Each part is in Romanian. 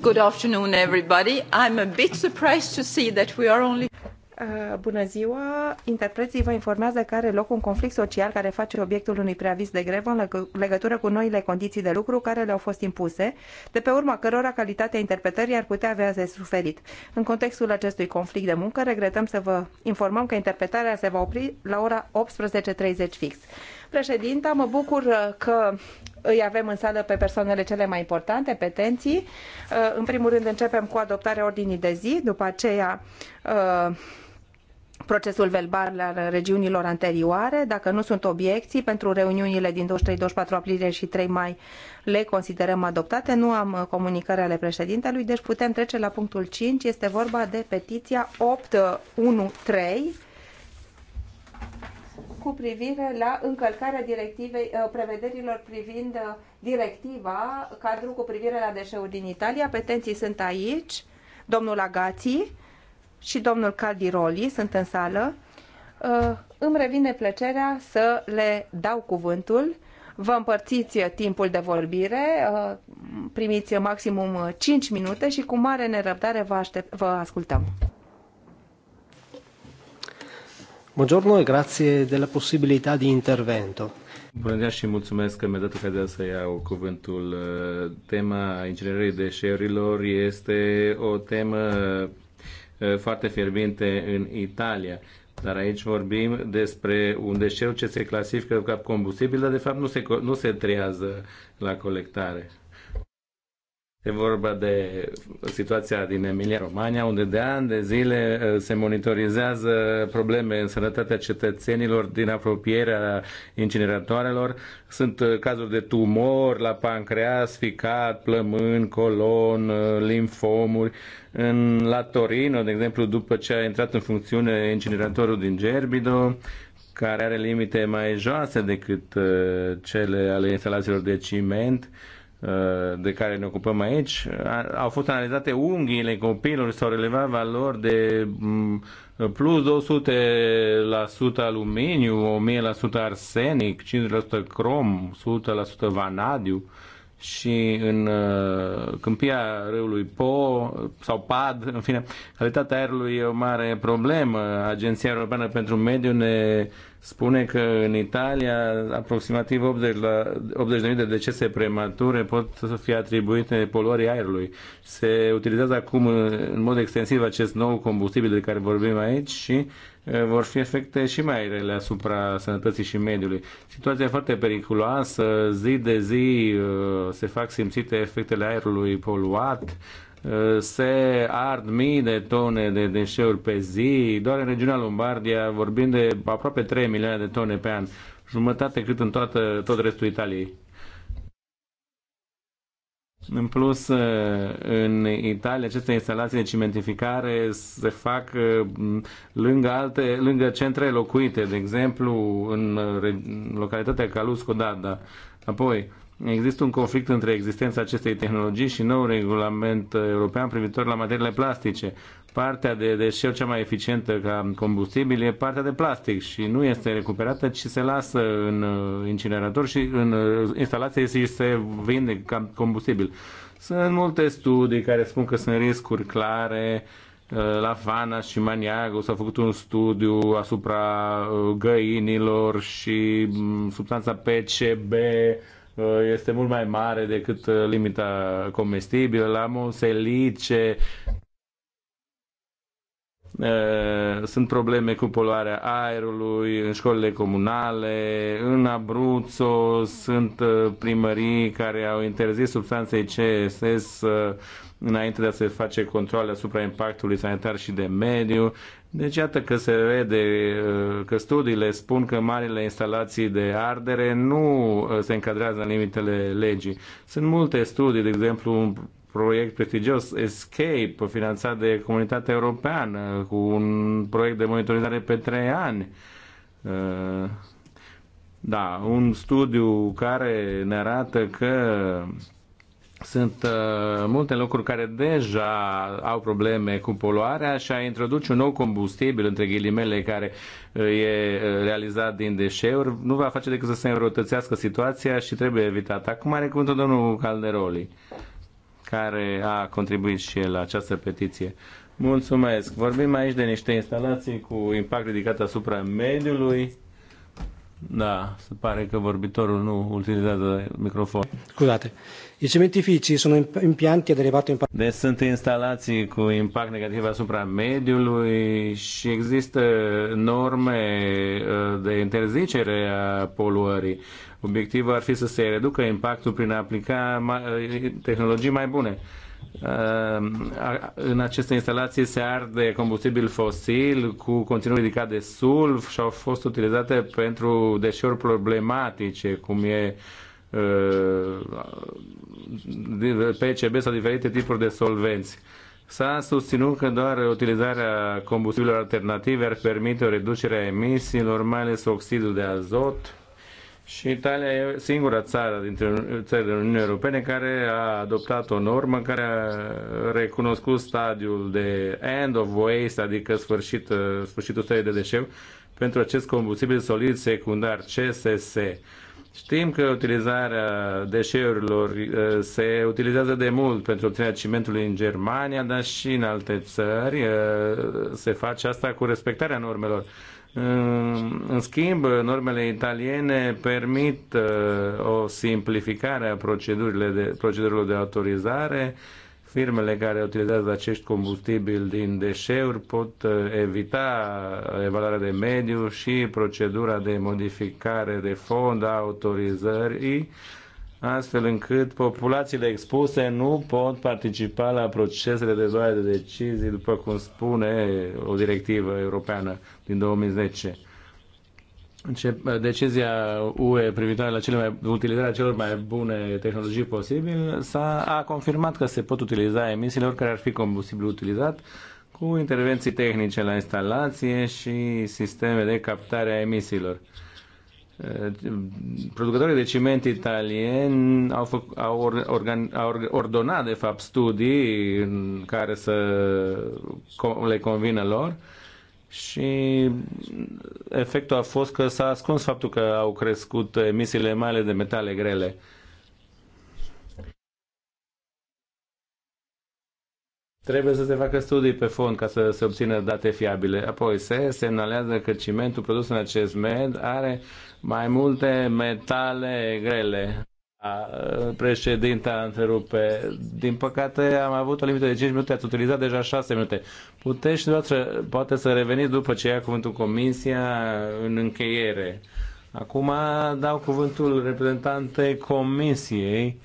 Good afternoon, everybody. I'm a bit surprised to see that we are only... Uh, bună ziua! Interpreții vă informează că are loc un conflict social care face obiectul unui preaviz de grevă în legătură cu noile condiții de lucru care le-au fost impuse, de pe urma cărora calitatea interpretării ar putea avea de suferit. În contextul acestui conflict de muncă, regretăm să vă informăm că interpretarea se va opri la ora 18.30 fix. Președinta, mă bucur uh, că îi avem în sală pe persoanele cele mai importante, petenții. Uh, în primul rând începem cu adoptarea ordinii de zi, după aceea uh, procesul verbal al regiunilor anterioare. Dacă nu sunt obiecții pentru reuniunile din 23-24 aprilie și 3 mai, le considerăm adoptate. Nu am uh, comunicări ale președintelui, deci putem trece la punctul 5. Este vorba de petiția 813 cu privire la încălcarea directivei, uh, prevederilor privind uh, directiva, cadrul cu privire la deșeuri din Italia. Petenții sunt aici, domnul Agații și domnul Caldiroli sunt în sală. Uh, îmi revine plăcerea să le dau cuvântul. Vă împărțiți timpul de vorbire, primiți maximum 5 minute și cu mare nerăbdare vă, aștept, vă ascultăm. Buongiorno e grazie della possibilità di intervento. Bună ziua și mulțumesc că mi-a dat ocazia să iau cuvântul. Tema incinerării deșeurilor este o temă eh, foarte fierbinte în Italia. Dar aici vorbim despre un deșeu ce se clasifică ca combustibil, dar de fapt nu se, nu se triază la colectare. E vorba de situația din Emilia-Romagna, unde de ani de zile uh, se monitorizează probleme în sănătatea cetățenilor din apropierea incineratoarelor. Sunt uh, cazuri de tumor la pancreas, ficat, plămân, colon, uh, limfomuri. În, la Torino, de exemplu, după ce a intrat în funcțiune incineratorul din Gerbido, care are limite mai joase decât cele ale instalațiilor de ciment, Uh, de care ne ocupăm aici, au fost analizate unghiile copilor, s-au relevat valori de mm, plus 200% aluminiu, 1000% arsenic, 50% crom, 100% vanadiu și în uh, câmpia râului Po sau Pad, în fine, calitatea aerului e o mare problemă. Agenția Europeană pentru Mediu ne spune că în Italia aproximativ 80 la, de decese premature pot fi atribuite poluării aerului. Se utilizează acum în mod extensiv acest nou combustibil de care vorbim aici și Eh, vor fi efecte și mai rele asupra sănătății și mediului. Situația e foarte periculoasă, zi de zi eh, se fac simțite efectele aerului poluat, eh, se ard mii de tone de deșeuri pe zi, doar în regiunea Lombardia vorbim de aproape 3 milioane de tone pe an, jumătate cât în toată, tot restul Italiei. În plus, în Italia, aceste instalații de cimentificare se fac lângă, alte, lângă centre locuite, de exemplu, în localitatea Calusco dada, da. Apoi, Există un conflict între existența acestei tehnologii și nou regulament european privitor la materiile plastice. Partea de deșeu cea mai eficientă ca combustibil e partea de plastic și nu este recuperată, ci se lasă în uh, incinerator și în uh, instalație și se vinde ca combustibil. Sunt multe studii care spun că sunt riscuri clare. Uh, la Fana și Maniago s-a făcut un studiu asupra găinilor și mm, substanța PCB Uh, este mult mai mare decât uh, limita comestibilă, la monselice, uh, sunt probleme cu poluarea aerului, în școlile comunale, în Abruzzo sunt primării care au interzis substanței CSS înainte de a se face control asupra impactului sanitar și de mediu deci iată că se vede uh, că studiile spun că marile instalații de ardere nu uh, se încadrează în limitele legii. Sunt multe studii, de exemplu un proiect prestigios, Escape, finanțat de comunitatea europeană, cu un proiect de monitorizare pe trei ani. Uh, da, un studiu care ne arată că sunt uh, multe locuri care deja au probleme cu poluarea și a introduce un nou combustibil, între ghilimele, care uh, e uh, realizat din deșeuri, nu va face decât să se înrotățească situația și trebuie evitat. Acum are cuvântul domnul Calderoli, care a contribuit și el la această petiție. Mulțumesc! Vorbim aici de niște instalații cu impact ridicat asupra mediului da, se pare că vorbitorul nu utilizează microfon. Scuzate. I cementifici sunt impianti ad elevato impact. Deci sunt instalații cu impact negativ asupra mediului și există norme uh, de interzicere a poluării. Obiectivul ar fi să se reducă impactul prin a aplica uh, tehnologii mai bune. Ehm, în aceste instalații se arde combustibil fosil cu conținut ridicat de sulf și au fost utilizate pentru deșeuri problematice, cum e ehm, PCB sau diferite tipuri de solvenți. S-a susținut că doar utilizarea combustibilor alternative ar permite o reducere a emisiilor, mai ales oxidul de azot, și Italia e singura țară dintre țările Uniunii Europene care a adoptat o normă care a recunoscut stadiul de end of waste, adică sfârșit, uh, sfârșitul stării de deșeu, pentru acest combustibil solid secundar, CSS. Știm că utilizarea deșeurilor uh, se utilizează de mult pentru obținerea cimentului în Germania, dar și în alte țări uh, se face asta cu respectarea normelor. În schimb, normele italiene permit uh, o simplificare a procedurilor de, procedurilor de autorizare. Firmele care utilizează acești combustibili din deșeuri pot uh, evita evaluarea de mediu și procedura de modificare de fond a autorizării astfel încât populațiile expuse nu pot participa la procesele de luare de decizii, după cum spune o directivă europeană din 2010. Decizia UE privitoare la cele mai, utilizarea celor mai bune tehnologii posibil s-a a confirmat că se pot utiliza emisiile oricare ar fi combustibil utilizat cu intervenții tehnice la instalație și sisteme de captare a emisiilor. Eh, producătorii de ciment italieni au, făc, au, organ, au ordonat, de fapt, studii în care să le convină lor și efectul a fost că s-a ascuns faptul că au crescut emisiile mai ales de metale grele. trebuie să se facă studii pe fond ca să se obțină date fiabile. Apoi se semnalează că cimentul produs în acest med are mai multe metale grele. Președinta întrerupe. Din păcate am avut o limită de 5 minute, ați utilizat deja 6 minute. Puteți și dumneavoastră, poate să reveniți după ce ia cuvântul comisia în încheiere. Acum dau cuvântul reprezentantei comisiei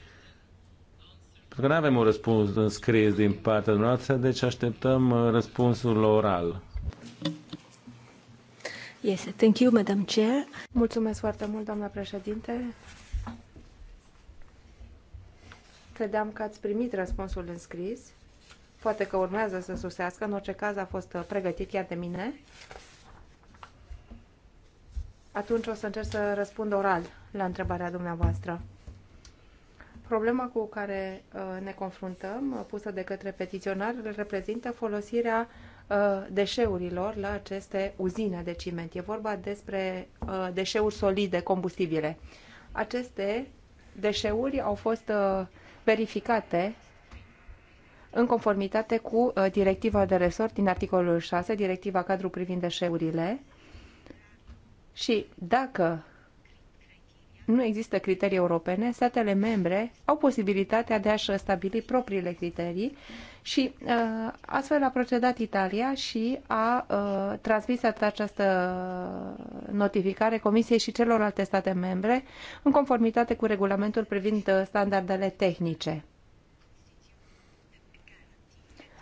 pentru că nu avem un răspuns în scris din partea dumneavoastră, deci așteptăm uh, răspunsul oral. Yes, thank you, Madam Chair. Mulțumesc foarte mult, doamna președinte. Credeam că ați primit răspunsul în scris. Poate că urmează să susească, în orice caz a fost uh, pregătit chiar de mine. Atunci o să încerc să răspund oral la întrebarea dumneavoastră. Problema cu care uh, ne confruntăm, uh, pusă de către petiționar, reprezintă folosirea uh, deșeurilor la aceste uzine de ciment. E vorba despre deșeuri solide, combustibile. Aceste deșeuri au fost verificate în conformitate cu directiva de resort din articolul 6, directiva cadru privind deșeurile. Și dacă nu există criterii europene, statele membre au posibilitatea de a-și stabili propriile criterii și uh, astfel a procedat Italia și a uh, transmis această notificare Comisiei și celorlalte state membre în conformitate cu regulamentul privind uh, standardele tehnice.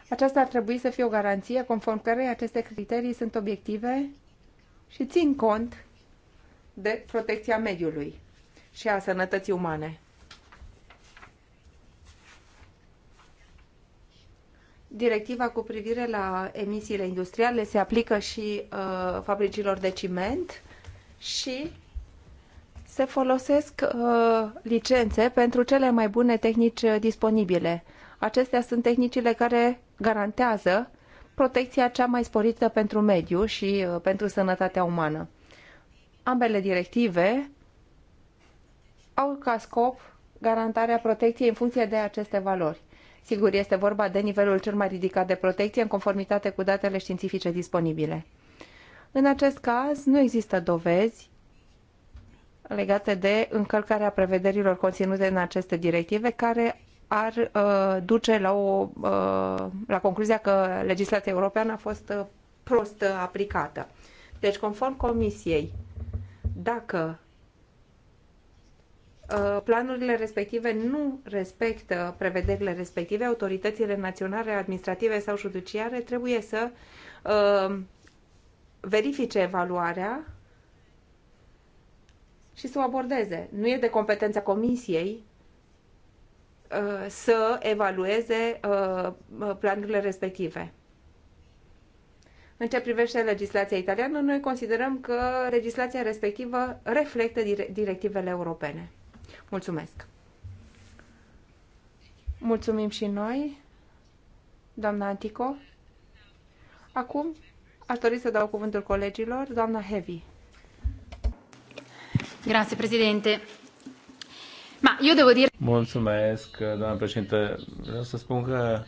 Aceasta ar trebui să fie o garanție conform care aceste criterii sunt obiective și țin cont de protecția mediului și a sănătății umane. Directiva cu privire la emisiile industriale se aplică și uh, fabricilor de ciment și se folosesc uh, licențe pentru cele mai bune tehnici uh, disponibile. Acestea sunt tehnicile care garantează protecția cea mai sporită pentru mediu și uh, pentru sănătatea umană. Ambele directive au ca scop garantarea protecției în funcție de aceste valori. Sigur, este vorba de nivelul cel mai ridicat de protecție în conformitate cu datele științifice disponibile. În acest caz, nu există dovezi legate de încălcarea prevederilor conținute în aceste directive care ar uh, duce la, o, uh, la concluzia că legislația europeană a fost uh, prost uh, aplicată. Deci, conform Comisiei, dacă Uh, planurile respective nu respectă prevederile respective, autoritățile naționale, administrative sau judiciare trebuie să uh, verifice evaluarea și să o abordeze. Nu e de competența comisiei uh, să evalueze planurile respective. În ce privește legislația italiană, noi considerăm că legislația respectivă reflectă directivele europene. Mulțumesc! Mulțumim și noi, doamna Antico. Acum aș dori să dau cuvântul colegilor, doamna Heavy. Grazie, președinte. Ma, eu devo dire... Mulțumesc, doamna președinte. Vreau să spun că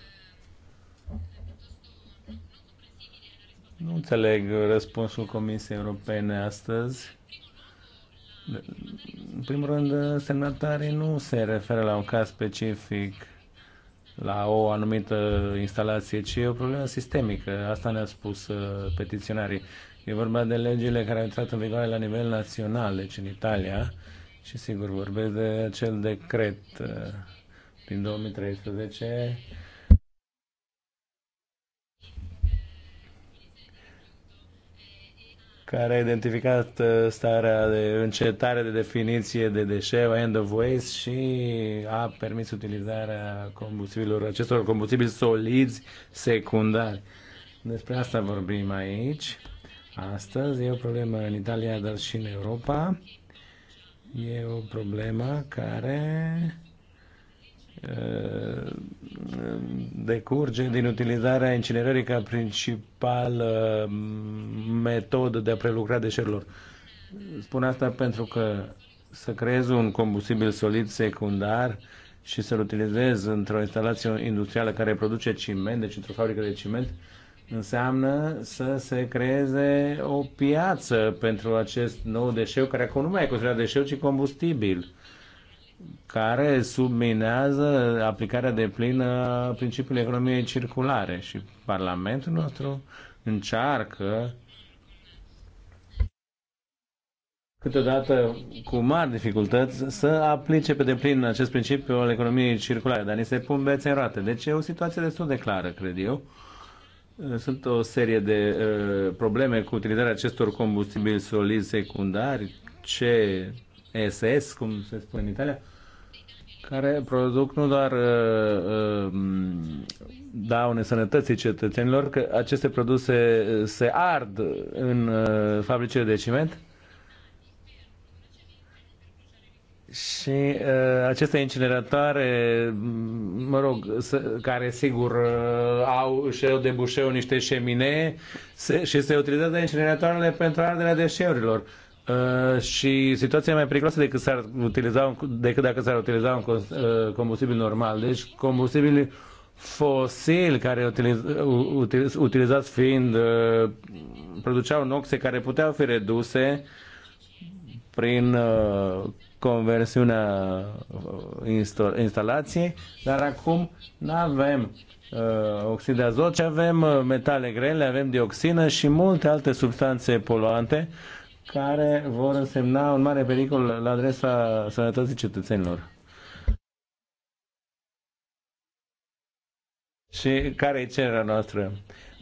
nu înțeleg răspunsul Comisiei Europene astăzi în primul rând, semnatarii nu se referă la un caz specific, la o anumită instalație, ci e o problemă sistemică. Asta ne-a spus uh, petiționarii. E vorba de legile care au intrat în vigoare la nivel național, deci în Italia, și sigur vorbesc de acel decret uh, din 2013 care a identificat uh, starea de încetare de definiție de deșeu, end of waste, și a permis utilizarea combustibilor, acestor combustibili solizi secundari. Despre asta vorbim aici. Astăzi e o problemă în Italia, dar și în Europa. E o problemă care decurge din utilizarea incinerării ca principal uh, metodă de a prelucra deșeurilor. Spun asta pentru că să creezi un combustibil solid secundar și să-l utilizezi într-o instalație industrială care produce ciment, deci într-o fabrică de ciment, înseamnă să se creeze o piață pentru acest nou deșeu, care acum nu mai e considerat deșeu, ci combustibil care subminează aplicarea de plină a principiului economiei circulare și Parlamentul nostru încearcă câteodată cu mari dificultăți să aplice pe deplin acest principiu al economiei circulare, dar ni se pun bețe în roate. Deci e o situație destul de clară, cred eu. Sunt o serie de uh, probleme cu utilizarea acestor combustibili solizi secundari, CSS, cum se spune în Italia, care produc nu doar uh, uh, daune sănătății cetățenilor, că aceste produse uh, se ard în uh, fabricile de ciment și uh, aceste incineratoare, mă rog, care sigur uh, au și eu de bușeu niște șemine se, și se utilizează incineratoarele pentru arderea deșeurilor. Uh, și situația e mai periculoasă decât, s-ar utiliza un, decât dacă s-ar utiliza un uh, combustibil normal. Deci combustibili fosil care utiliz, uh, utiliz, utilizați fiind uh, produceau noxe care puteau fi reduse prin uh, conversiunea uh, instalației, dar acum nu avem uh, oxid de azot, ci avem uh, metale grele, avem dioxină și multe alte substanțe poluante uh, care vor însemna un mare pericol la adresa sănătății cetățenilor. Și care e cererea noastră?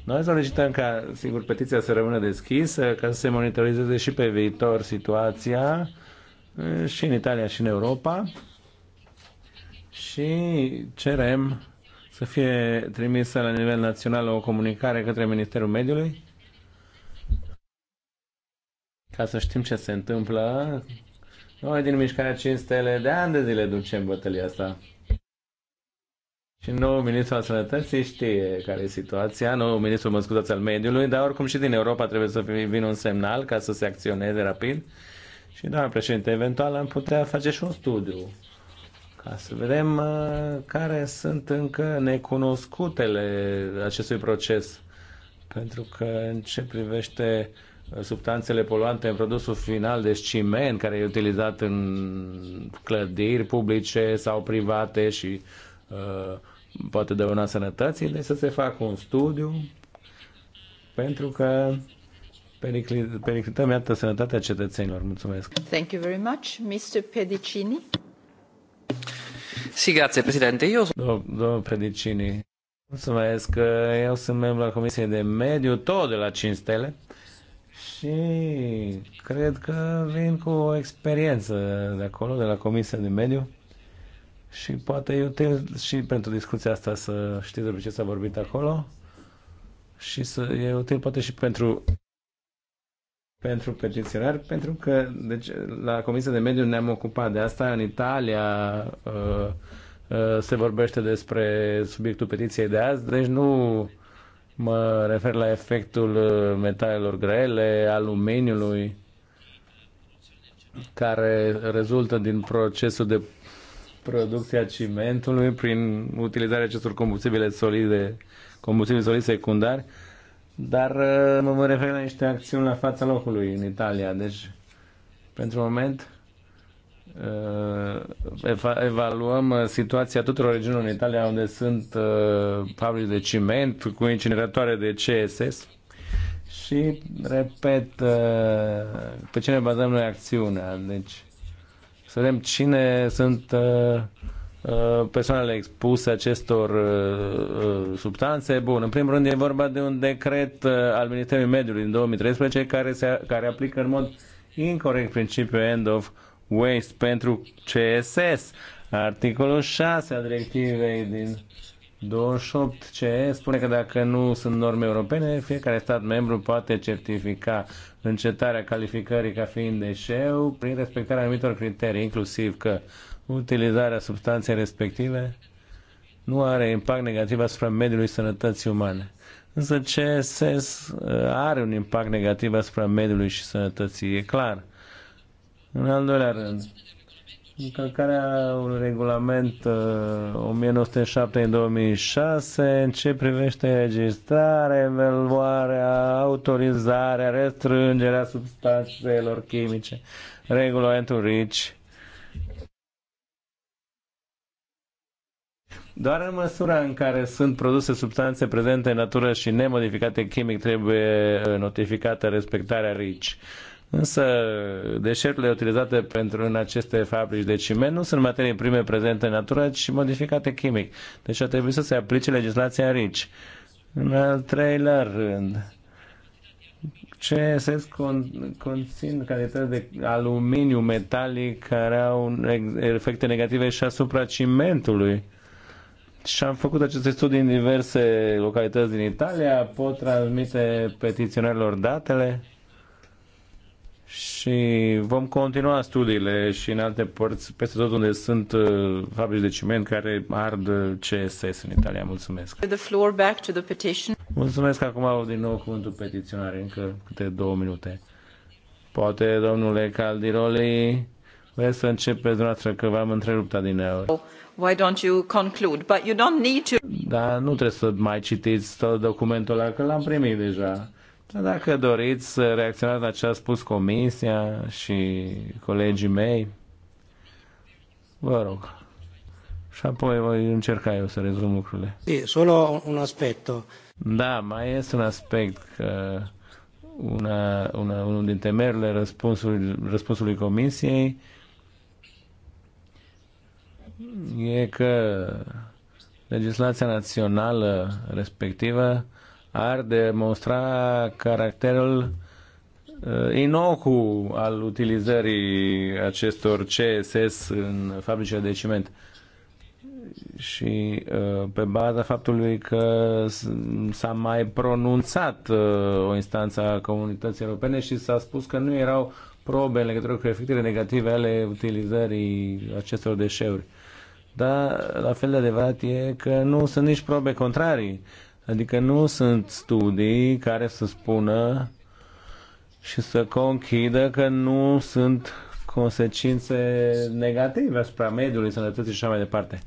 Noi solicităm ca, sigur, petiția să rămână deschisă, ca să se monitorizeze și pe viitor situația eh, și în Italia și în Europa și cerem să fie trimisă la nivel național o comunicare către Ministerul Mediului ca să știm ce se întâmplă. Noi din Mișcarea 5 Stele de ani de zile ducem bătălia asta. Și nou ministru al sănătății știe care e situația, nou ministru, mă scuzați, al mediului, dar oricum și din Europa trebuie să vină un semnal ca să se acționeze rapid. Și, da președinte, eventual am putea face și un studiu ca să vedem uh, care sunt încă necunoscutele acestui proces. Pentru că în ce privește uh, substanțele poluante în produsul final, deci ciment care e utilizat în clădiri publice sau private și uh, poate dăuna sănătății, deci să se facă un studiu pentru că periclităm, iată, sănătatea cetățenilor. Mulțumesc. Thank you very much. Mr. Pedicini. Si, grazie Presidente. Eu sunt... Domnul Pedicini, mulțumesc. Eu sunt membru al Comisiei de Mediu, tot de la 5 stele și cred că vin cu o experiență de acolo, de la Comisia de Mediu și poate e util și pentru discuția asta să știți despre ce s-a vorbit acolo și să e util poate și pentru pentru petiționari, pentru că deci, la Comisia de Mediu ne-am ocupat de asta. În Italia uh, uh, se vorbește despre subiectul petiției de azi, deci nu Mă refer la efectul uh, metalelor grele, aluminiului, care rezultă din procesul de producție a cimentului prin utilizarea acestor combustibile solide, combustibili solide secundari, dar uh, mă refer la niște acțiuni la fața locului în Italia. Deci, pentru moment, Uh, evaluăm uh, situația tuturor regiunilor în Italia unde sunt uh, fabrici de ciment cu incineratoare de CSS și, repet, pe cine bazăm noi acțiunea. Deci, să vedem cine sunt persoanele expuse acestor substanțe. Bun, în primul rând e vorba de un decret al Ministerului Mediului din 2013 care, se, care aplică în mod incorrect principiul end of Waste pentru CSS. Articolul 6 al directivei din 28 CE spune că dacă nu sunt norme europene, fiecare stat membru poate certifica încetarea calificării ca fiind deșeu prin respectarea anumitor criterii, inclusiv că utilizarea substanței respective nu are impact negativ asupra mediului sănătății umane. Însă CSS are un impact negativ asupra mediului și sănătății, e clar. În al doilea rând, încălcarea unui regulament 1907 în 2006 în ce privește registrarea, evaluarea, autorizarea, restrângerea substanțelor chimice, regulamentul RICI. Doar în măsura în care sunt produse substanțe prezente în natură și nemodificate chimic trebuie uh, notificată respectarea RICI. Însă deșerturile utilizate pentru în aceste fabrici de ciment nu sunt materii prime prezente în natură, ci modificate chimic. Deci a trebuit să se aplice legislația RICI. În al treilea rând, ce se con- conțin calități de aluminiu metalic care au efecte negative și asupra cimentului. Și am făcut aceste studii în diverse localități din Italia, pot transmite petiționarilor datele și vom continua studiile și în alte părți, peste tot unde sunt uh, fabrici de ciment care ard uh, CSS în Italia. Mulțumesc. The floor back to the petition. Mulțumesc. Acum au din nou cuvântul petiționar, încă câte două minute. Poate, domnule Caldiroli, vreți să începeți dumneavoastră că v-am întrerupt adineauri. Why don't you conclude? But you don't need to... Dar nu trebuie să mai citiți tot documentul ăla, că l-am primit deja. Dacă doriți să reacționați la ce a spus comisia și colegii mei, vă rog. Și apoi voi încerca eu să rezum lucrurile. E, solo un aspect. Da, mai este un aspect că una, una, unul din temerile răspunsului, răspunsului comisiei e că legislația națională respectivă ar demonstra caracterul uh, inocu al utilizării acestor CSS în fabricile de ciment și uh, pe baza faptului că s-a mai pronunțat uh, o instanță a comunității europene și s-a spus că nu erau probe în legătură cu efectele negative ale utilizării acestor deșeuri. Dar la fel de adevărat e că nu sunt nici probe contrarii Adică nu sunt studii care să spună și să conchidă că nu sunt consecințe negative asupra mediului, sănătății și așa mai departe.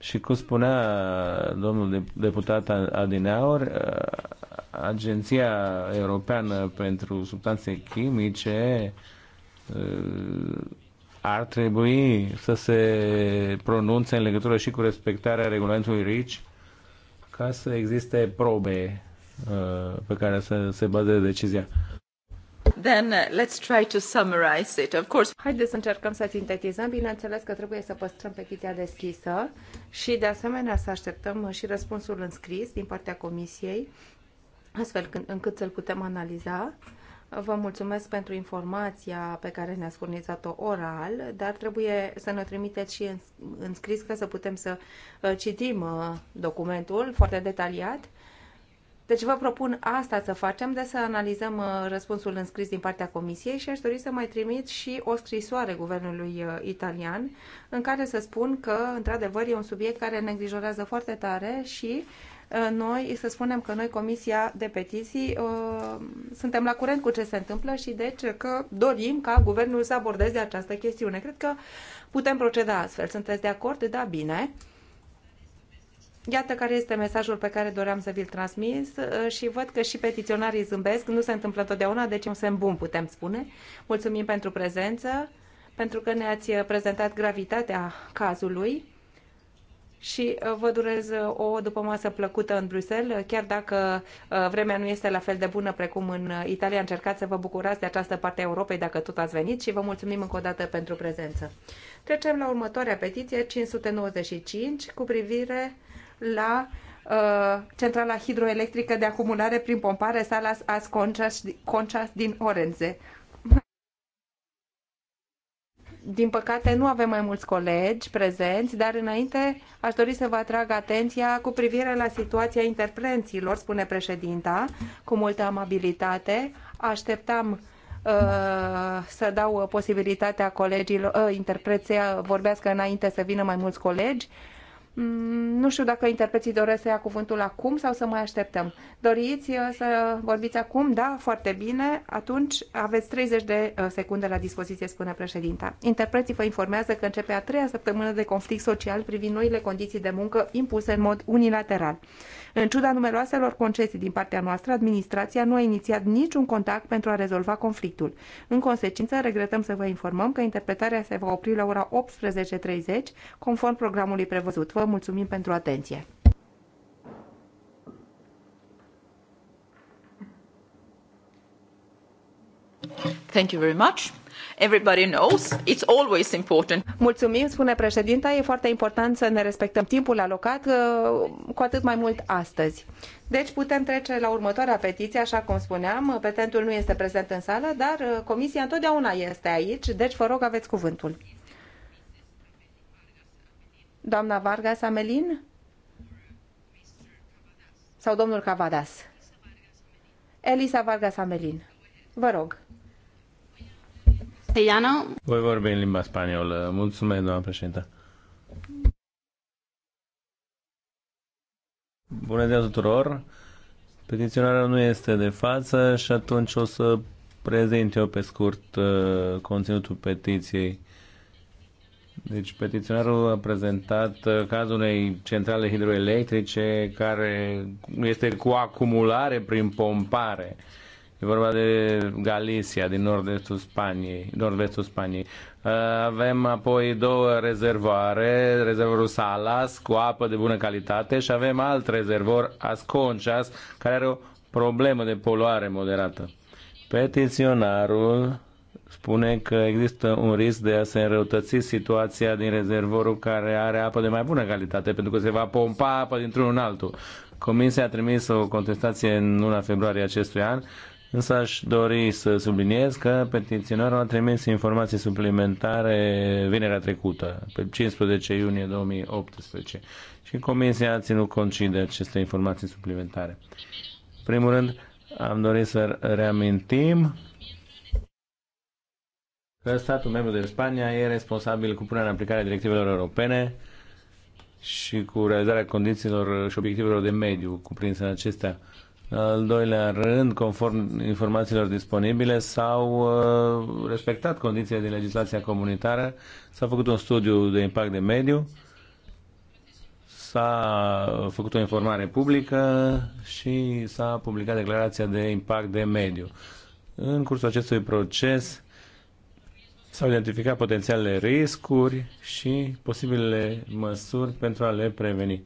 Și cum spunea domnul deputat Adineaur, Agenția Europeană pentru Substanțe Chimice uh, ar trebui să se pronunțe în legătură și cu respectarea regulamentului RICI ca să existe probe uh, pe care să se bazeze decizia. Then uh, let's try to summarize it. Of course. Haideți să încercăm să sintetizăm. Bineînțeles că trebuie să păstrăm petiția deschisă și de asemenea să așteptăm și răspunsul înscris din partea comisiei, astfel încât să-l putem analiza Vă mulțumesc pentru informația pe care ne-ați furnizat-o oral, dar trebuie să ne trimiteți și în scris ca să putem să uh, citim uh, documentul foarte detaliat. Deci vă propun asta să facem, de să analizăm uh, răspunsul în scris din partea Comisiei și aș dori să mai trimit și o scrisoare guvernului italian în care să spun că, într-adevăr, e un subiect care ne îngrijorează foarte tare și uh, Uh, noi, să spunem că noi, Comisia de Petiții, uh, suntem la curent cu ce se întâmplă și deci că dorim ca guvernul să abordeze această chestiune. Cred că putem proceda astfel. Sunteți de acord? Da, bine. Iată care este mesajul pe care doream să vi-l transmis uh, și văd că și petiționarii zâmbesc. Nu se întâmplă totdeauna, deci un semn bun, putem spune. Mulțumim pentru prezență, pentru că ne-ați prezentat gravitatea cazului și uh, vă durez uh, o dupămasă plăcută în Bruxelles, uh, chiar dacă vremea nu este la fel de bună precum în Italia. Încercați să vă bucurați de această parte a Europei dacă tot ați venit și vă mulțumim încă o dată pentru prezență. Trecem la următoarea petiție 595 cu privire la uh, centrala hidroelectrică de acumulare prin pompare Salas Asconcias Conchas, din Orenze. Din păcate, nu avem mai mulți colegi prezenți, dar înainte aș dori să vă atrag atenția cu privire la situația interprenților, spune președinta, cu multă amabilitate. Așteptam uh, să dau posibilitatea colegilor, uh, interpreția vorbească înainte să vină mai mulți colegi Mm, nu știu dacă interpreții doresc să ia cuvântul acum sau să mai așteptăm. Doriți uh, să vorbiți acum? Da, foarte bine. Atunci aveți 30 de uh, secunde la dispoziție, spune președinta. Interpreții vă informează că începe a treia săptămână de conflict social privind noile condiții de muncă impuse în mod unilateral. În ciuda numeroaselor concesii din partea noastră, administrația nu a inițiat niciun contact pentru a rezolva conflictul. În consecință, regretăm să vă informăm că interpretarea se va opri la ora 18.30, conform programului prevăzut. Vă mulțumim pentru atenție! Thank you very much everybody knows, it's always important. Mulțumim, spune președinta, e foarte important să ne respectăm timpul alocat, uh, cu atât mai mult astăzi. Deci putem trece la următoarea petiție, așa cum spuneam, petentul nu este prezent în sală, dar uh, comisia întotdeauna este aici, deci vă rog aveți cuvântul. Doamna Vargas Amelin? Sau domnul Cavadas? Elisa Vargas Amelin. Vă rog. Voi vorbi în limba spaniolă. Mulțumesc, doamna președintă. Bună ziua tuturor! Petiționarea nu este de față și atunci o să prezint eu pe scurt uh, conținutul petiției. Deci petiționarul a prezentat uh, cazul unei centrale hidroelectrice care este cu acumulare prin pompare. Uh, E vorba de Galicia, din nord-estul Spaniei. Nord-vestul Spaniei. Uh, avem apoi două rezervoare, rezervorul Salas cu apă de bună calitate și avem alt rezervor, Asconcias, care are o problemă de poluare moderată. Petiționarul spune că există un risc de a se înrăutăți situația din rezervorul care are apă de mai bună calitate, pentru că se va pompa apă dintr-unul în altul. Comisia a trimis o contestație în luna februarie acestui an Însă aș dori să subliniez că petiționarul a trimis informații suplimentare vinerea trecută, pe 15 iunie 2018, și Comisia a ținut cont și de aceste informații suplimentare. În primul rând, am dorit să reamintim că statul membru din Spania e responsabil cu punerea în aplicare directivelor europene și cu realizarea condițiilor și obiectivelor de mediu cuprinse în acestea al doilea rând, conform informațiilor disponibile, s-au uh, respectat condițiile din legislația comunitară, s-a făcut un studiu de impact de mediu, s-a făcut o informare publică și s-a publicat declarația de impact de mediu. În cursul acestui proces s-au identificat potențialele riscuri și posibilele măsuri pentru a le preveni.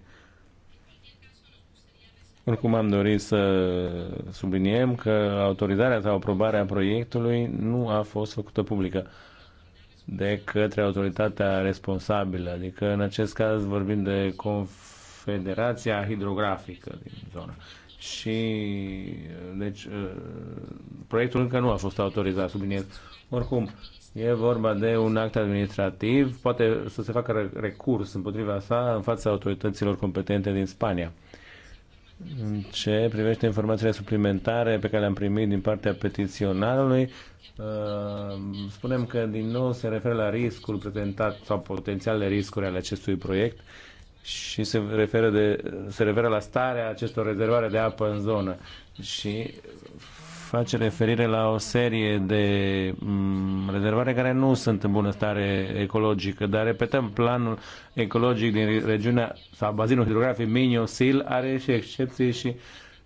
Oricum am dorit să subliniem că autorizarea sau aprobarea proiectului nu a fost făcută publică de către autoritatea responsabilă, adică în acest caz vorbim de Confederația Hidrografică din zonă. Și deci ă, proiectul încă nu a fost autorizat, subliniez. Oricum, E vorba de un act administrativ, poate să se facă recurs împotriva sa în fața autorităților competente din Spania. În ce privește informațiile suplimentare pe care le-am primit din partea petiționarului, uh, spunem că din nou se referă la riscul prezentat sau potențialele riscuri ale acestui proiect și se referă, de, se referă la starea acestor rezervare de apă în zonă. Și face referire la o serie de mm, rezervare care nu sunt în bună stare ecologică, dar, repetăm, planul ecologic din regiunea sau bazinul hidrografic Minio-Sil are și excepții și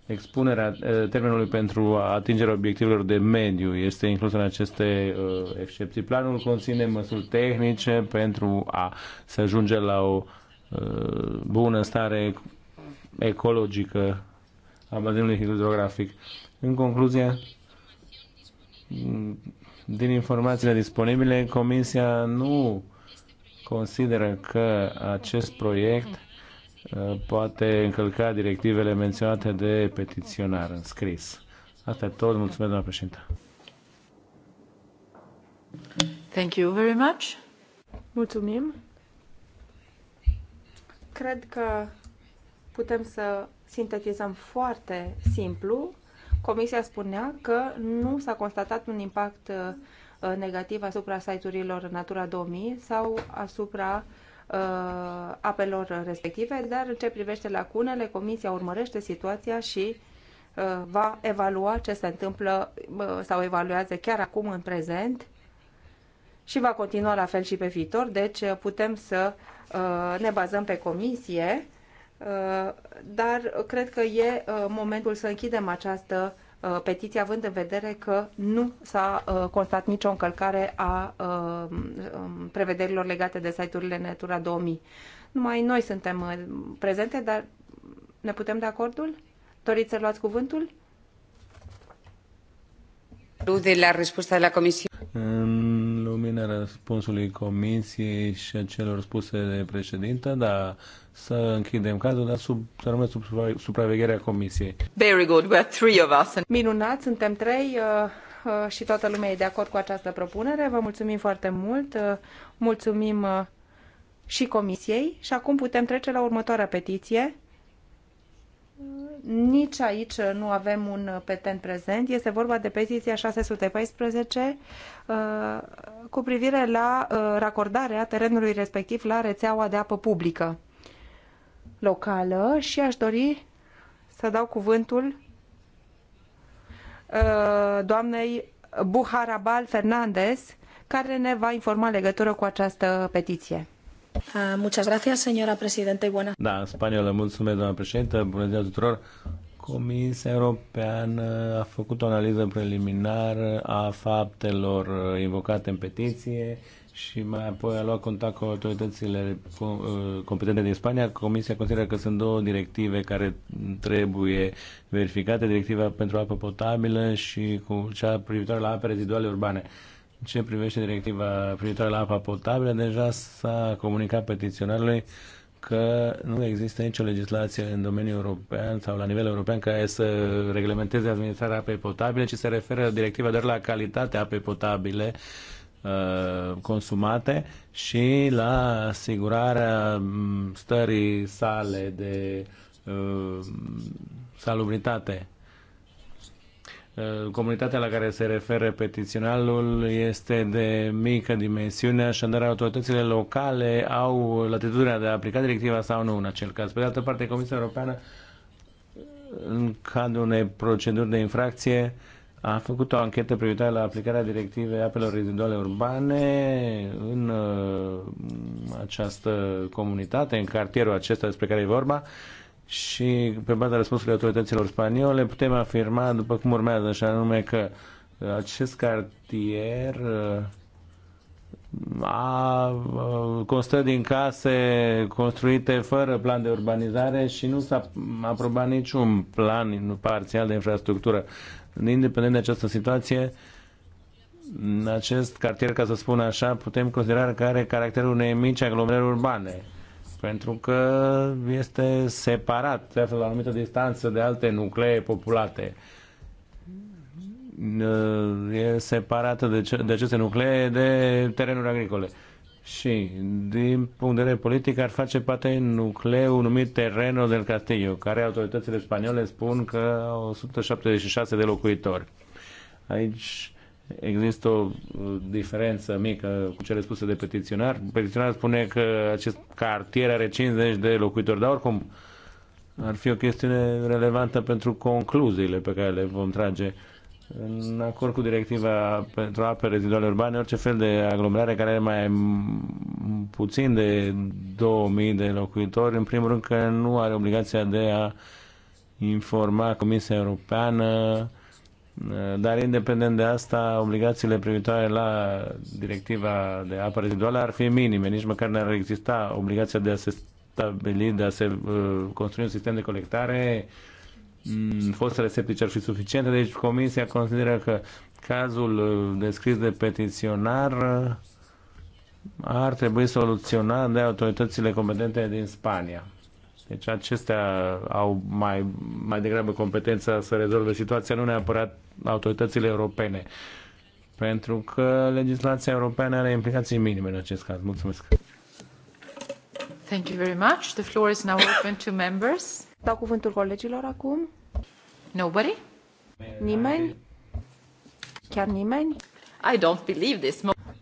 expunerea eh, termenului pentru atingerea obiectivelor de mediu este inclusă în aceste eh, excepții. Planul conține măsuri tehnice pentru a se ajunge la o eh, bună stare ecologică a bazinului hidrografic. În concluzie, din informațiile disponibile, Comisia nu consideră că acest proiect uh, poate încălca directivele menționate de petiționar în scris. Asta e tot. Mulțumesc, doamna președintă. Thank you very much. Mulțumim. Cred că putem să sintetizăm foarte simplu Comisia spunea că nu s-a constatat un impact uh, uh, negativ asupra site-urilor Natura 2000 sau asupra uh, apelor respective, dar în ce privește lacunele, Comisia urmărește situația și uh, va evalua ce se întâmplă uh, sau evaluează chiar acum în prezent și va continua la fel și pe viitor, deci uh, putem să uh, ne bazăm pe Comisie dar cred că e uh, momentul să închidem această uh, petiție, având în vedere că nu s-a uh, constat nicio încălcare a um, prevederilor legate de site-urile Natura 2000. Numai noi suntem prezente, dar ne putem de da acordul? Doriți să luați cuvântul? de la răspunsul de la Comisie lumina răspunsului comisiei și a celor spuse de președintă, dar să închidem cazul, dar sub, să rămână sub supravegherea comisiei. Very good, we are three of us. Minunat, suntem trei uh, uh, și toată lumea e de acord cu această propunere. Vă mulțumim foarte mult, uh, mulțumim uh, și comisiei și acum putem trece la următoarea petiție. Nici aici nu avem un petent prezent. Este vorba de petiția 614 uh, cu privire la uh, racordarea terenului respectiv la rețeaua de apă publică locală și aș dori să dau cuvântul uh, doamnei Buharabal Fernandez, care ne va informa legătură cu această petiție. Uh, muchas gracias, señora presidente, Da, spaniolă, mulțumesc, doamna președintă, bună ziua tuturor. Comisia Europeană a făcut o analiză preliminară a faptelor uh, invocate în petiție și mai apoi a luat contact cu autoritățile uh, competente din Spania. Comisia consideră că sunt două directive care trebuie verificate, directiva pentru apă potabilă și cu cea privitoare la ape reziduale urbane ce privește directiva privitoare la apa potabilă, deja s-a comunicat petiționarului că nu există nicio legislație în domeniul european sau la nivel european care să reglementeze administrarea apei potabile, ci se referă directiva doar la calitatea apei potabile uh, consumate și la asigurarea mm, stării sale de uh, salubritate Uh, comunitatea la care se referă petiționalul este de mică dimensiune, așadar autoritățile locale au latitudinea de a aplica directiva sau nu în acel caz. Pe de altă parte, Comisia Europeană, în cadrul unei proceduri de infracție, a făcut o anchetă privitoare la aplicarea directivei apelor reziduale urbane în uh, această comunitate, în cartierul acesta despre care e vorba și pe baza răspunsului autorităților spaniole putem afirma, după cum urmează, și anume că uh, acest cartier uh, a uh, constă din case construite fără plan de urbanizare și nu s-a aprobat niciun plan parțial de infrastructură. Independent de această situație, acest cartier, ca să spun așa, putem considera că are caracterul unei mici aglomerări urbane pentru că este separat, se află la o anumită distanță de alte nuclee populate. E separată de, ce, de aceste nuclee de terenuri agricole. Și, din punct de vedere politic, ar face parte nucleul numit Terreno del Castillo, care autoritățile spaniole spun că au 176 de locuitori. Aici Există o uh, diferență mică cu cele spuse de petiționar. Petiționarul spune că acest cartier are 50 de locuitori, dar oricum ar fi o chestiune relevantă pentru concluziile pe care le vom trage în acord cu directiva pentru ape reziduale urbane, orice fel de aglomerare care are mai puțin de 2000 de locuitori, în primul rând că nu are obligația de a informa Comisia Europeană dar independent de asta, obligațiile privitoare la directiva de apă reziduală ar fi minime, nici măcar n-ar exista obligația de a se stabili, de a se uh, construi un sistem de colectare. Mm, fostele septice ar fi suficiente, deci Comisia consideră că cazul uh, descris de petiționar uh, ar trebui soluționat de autoritățile competente din Spania. Deci acestea au mai, mai degrabă competența să rezolve situația, nu neapărat autoritățile europene. Pentru că legislația europeană are implicații minime în acest caz. Mulțumesc. Thank you very much. The floor is now open to members. Dau cuvântul colegilor acum. Nobody? Nimeni? Chiar nimeni? I don't believe this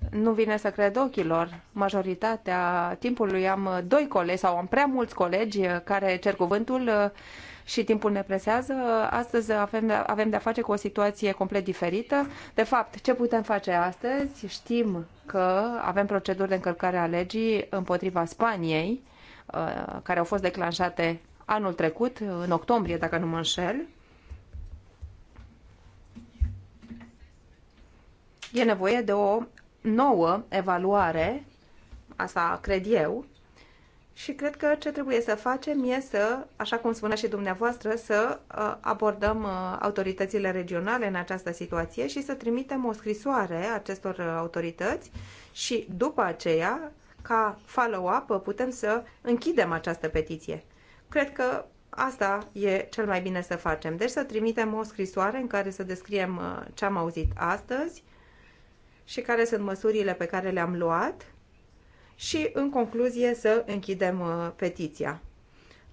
nu vine să cred ochilor. Majoritatea timpului am doi colegi sau am prea mulți colegi care cer cuvântul uh, și timpul ne presează. Astăzi avem, avem de-a face cu o situație complet diferită. De fapt, ce putem face astăzi? Știm că avem proceduri de încălcare a legii împotriva Spaniei, uh, care au fost declanșate anul trecut, în octombrie, dacă nu mă înșel. E nevoie de o nouă evaluare, asta cred eu, și cred că ce trebuie să facem e să, așa cum spunea și dumneavoastră, să uh, abordăm uh, autoritățile regionale în această situație și să trimitem o scrisoare acestor uh, autorități și după aceea, ca follow-up, putem să închidem această petiție. Cred că asta e cel mai bine să facem. Deci să trimitem o scrisoare în care să descriem ce am auzit astăzi, și care sunt măsurile pe care le-am luat și, în concluzie, să închidem uh, petiția.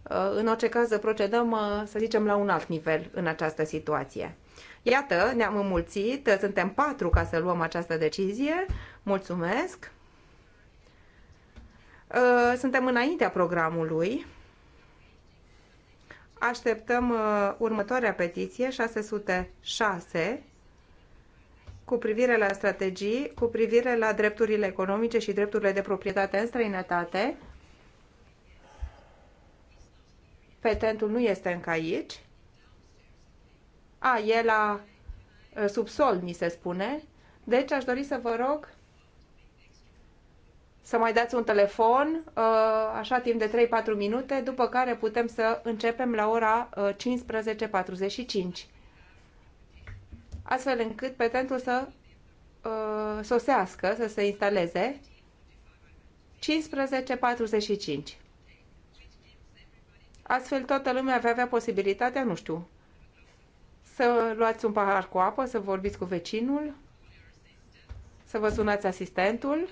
Uh, în orice caz, procedăm, uh, să zicem, la un alt nivel în această situație. Iată, ne-am înmulțit, suntem patru ca să luăm această decizie. Mulțumesc! Suntem înaintea programului. Așteptăm următoarea petiție, 606, cu privire la strategii, cu privire la drepturile economice și drepturile de proprietate în străinătate. Petentul nu este încă aici. A, e la ă, subsol, mi se spune. Deci aș dori să vă rog să mai dați un telefon, ă, așa timp de 3-4 minute, după care putem să începem la ora 15.45. Ă, astfel încât petentul să uh, sosească, să se instaleze 15.45. Astfel toată lumea va avea posibilitatea, nu știu, să luați un pahar cu apă, să vorbiți cu vecinul, să vă sunați asistentul,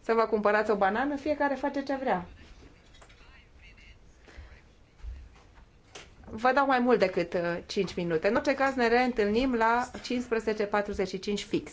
să vă cumpărați o banană, fiecare face ce vrea. Vă dau mai mult decât 5 uh, minute. În orice caz ne reîntâlnim la 15.45 fix.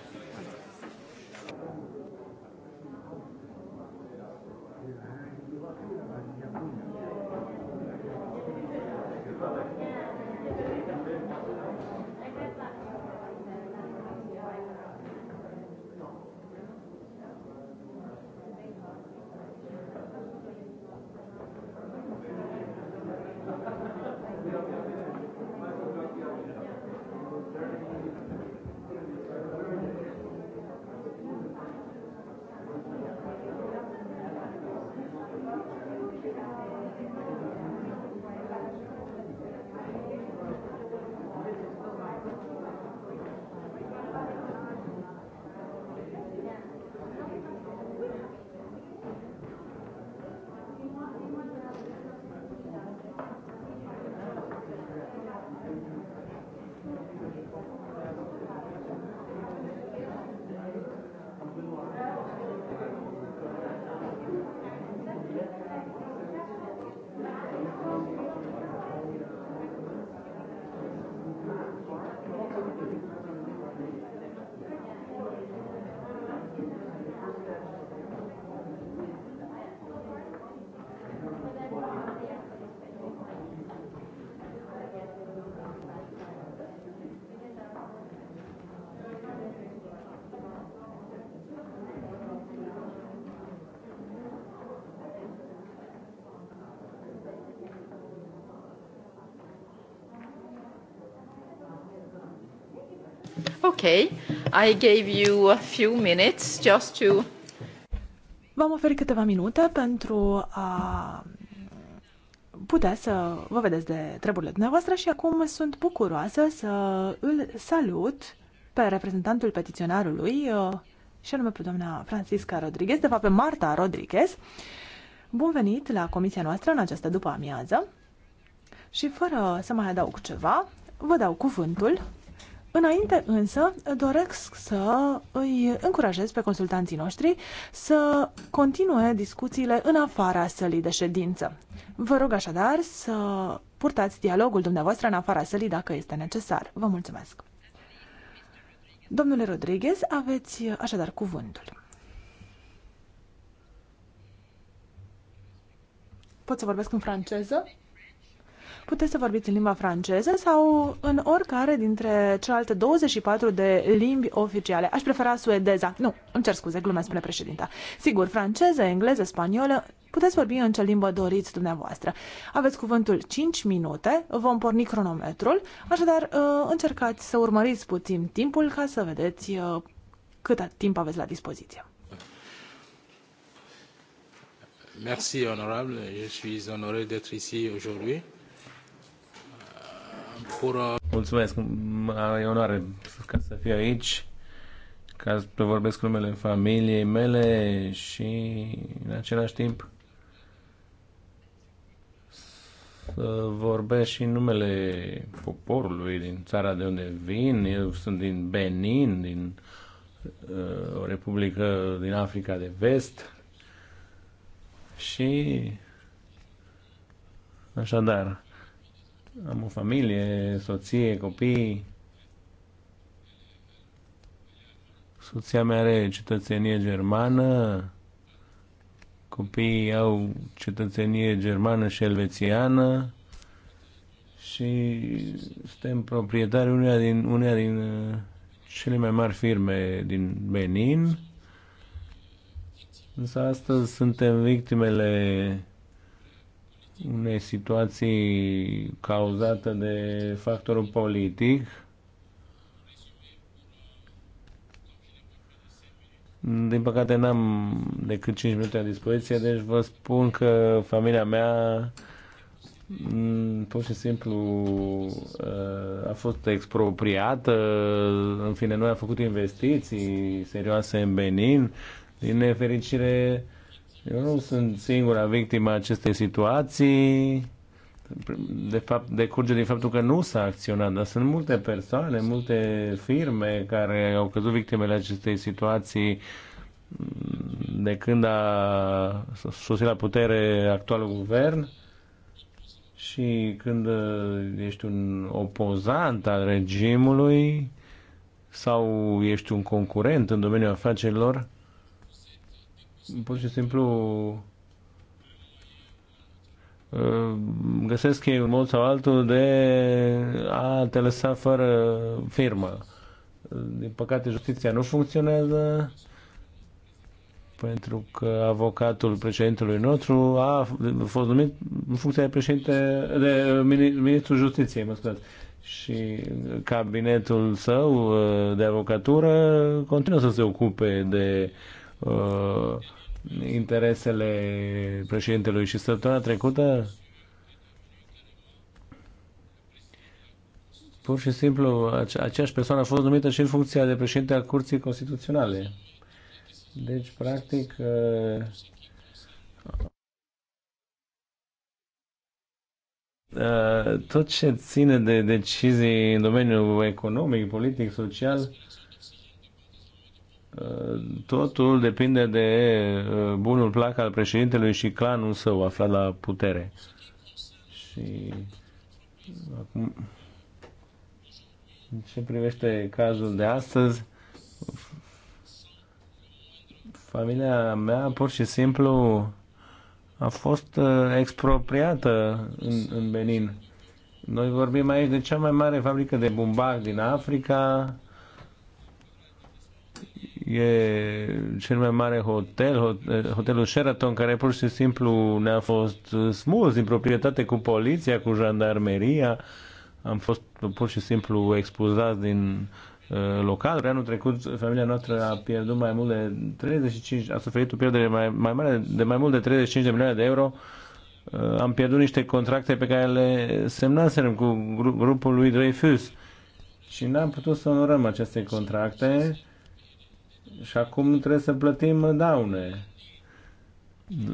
Okay, I gave you a few minutes just to... V-am oferit câteva minute pentru a putea să vă vedeți de treburile dumneavoastră și acum sunt bucuroasă să îl salut pe reprezentantul petiționarului uh, și anume pe doamna Francisca Rodriguez, de fapt pe Marta Rodriguez. Bun venit la comisia noastră în această după amiază și fără să mai adaug ceva, vă dau cuvântul Înainte însă, doresc să îi încurajez pe consultanții noștri să continue discuțiile în afara sălii de ședință. Vă rog așadar să purtați dialogul dumneavoastră în afara sălii dacă este necesar. Vă mulțumesc! Domnule Rodriguez, aveți așadar cuvântul. Pot să vorbesc în franceză? Puteți să vorbiți în limba franceză sau în oricare dintre celelalte 24 de limbi oficiale. Aș prefera suedeza. Nu, îmi cer scuze, glumesc, spune președinta. Sigur, franceză, engleză, spaniolă, puteți vorbi în ce limbă doriți dumneavoastră. Aveți cuvântul 5 minute, vom porni cronometrul, așadar uh, încercați să urmăriți puțin timpul ca să vedeți uh, cât timp aveți la dispoziție. Merci, honorable. Je suis honoré d'être ici aujourd'hui diaspora. Mulțumesc, e onoare ca să fiu aici, ca să vorbesc numele familiei mele și în același timp să vorbesc și numele poporului din țara de unde vin. Eu sunt din Benin, din uh, o republică din Africa de Vest și așadar am o familie, soție, copii. Soția mea are cetățenie germană. Copiii au cetățenie germană și elvețiană și suntem proprietari uneia din, uneia din uh, cele mai mari firme din Benin. Însă astăzi suntem victimele unei situații cauzată de factorul politic, Din păcate n-am decât 5 minute la dispoziție, deci vă spun că familia mea mm, pur și simplu uh, a fost expropriată, în fine, noi am făcut investiții serioase în Benin, din nefericire eu nu sunt singura victima acestei situații. De fapt, decurge din faptul că nu s-a acționat, dar sunt multe persoane, multe firme care au căzut victimele acestei situații de când a sosit la putere actualul guvern și când ești un opozant al regimului sau ești un concurent în domeniul afacerilor, pur și simplu uh, găsesc ei un mod sau altul de a te lăsa fără firmă. Din păcate, justiția nu funcționează pentru că avocatul președintelui nostru a fost numit în funcție de președinte, de uh, ministrul justiției, mă scuzați. Și cabinetul său uh, de avocatură continuă să se ocupe de uh, uh, interesele președintelui. Și săptămâna trecută pur și simplu ace- aceeași persoană a fost numită și în funcția de președinte al Curții Constituționale. Deci, practic, uh, uh tot ce ține de decizii în domeniul economic, politic, social, totul depinde de uh, bunul plac al președintelui și clanul său aflat la putere. Și acum, în ce privește cazul de astăzi, familia mea pur și simplu a fost uh, expropriată în, în Benin. Noi vorbim aici de cea mai mare fabrică de bumbac din Africa, e cel mai mare hotel, hotelul Sheraton, care pur și simplu ne-a fost smuls din proprietate cu poliția, cu jandarmeria. Am fost pur și simplu expuzați din uh, local. Pe anul trecut, familia noastră a pierdut mai mult de 35, a suferit o pierdere mai, mai mare de mai mult de 35 de milioane de euro. Uh, am pierdut niște contracte pe care le semnaserem cu grupul lui Dreyfus și n-am putut să onorăm aceste contracte și acum trebuie să plătim daune.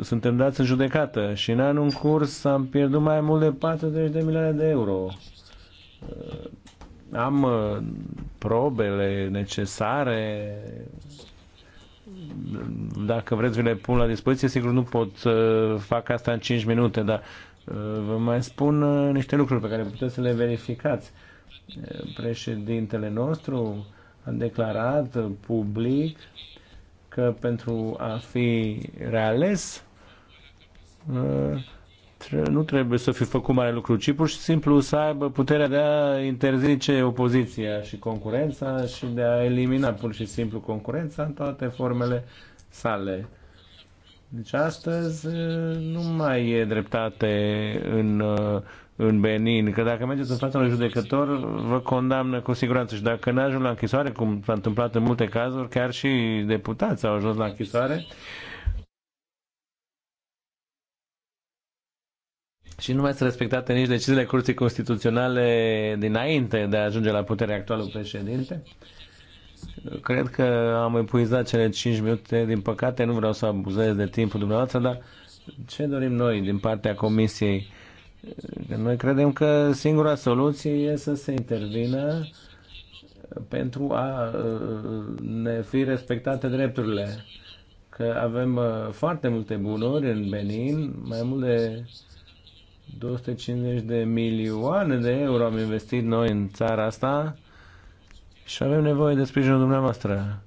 Suntem dați în judecată și în anul în curs am pierdut mai mult de 40 de milioane de euro. Uh, am uh, probele necesare dacă vreți vi le pun la dispoziție, sigur nu pot să uh, fac asta în 5 minute, dar vă mai spun niște lucruri pe care puteți să le verificați. Președintele nostru declarat uh, public că pentru a fi reales uh, nu trebuie să fi făcut mare lucru, ci pur și simplu să aibă puterea de a interzice opoziția și concurența și de a elimina pur și simplu concurența în toate formele sale. Deci astăzi uh, nu mai e dreptate în în Benin, că dacă mergeți în fața unui judecător, vă condamnă cu siguranță și dacă nu ajung la închisoare, cum s-a întâmplat în multe cazuri, chiar și deputați au ajuns la închisoare, și nu mai sunt respectate nici deciziile Curții Constituționale dinainte de a ajunge la puterea actuală președinte. Cred că am epuizat cele 5 minute, din păcate nu vreau să abuzez de timpul dumneavoastră, dar ce dorim noi din partea Comisiei? Noi credem că singura soluție e să se intervină pentru a uh, ne fi respectate drepturile. Că avem uh, foarte multe bunuri în Benin, mai mult de 250 de milioane de euro am investit noi în țara asta și avem nevoie de sprijinul dumneavoastră.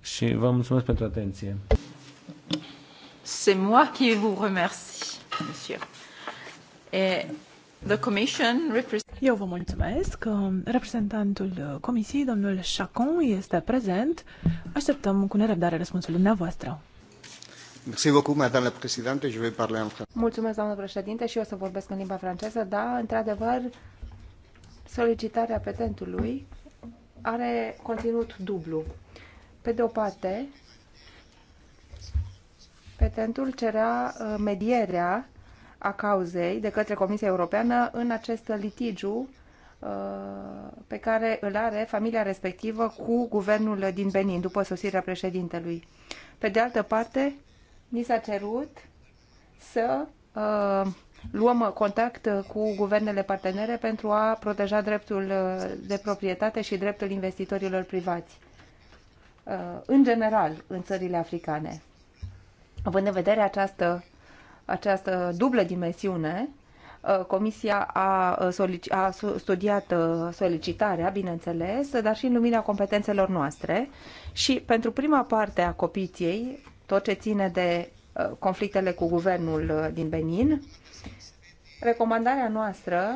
Și vă mulțumesc pentru atenție. C'est moi qui vous remercie, monsieur. Eh, eu vă mulțumesc. Um, reprezentantul uh, Comisiei, domnul Chacon, este prezent. Așteptăm cu nerăbdare răspunsul dumneavoastră. Mulțumesc, doamnă președinte, și eu o să vorbesc în limba franceză, da, într-adevăr, solicitarea petentului are conținut dublu. Pe de o parte, petentul cerea uh, medierea a cauzei de către Comisia Europeană în acest litigiu uh, pe care îl are familia respectivă cu guvernul din Benin după sosirea președintelui. Pe de altă parte, ni s-a cerut să uh, luăm contact cu guvernele partenere pentru a proteja dreptul uh, de proprietate și dreptul investitorilor privați, în general, în țările africane. Având în vedere această această dublă dimensiune, uh, Comisia a, uh, a studiat uh, solicitarea, bineînțeles, dar și în lumina competențelor noastre. Și pentru prima parte a copiției, tot ce ține de conflictele cu guvernul din Benin, recomandarea noastră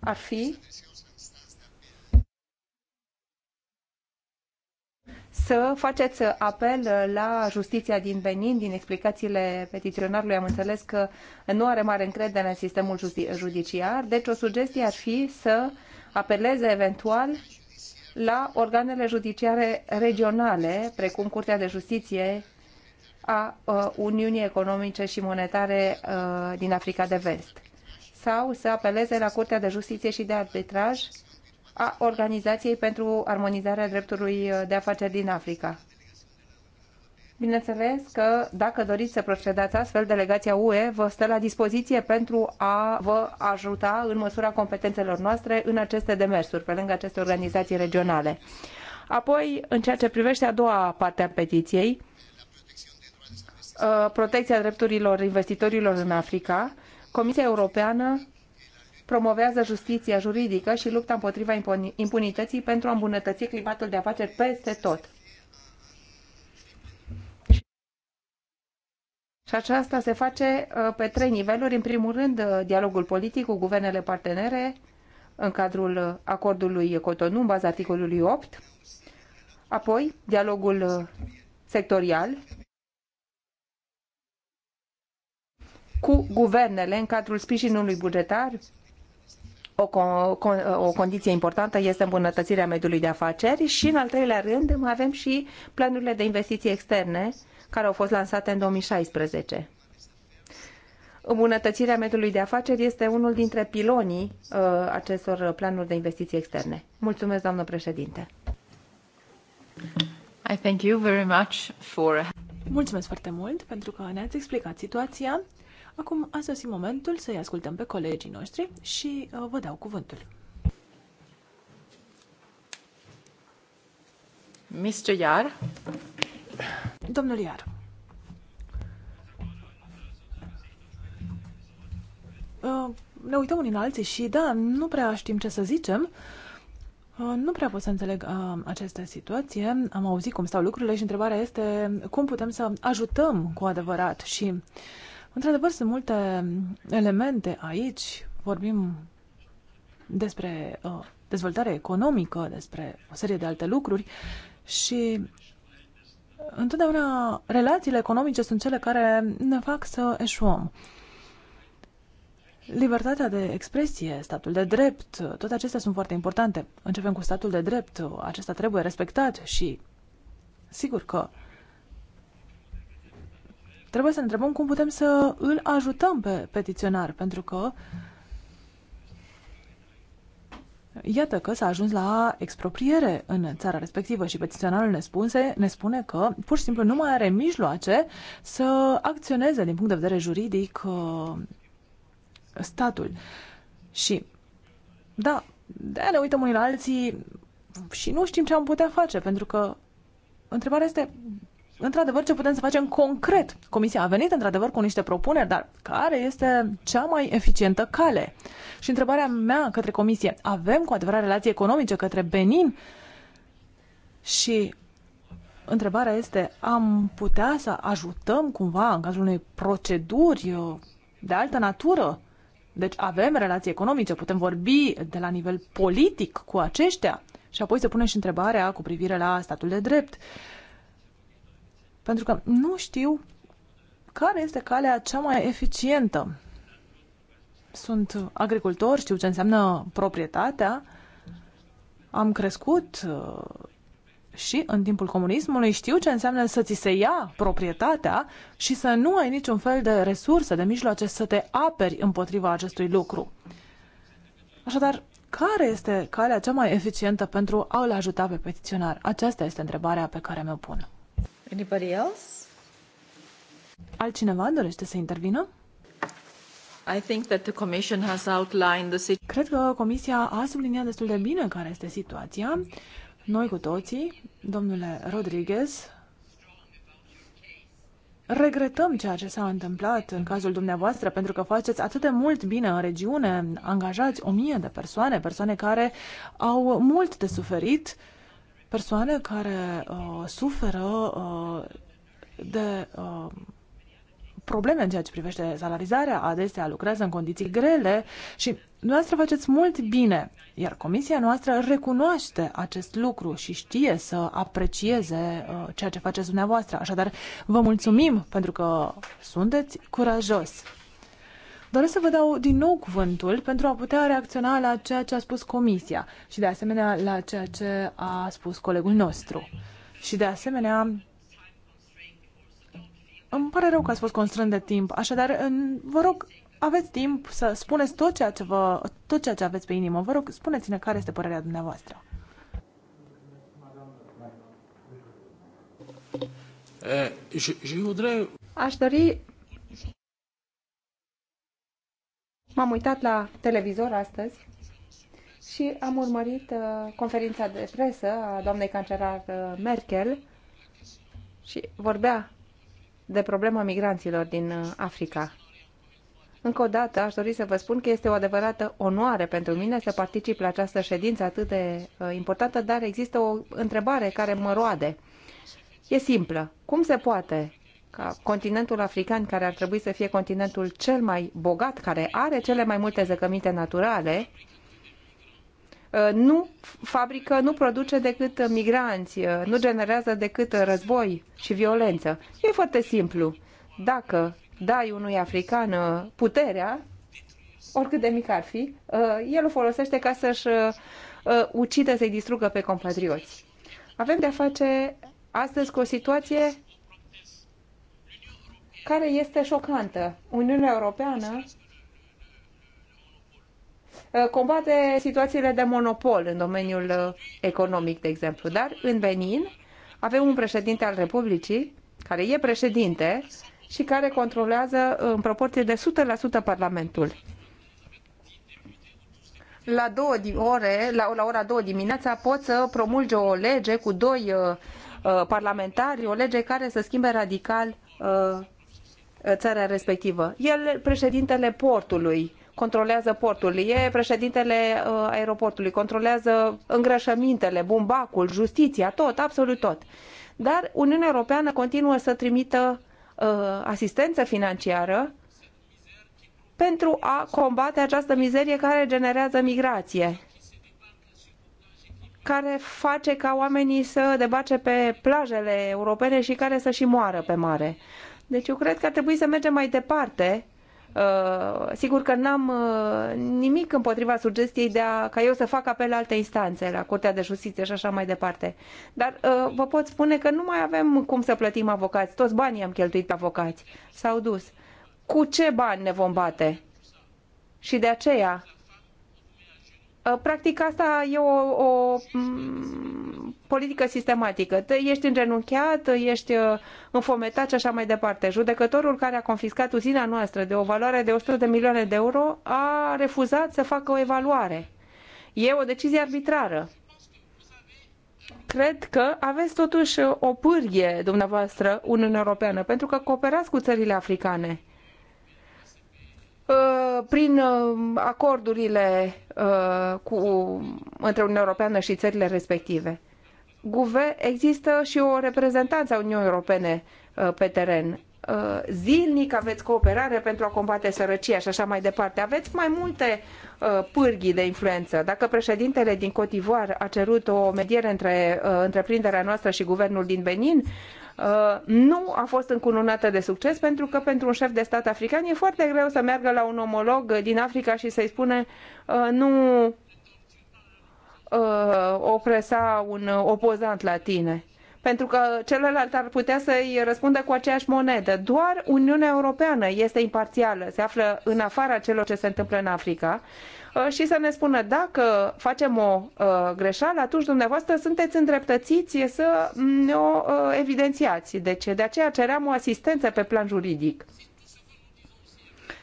ar fi să faceți apel la justiția din Benin. Din explicațiile petiționarului am înțeles că nu are mare încredere în sistemul judiciar, deci o sugestie ar fi să apeleze eventual la organele judiciare regionale, precum Curtea de Justiție a uh, Uniunii Economice și Monetare uh, din Africa de Vest, sau să apeleze la Curtea de Justiție și de Arbitraj a Organizației pentru Armonizarea Dreptului de Afaceri din Africa. Bineînțeles că dacă doriți să procedați astfel, delegația UE vă stă la dispoziție pentru a vă ajuta în măsura competențelor noastre în aceste demersuri, pe lângă aceste organizații regionale. Apoi, în ceea ce privește a doua parte a petiției, uh, protecția drepturilor investitorilor în Africa, Comisia Europeană promovează justiția juridică și lupta împotriva impunității pentru a îmbunătăți climatul de afaceri peste tot. Și aceasta se face uh, pe trei niveluri. În primul rând, uh, dialogul politic cu guvernele partenere în cadrul uh, acordului Cotonou, în baza articolului 8. Apoi, dialogul sectorial cu guvernele în cadrul sprijinului bugetar o, con- o condiție importantă este îmbunătățirea mediului de afaceri și, în al treilea rând, mai avem și planurile de investiții externe care au fost lansate în 2016. Îmbunătățirea mediului de afaceri este unul dintre pilonii uh, acestor planuri de investiții externe. Mulțumesc, doamnă președinte. I thank you very much for... Mulțumesc foarte mult pentru că ne-ați explicat situația Acum a sosit momentul să-i ascultăm pe colegii noștri și uh, vă dau cuvântul. Mr. Iar. Domnul Iar. Uh, ne uităm unii în alții și, da, nu prea știm ce să zicem. Uh, nu prea pot să înțeleg uh, această situație. Am auzit cum stau lucrurile și întrebarea este cum putem să ajutăm cu adevărat și Într-adevăr, sunt multe elemente aici. Vorbim despre uh, dezvoltare economică, despre o serie de alte lucruri și întotdeauna relațiile economice sunt cele care ne fac să eșuăm. Libertatea de expresie, statul de drept, toate acestea sunt foarte importante. Începem cu statul de drept, acesta trebuie respectat și sigur că Trebuie să ne întrebăm cum putem să îl ajutăm pe petiționar, pentru că Iată că s-a ajuns la expropriere în țara respectivă și petiționarul ne, spune, ne spune că pur și simplu nu mai are mijloace să acționeze din punct de vedere juridic uh, statul. Și da, de ne uităm unii la alții și nu știm ce am putea face, pentru că întrebarea este într-adevăr, ce putem să facem concret. Comisia a venit, într-adevăr, cu niște propuneri, dar care este cea mai eficientă cale? Și întrebarea mea către Comisie, avem cu adevărat relații economice către Benin? Și întrebarea este, am putea să ajutăm cumva în cazul unei proceduri uh, de altă natură? Deci avem relații economice, putem vorbi de la nivel politic cu aceștia și apoi se pune și întrebarea cu privire la statul de drept pentru că nu știu care este calea cea mai eficientă. Sunt agricultor, știu ce înseamnă proprietatea, am crescut uh, și în timpul comunismului știu ce înseamnă să ți se ia proprietatea și să nu ai niciun fel de resurse, de mijloace să te aperi împotriva acestui lucru. Așadar, care este calea cea mai eficientă pentru a-l ajuta pe petiționar? Aceasta este întrebarea pe care mi-o pun. Anybody else? Altcineva dorește să intervină? I think that the commission has outlined the situation. Cred că Comisia a subliniat destul de bine care este situația. Noi cu toții, domnule Rodriguez, regretăm ceea ce s-a întâmplat în cazul dumneavoastră, pentru că faceți atât de mult bine în regiune, angajați o mie de persoane, persoane care au mult de suferit persoane care uh, suferă uh, de uh, probleme în ceea ce privește salarizarea, adesea lucrează în condiții grele și dumneavoastră faceți mult bine, iar comisia noastră recunoaște acest lucru și știe să aprecieze uh, ceea ce faceți dumneavoastră. Așadar, vă mulțumim pentru că sunteți curajos. Doresc să vă dau din nou cuvântul pentru a putea reacționa la ceea ce a spus Comisia și de asemenea la ceea ce a spus colegul nostru. Și de asemenea, îmi pare rău că ați fost constrâns de timp, așadar în, vă rog, aveți timp să spuneți tot ceea ce, vă, tot ceea ce aveți pe inimă. Vă rog, spuneți-ne care este părerea dumneavoastră. Eh, Aș dori M-am uitat la televizor astăzi și am urmărit uh, conferința de presă a doamnei cancerar uh, Merkel și vorbea de problema migranților din uh, Africa. Încă o dată aș dori să vă spun că este o adevărată onoare pentru mine să particip la această ședință atât de uh, importantă, dar există o întrebare care mă roade. E simplă. Cum se poate ca continentul african, care ar trebui să fie continentul cel mai bogat, care are cele mai multe zăcăminte naturale, uh, nu fabrică, nu produce decât migranți, uh, nu generează decât război și violență. E foarte simplu. Dacă dai unui african uh, puterea, oricât de mic ar fi, el o folosește ca să-și ucidă, să-i distrugă pe compatrioți. Avem de-a face astăzi cu o situație care este șocantă. Uniunea Europeană uh, combate situațiile de monopol în domeniul uh, economic, de exemplu. Dar în Benin avem un președinte al Republicii, care e președinte și care controlează uh, în proporție de 100% Parlamentul. La, două ore, la, la ora 2 dimineața pot să promulge o lege cu doi uh, parlamentari, o lege care să schimbe radical uh, Uh, țara respectivă. El, președintele portului, controlează portul, e președintele uh, aeroportului, controlează îngrășămintele, bumbacul, justiția, tot, absolut tot. Dar Uniunea Europeană continuă să trimită uh, asistență financiară pentru a combate această mizerie care generează migrație care face ca oamenii să debace pe plajele europene și care să și moară pe mare. Deci eu cred că ar trebui să mergem mai departe. Uh, sigur că n-am uh, nimic împotriva sugestiei de a, ca eu să fac apel la alte instanțe, la Curtea de Justiție și așa mai departe. Dar uh, vă pot spune că nu mai avem cum să plătim avocați. Toți banii am cheltuit pe avocați. S-au dus. Cu ce bani ne vom bate? Și de aceea Uh, practic asta e o, o mm, politică sistematică. Ești îngenunchiat, ești uh, înfometat și așa mai departe. Judecătorul care a confiscat uzina noastră de o valoare de 100 de milioane de euro a refuzat să facă o evaluare. E o decizie arbitrară. Cred că aveți totuși o pârghie, dumneavoastră, Uniunea Europeană, pentru că cooperați cu țările africane Uh, prin uh, acordurile uh, cu, între Uniunea Europeană și țările respective. Guve, există și o reprezentanță a Uniunii Europene pe teren. Zilnic aveți cooperare pentru a combate sărăcia și așa mai departe. Aveți mai multe pârghii de influență. Dacă președintele din Cotivoar a cerut o mediere între întreprinderea noastră și guvernul din Benin, Uh, nu a fost încununată de succes pentru că pentru un șef de stat african e foarte greu să meargă la un omolog din Africa și să-i spune uh, nu uh, opresa un opozant la tine pentru că celălalt ar putea să-i răspundă cu aceeași monedă. Doar Uniunea Europeană este imparțială, se află în afara celor ce se întâmplă în Africa uh, și să ne spună dacă facem o uh, greșeală, atunci dumneavoastră sunteți îndreptățiți să mm, o uh, evidențiați. Deci de aceea ceream o asistență pe plan juridic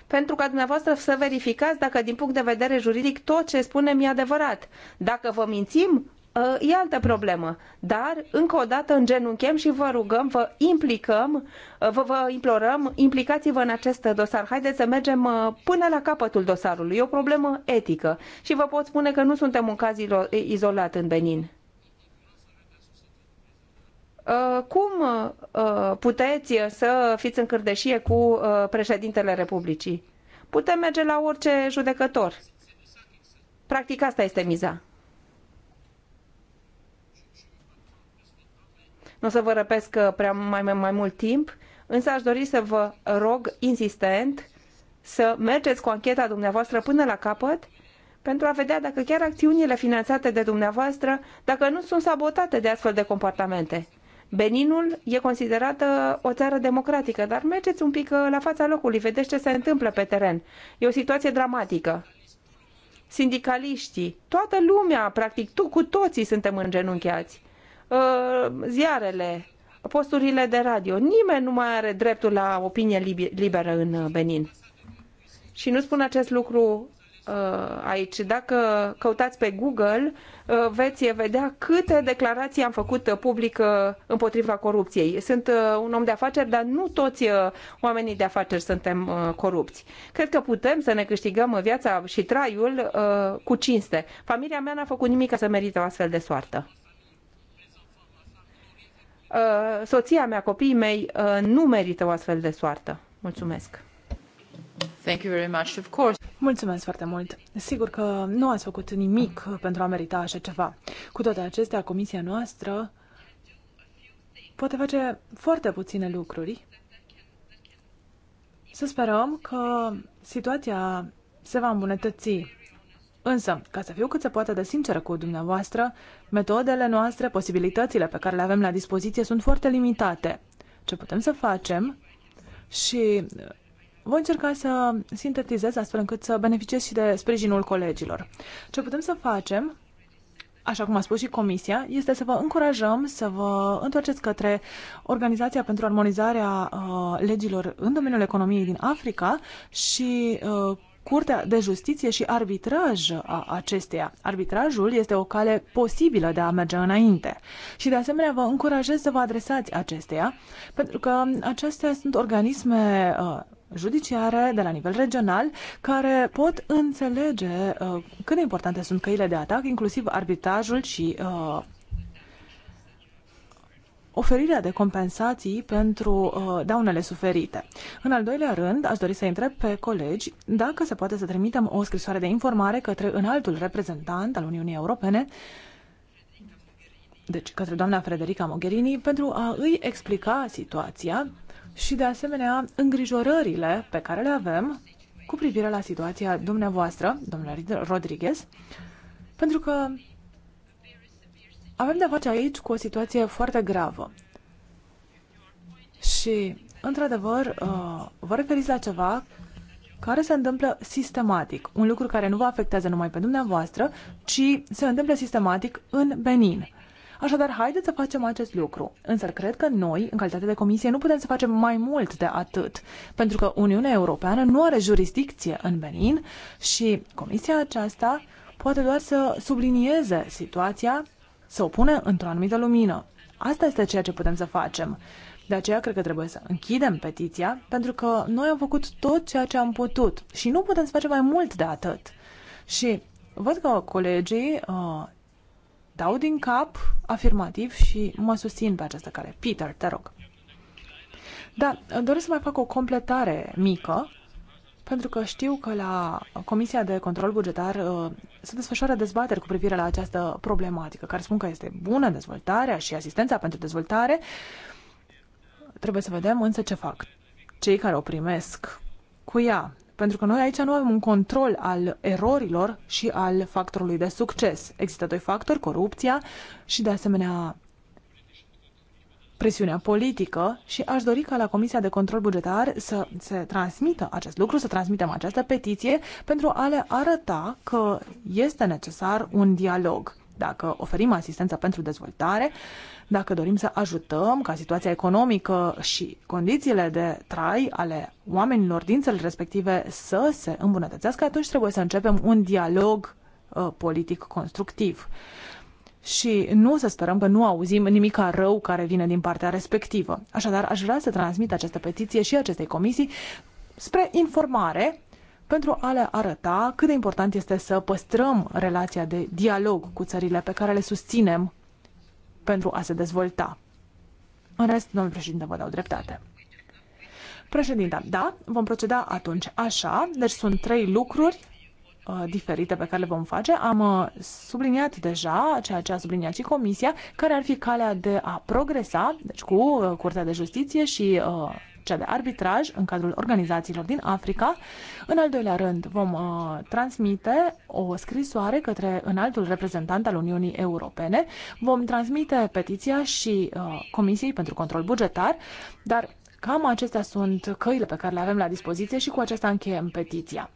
pentru ca dumneavoastră să verificați dacă din punct de vedere juridic tot ce spunem e adevărat. Dacă vă mințim, Uh, e altă problemă. Dar, încă o dată, îngenunchem și vă rugăm, vă implicăm, uh, vă, vă implorăm, implicați-vă în acest dosar. Haideți să mergem uh, până la capătul dosarului. E o problemă etică și vă pot spune că nu suntem un caz izolat în Benin. Cum puteți să fiți în cârdeșie cu președintele Republicii? Putem merge la orice judecător. Practic asta este miza. Nu o să vă răpesc uh, prea mai, mai, mai mult timp, însă aș dori să vă rog insistent să mergeți cu ancheta dumneavoastră până la capăt pentru a vedea dacă chiar acțiunile finanțate de dumneavoastră, dacă nu sunt sabotate de astfel de comportamente. Beninul e considerată o țară democratică, dar mergeți un pic uh, la fața locului, vedeți ce se întâmplă pe teren. E o situație dramatică. Sindicaliștii, toată lumea, practic, tu, cu toții suntem îngenunchiați. Uh, ziarele, posturile de radio. Nimeni nu mai are dreptul la opinie liberă în uh, Benin. Și nu spun acest lucru uh, aici. Dacă căutați pe Google, veți vedea câte declarații am făcut public împotriva corupției. Sunt un om de afaceri, dar nu toți oamenii de afaceri suntem corupți. Cred că putem să ne câștigăm viața și traiul cu cinste. Familia mea n-a făcut nimic ca să merită o astfel de soartă. Uh, soția mea, copiii mei uh, nu merită o astfel de soartă. Mulțumesc! Thank you very much, of course. Mulțumesc foarte mult. Sigur că nu ați făcut nimic pentru a merita așa ceva. Cu toate acestea, comisia noastră poate face foarte puține lucruri. Să sperăm că situația se va îmbunătăți. Însă, ca să fiu cât se poate de sinceră cu dumneavoastră, metodele noastre, posibilitățile pe care le avem la dispoziție sunt foarte limitate. Ce putem să facem și uh, voi încerca să sintetizez astfel încât să beneficiez și de sprijinul colegilor. Ce putem să facem așa cum a spus și Comisia, este să vă încurajăm să vă întoarceți către Organizația pentru Armonizarea uh, Legilor în domeniul economiei din Africa și uh, Curtea de Justiție și arbitraj a acesteia. Arbitrajul este o cale posibilă de a merge înainte. Și de asemenea vă încurajez să vă adresați acesteia, pentru că acestea sunt organisme uh, judiciare de la nivel regional care pot înțelege uh, cât de importante sunt căile de atac, inclusiv arbitrajul și uh, oferirea de compensații pentru uh, daunele suferite. În al doilea rând, aș dori să întreb pe colegi dacă se poate să trimitem o scrisoare de informare către înaltul reprezentant al Uniunii Europene, deci către doamna Frederica Mogherini, pentru a îi explica situația și, de asemenea, îngrijorările pe care le avem cu privire la situația dumneavoastră, domnule Rodriguez, pentru că avem de face aici cu o situație foarte gravă. Și, într-adevăr, uh, vă referiți la ceva care se întâmplă sistematic. Un lucru care nu vă afectează numai pe dumneavoastră, ci se întâmplă sistematic în Benin. Așadar, haideți să facem acest lucru. Însă cred că noi, în calitate de comisie, nu putem să facem mai mult de atât, pentru că Uniunea Europeană nu are jurisdicție în Benin și comisia aceasta poate doar să sublinieze situația să o pune într-o anumită lumină. Asta este ceea ce putem să facem. De aceea cred că trebuie să închidem petiția, pentru că noi am făcut tot ceea ce am putut și nu putem să facem mai mult de atât. Și văd că colegii uh, dau din cap afirmativ și mă susțin pe această care. Peter, te rog. Da, doresc să mai fac o completare mică pentru că știu că la Comisia de Control Bugetar uh, se desfășoară dezbateri cu privire la această problematică, care spun că este bună dezvoltarea și asistența pentru dezvoltare. Trebuie să vedem însă ce fac cei care o primesc cu ea. Pentru că noi aici nu avem un control al erorilor și al factorului de succes. Există doi factori, corupția și de asemenea presiunea politică și aș dori ca la Comisia de Control Bugetar să se transmită acest lucru, să transmitem această petiție pentru a le arăta că este necesar un dialog. Dacă oferim asistență pentru dezvoltare, dacă dorim să ajutăm ca situația economică și condițiile de trai ale oamenilor din țările respective să se îmbunătățească, atunci trebuie să începem un dialog uh, politic constructiv. Uh, și nu să sperăm că nu auzim nimic rău care vine din partea respectivă. Așadar, aș vrea să transmit această petiție și acestei comisii spre informare pentru a le arăta cât de important este să păstrăm relația de dialog cu țările pe care le susținem pentru a se dezvolta. În rest, domnul președinte, vă dau dreptate. Președinte, da, vom proceda atunci așa, deci sunt trei lucruri Uh, diferite pe care le vom face. Am uh, subliniat deja ceea ce a subliniat și Comisia, care ar fi calea de a progresa, deci cu uh, Curtea de Justiție și cea de arbitraj în cadrul organizațiilor din Africa. În al doilea rând, vom transmite o scrisoare către înaltul reprezentant al Uniunii Europene. Vom transmite petiția și Comisiei pentru Control Bugetar, dar Cam acestea sunt căile pe care le avem la dispoziție și cu acesta încheiem petiția.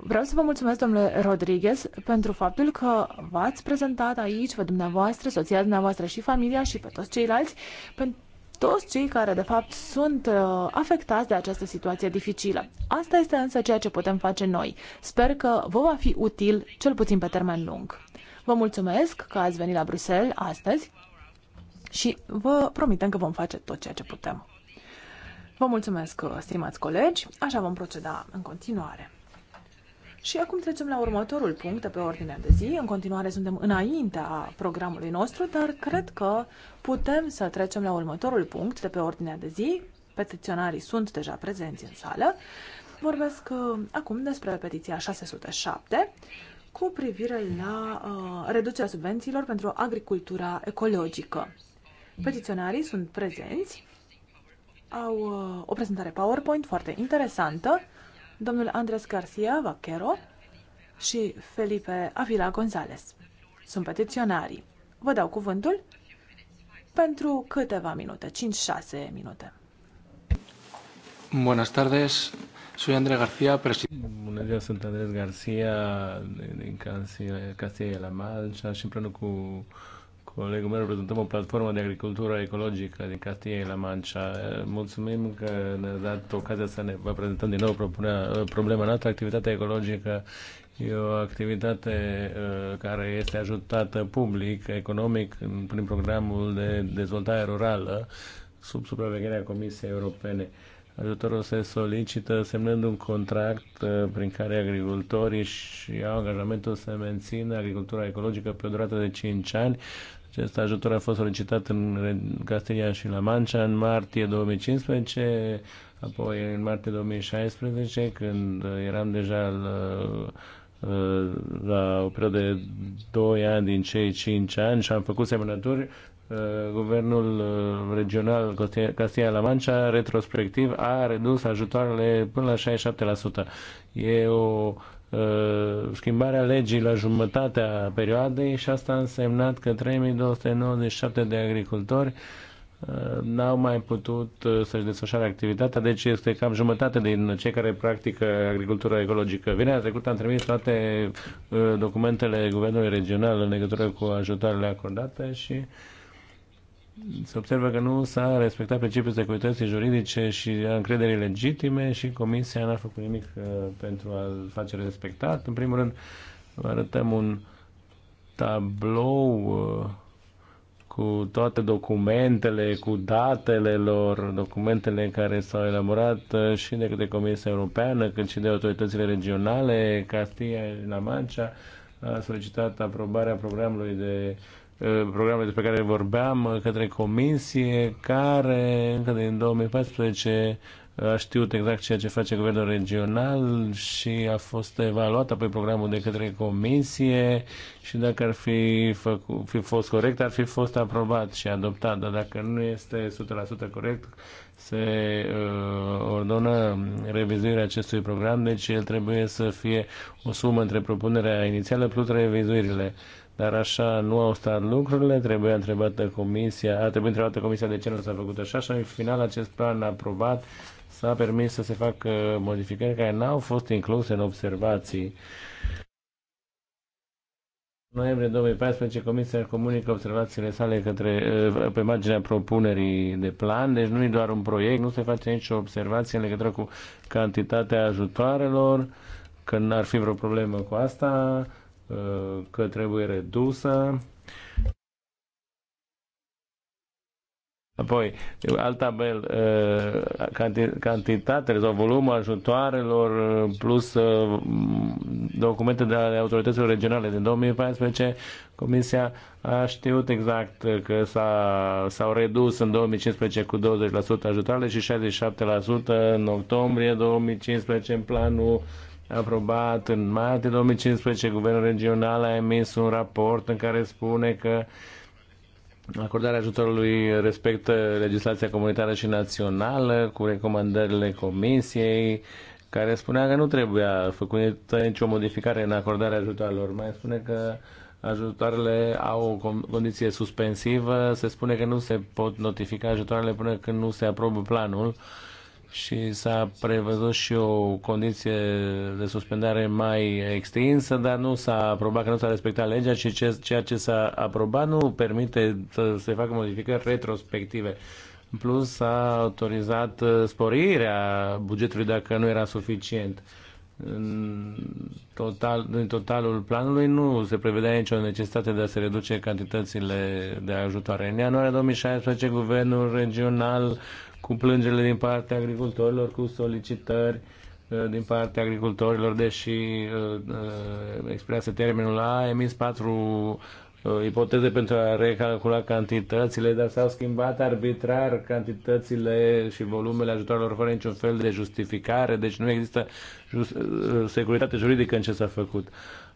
Vreau să vă mulțumesc, domnule Rodriguez, pentru faptul că v-ați prezentat aici pe dumneavoastră, soția dumneavoastră și familia și pe toți ceilalți, pentru toți cei care, de fapt, sunt uh, afectați de această situație dificilă. Asta este însă ceea ce putem face noi. Sper că vă va fi util, cel puțin pe termen lung. Vă mulțumesc că ați venit la Bruxelles astăzi și vă promitem că vom face tot ceea ce putem. Vă mulțumesc, stimați colegi, așa vom proceda în continuare. Și acum trecem la următorul punct de pe ordinea de zi. În continuare suntem înaintea programului nostru, dar cred că putem să trecem la următorul punct de pe ordinea de zi. Petiționarii sunt deja prezenți în sală. Vorbesc uh, acum despre petiția 607 cu privire la uh, reducerea subvențiilor pentru agricultura ecologică. Petiționarii sunt prezenți, au uh, o prezentare PowerPoint foarte interesantă domnul Andres Garcia Vaquero și Felipe Avila González. Sunt petiționarii. Vă dau cuvântul pentru câteva minute, 5-6 minute. Buenas tardes, soy Andrés García, presidente. Buenos días, soy Andrés García din Castilla la Mancha și împreună cu Colegul meu reprezentăm o platformă de agricultură ecologică din Castilla la Mancha. Mulțumim că ne-ați dat ocazia să ne vă prezentăm din nou propunea, problema noastră. Activitatea ecologică e o activitate uh, care este ajutată public, economic, prin programul de dezvoltare rurală sub supravegherea Comisiei Europene. Ajutorul se solicită semnând un contract uh, prin care agricultorii și au angajamentul să mențină agricultura ecologică pe o durată de 5 ani, acest ajutor a fost solicitat în Castelia și La Mancea în martie 2015, apoi în martie 2016, când eram deja la, la o perioadă de 2 ani din cei 5 ani și am făcut semnături, uh, guvernul uh, regional Castilla-La Mancha retrospectiv a redus ajutoarele până la 67%. E o Uh, schimbarea legii la jumătatea perioadei și asta a însemnat că 3297 de agricultori uh, n-au mai putut uh, să-și desfășoare activitatea, deci este cam jumătate din cei care practică agricultura ecologică. Vinerea trecută am trimis toate documentele Guvernului Regional în legătură cu ajutoarele acordate și uh, se observă că nu s-a respectat principiul securității juridice și a încrederii legitime și Comisia n-a făcut nimic uh, pentru a-l face respectat. În primul rând, vă arătăm un tablou uh, cu toate documentele, cu datele lor, documentele care s-au elaborat uh, și de către Comisia Europeană, cât și de autoritățile regionale, Castilla-La Mancha, a solicitat aprobarea programului de Uh, programele despre care vorbeam uh, către comisie care încă din 2014 uh, a știut exact ceea ce face guvernul regional și a fost evaluat apoi programul de către comisie și dacă ar fi, făcu, fi fost corect, ar fi fost aprobat și adoptat, dar dacă nu este 100% corect, se uh, ordonă revizuirea acestui program, deci el trebuie să fie o sumă între propunerea inițială plus revizuirile. Uh, dar așa nu au stat lucrurile, trebuie întrebată comisia, a trebuit întrebată comisia de ce nu s-a făcut așa și în final acest plan aprobat s-a permis să se facă modificări care n-au fost incluse în observații. În noiembrie 2014, Comisia comunică observațiile sale către, eh, pe marginea propunerii de plan, deci nu e doar un proiect, nu se face nicio observație în legătură cu cantitatea ajutoarelor, că n-ar fi vreo problemă cu asta, că trebuie redusă. Apoi, alt tabel, eh, cantitatele sau volumul ajutoarelor eh, plus eh, documente de ale autorităților regionale. Din 2014, Comisia a știut exact că s-au redus în 2015 cu 20% ajutoarele și 67% în octombrie 2015 în planul aprobat în martie 2015, Guvernul Regional a emis un raport în care spune că acordarea ajutorului respectă legislația comunitară și națională cu recomandările Comisiei, care spunea că nu trebuia făcută nicio modificare în acordarea ajutorilor. Mai spune că ajutoarele au o condiție suspensivă, se spune că nu se pot notifica ajutoarele până când nu se aprobă planul și s-a prevăzut și o condiție de suspendare mai extinsă, dar nu s-a aprobat, că nu s-a respectat legea și ceea ce s-a aprobat nu permite să se facă modificări retrospective. În plus, s-a autorizat uh, sporirea bugetului dacă nu era suficient. În, total, în totalul planului nu se prevedea nicio necesitate de a se reduce cantitățile de ajutoare. În ianuarie 2016, guvernul regional cu plângerile din partea agricultorilor, cu solicitări uh, din partea agricultorilor, deși uh, uh, expirase termenul a emis patru ipoteze pentru a recalcula cantitățile, dar s-au schimbat arbitrar cantitățile și volumele ajutoarelor fără niciun fel de justificare, deci nu există just, securitate juridică în ce s-a făcut.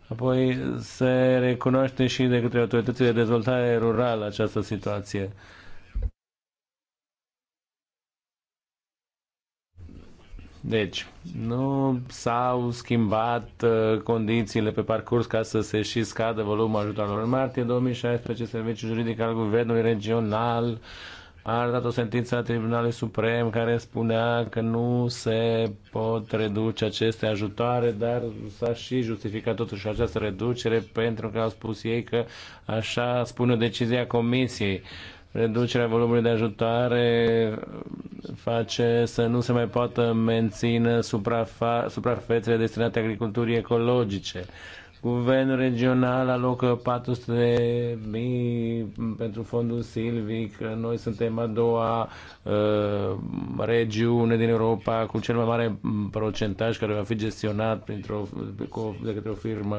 Apoi se recunoaște și de către autoritățile de dezvoltare rurală această situație. Uh, Deci, nu s-au schimbat uh, condițiile pe parcurs ca să se și scadă volumul ajutorilor. În martie 2016, Serviciul Juridic al Guvernului Regional a dat o sentință a Tribunalului Suprem care spunea că nu se pot reduce aceste ajutoare, dar s-a și justificat totuși această reducere pentru că au spus ei că așa spune decizia Comisiei reducerea volumului de ajutoare face să nu se mai poată menține suprafa- suprafețele destinate agriculturii ecologice. Guvernul regional alocă 400.000 de pentru fondul silvic. Noi suntem a doua uh, regiune din Europa cu cel mai mare procentaj care va fi gestionat printr-o, de către o firmă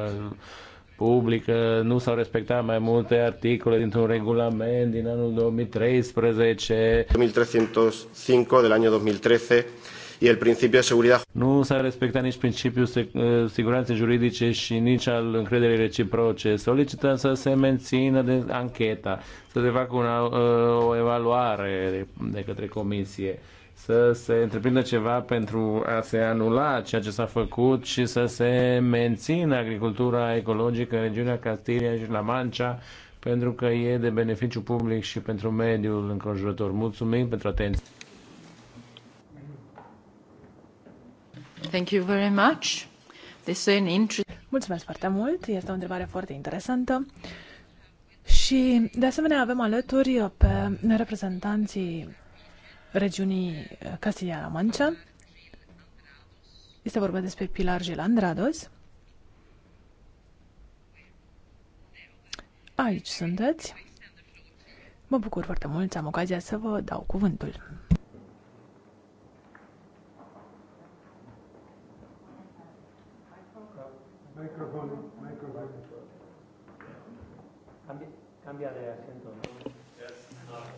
publică, nu s-au respectat mai multe articole dintr-un regulament din anul 2013. 2305 del anul 2013 y el principio de seguridad. Nu s-a respectat nici principiul ă, siguranței juridice și nici al încrederii reciproce. Solicităm să se mențină de ancheta, să se facă una, ă, o evaluare de, de către comisie să se întreprindă ceva pentru a se anula ceea ce s-a făcut și să se mențină agricultura ecologică în regiunea Castilia și La Mancha, pentru că e de beneficiu public și pentru mediul înconjurător. Mulțumim pentru atenție! Thank you very much. This is an interest... Mulțumesc foarte mult, este o întrebare foarte interesantă. Și, de asemenea, avem alături pe reprezentanții regiunii eh, Castilla-La Mancha. Este vorba despre Pilar Gelandrados. Aici sunteți. Mă bucur foarte mult am ocazia să vă dau cuvântul.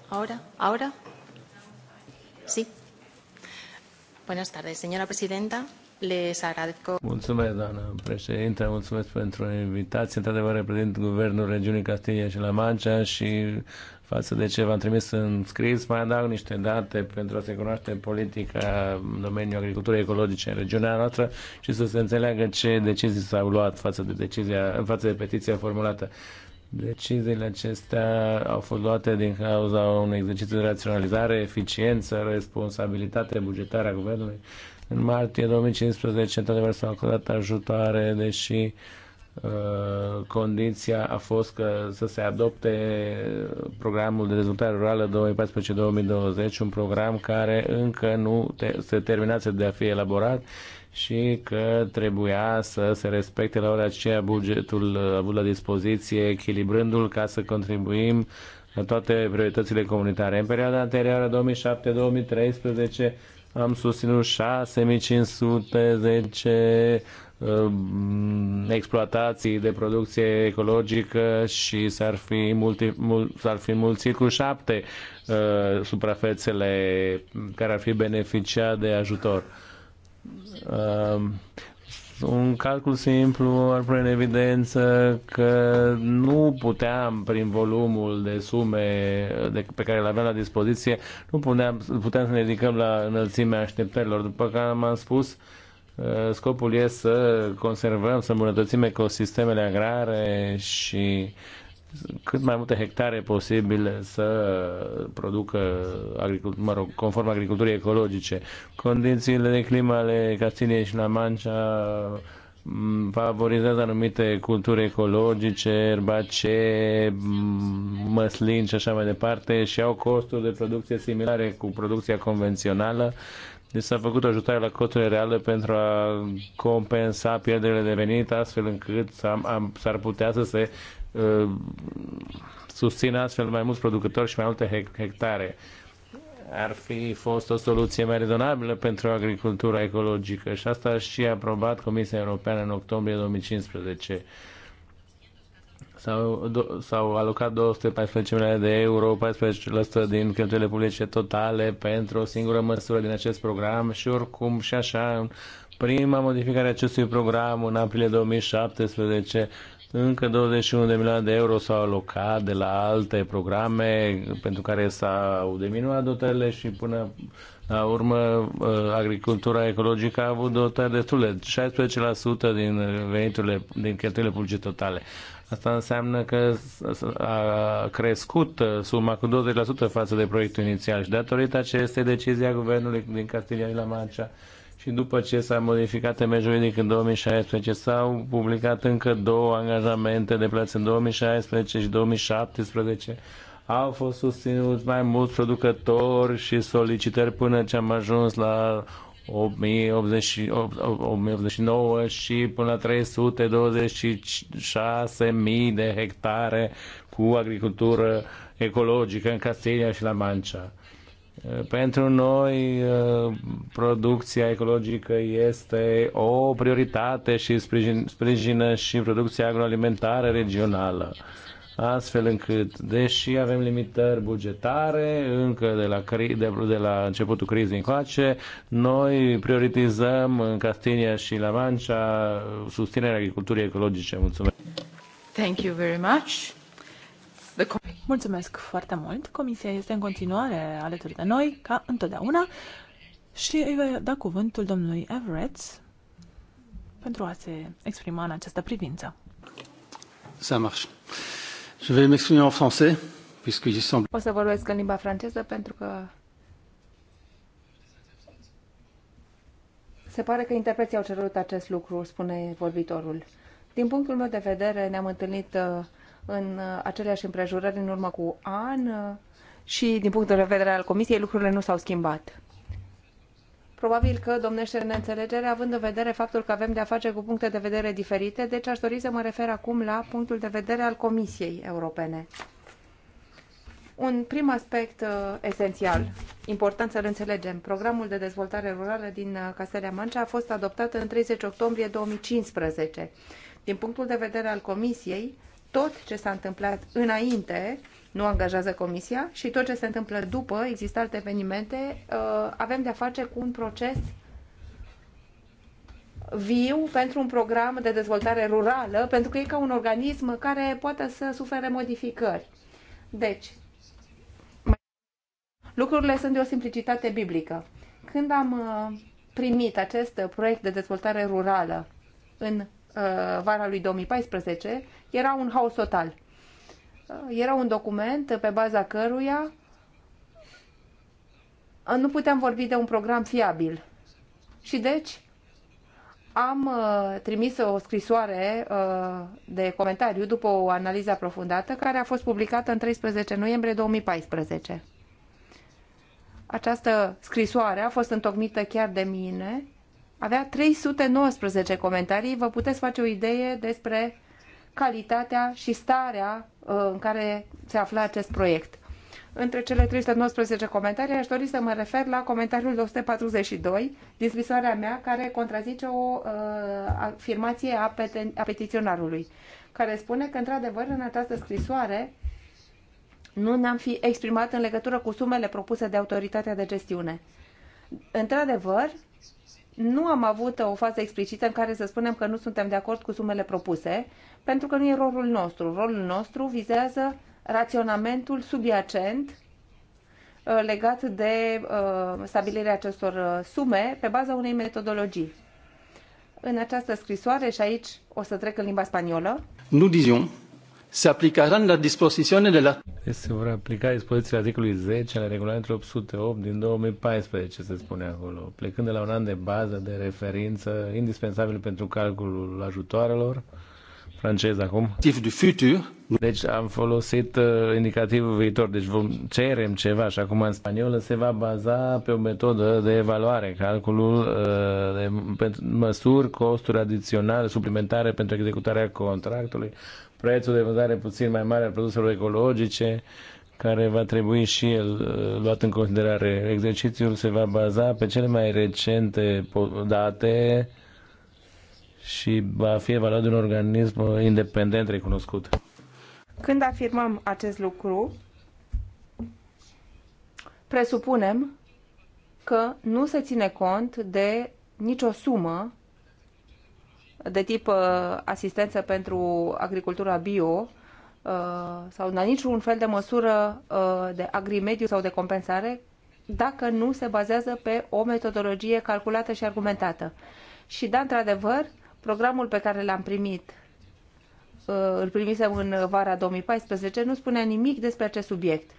Ahora, ahora. Sí. Buenas tardes, señora presidenta. Les agradezco. Mulțumesc, doamna președinte, mulțumesc pentru invitație. Într-adevăr, reprezint Guvernul Regiunii Castilia și La Mancha și față de ce v-am trimis în scris, mai adaug niște date pentru a se cunoaște politica în domeniul agriculturii ecologice în regiunea noastră și să se înțeleagă ce decizii s-au luat față de, decizia, față de petiția formulată. Deciziile acestea au fost luate din cauza unui exercițiu de raționalizare, eficiență, responsabilitate bugetară a guvernului. În martie 2015, într-adevăr, s-au acordat ajutoare, deși uh, condiția a fost că să se adopte programul de dezvoltare rurală 2014-2020, un program care încă nu te- se terminase de a fi elaborat și că trebuia să se respecte la ora aceea bugetul avut la dispoziție, echilibrându-l ca să contribuim la toate prioritățile comunitare. În perioada anterioară, 2007-2013, am susținut 6510 uh, exploatații de producție ecologică și s-ar fi, multi, mul, s-ar fi mulțit cu șapte uh, suprafețele care ar fi beneficiat de ajutor. Uh, Um, un calcul simplu ar pune în evidență că nu puteam, prin volumul de sume de, pe care le aveam la dispoziție, nu puteam, puteam să ne ridicăm la înălțimea așteptărilor. După care am spus, uh, scopul este să conservăm, să îmbunătățim ecosistemele agrare și cât mai multe hectare posibil să producă, agricult, mă rog, conform agriculturii ecologice. Condițiile de climă ale Castiniei și La Mancia mm, favorizează anumite culturi ecologice, erbace, mm, măslin și așa mai departe și au costuri de producție similare cu producția convențională. Deci s-a făcut ajutare la costurile reale pentru a compensa pierderile de venit astfel încât s-ar putea să se Uh, susține astfel mai mulți producători și mai multe hectare. Ar fi fost o soluție mai rezonabilă pentru agricultura ecologică și asta a și a aprobat Comisia Europeană în octombrie 2015. S-au, do, s-au alocat 214 milioane de euro, 14% din cheltuielile publice totale pentru o singură măsură din acest program și oricum și așa, prima modificare a acestui program în aprilie 2017 încă 21 de milioane de euro s-au alocat de la alte programe pentru care s-au diminuat dotările și până la urmă uh, agricultura ecologică a avut dotări de 16% din veniturile, din cheltuielile publice totale. Asta înseamnă că a crescut uh, suma cu 20% față de proiectul inițial și datorită acestei decizii a guvernului din Castilia la Mancea și după ce s-a modificat temeiul juridic în 2016, s-au publicat încă două angajamente de plăți în 2016 și 2017. Au fost susținuți mai mulți producători și solicitări până ce am ajuns la 1089 și până la 326.000 de hectare cu agricultură ecologică în Castilia și la Mancea. Pentru noi, uh, producția ecologică este o prioritate și sprijin, sprijină și producția agroalimentară regională. Astfel încât, deși avem limitări bugetare încă de la, de, de la începutul crizei încoace, noi prioritizăm în Castinia și La Mancha susținerea agriculturii ecologice. Mulțumesc! Thank you very much. The... Mulțumesc foarte mult. Comisia este în continuare alături de noi, ca întotdeauna, și îi voi da cuvântul domnului Everett pentru a se exprima în această privință. Ça marche. Je vais m'exprimer en français, puisque j'y semble... O să vorbesc în limba franceză pentru că Se pare că interpreții au cerut acest lucru, spune vorbitorul. Din punctul meu de vedere, ne-am întâlnit uh, în uh, aceleași împrejurări în urmă cu an uh, și din punct de vedere al Comisiei lucrurile nu s-au schimbat. Probabil că domnește neînțelegere având în vedere faptul că avem de-a face cu puncte de vedere diferite, deci aș dori să mă refer acum la punctul de vedere al Comisiei Europene. Un prim aspect uh, esențial, important să-l înțelegem, programul de dezvoltare rurală din uh, Castelea Mancea a fost adoptat în 30 octombrie 2015. Din punctul de vedere al Comisiei, tot ce s-a întâmplat înainte nu angajează comisia și tot ce se întâmplă după, există alte evenimente, uh, avem de-a face cu un proces viu pentru un program de dezvoltare rurală, pentru că e ca un organism care poate să sufere modificări. Deci, lucrurile sunt de o simplicitate biblică. Când am uh, primit acest proiect de dezvoltare rurală în Uh, vara lui 2014, era un haos total. Uh, era un document pe baza căruia uh, nu puteam vorbi de un program fiabil. Și deci am trimis o scrisoare de comentariu după o analiză aprofundată care a fost publicată în 13 noiembrie 2014. Această scrisoare a fost întocmită chiar de mine avea 319 comentarii. Vă puteți face o idee despre calitatea și starea uh, în care se afla acest proiect. Între cele 319 comentarii aș dori să mă refer la comentariul 242 din scrisoarea mea care contrazice o uh, afirmație a, peten- a petiționarului care spune că într-adevăr în această scrisoare nu ne-am fi exprimat în legătură cu sumele propuse de autoritatea de gestiune. Într-adevăr, nu am avut o fază explicită în care să spunem că nu suntem de acord cu sumele propuse, pentru că nu e rolul nostru. Rolul nostru vizează raționamentul subiacent uh, legat de uh, stabilirea acestor uh, sume pe baza unei metodologii. În această scrisoare, și aici o să trec în limba spaniolă, Nous disions se aplicarán las disposiciones de la... Se vor aplica dispozițiile articolului 10 al regulamentului 808 din 2014, se spune acolo, plecând de la un an de bază de referință indispensabil pentru calculul ajutoarelor, francez acum. de futur. Deci am folosit uh, indicativul viitor, deci vom cerem ceva și acum în spaniolă se va baza pe o metodă de evaluare, calculul uh, de pentru măsuri, costuri adiționale, suplimentare pentru executarea contractului, prețul de vânzare puțin mai mare al produselor ecologice, care va trebui și el uh, luat în considerare. Exercițiul se va baza pe cele mai recente date și va fi evaluat de un organism independent recunoscut. Când afirmăm acest lucru, presupunem că nu se ține cont de nicio sumă de tip uh, asistență pentru agricultura bio uh, sau la niciun fel de măsură uh, de agrimediu sau de compensare dacă nu se bazează pe o metodologie calculată și argumentată. Și da, într-adevăr, programul pe care l-am primit, îl primisem în vara 2014, nu spunea nimic despre acest subiect.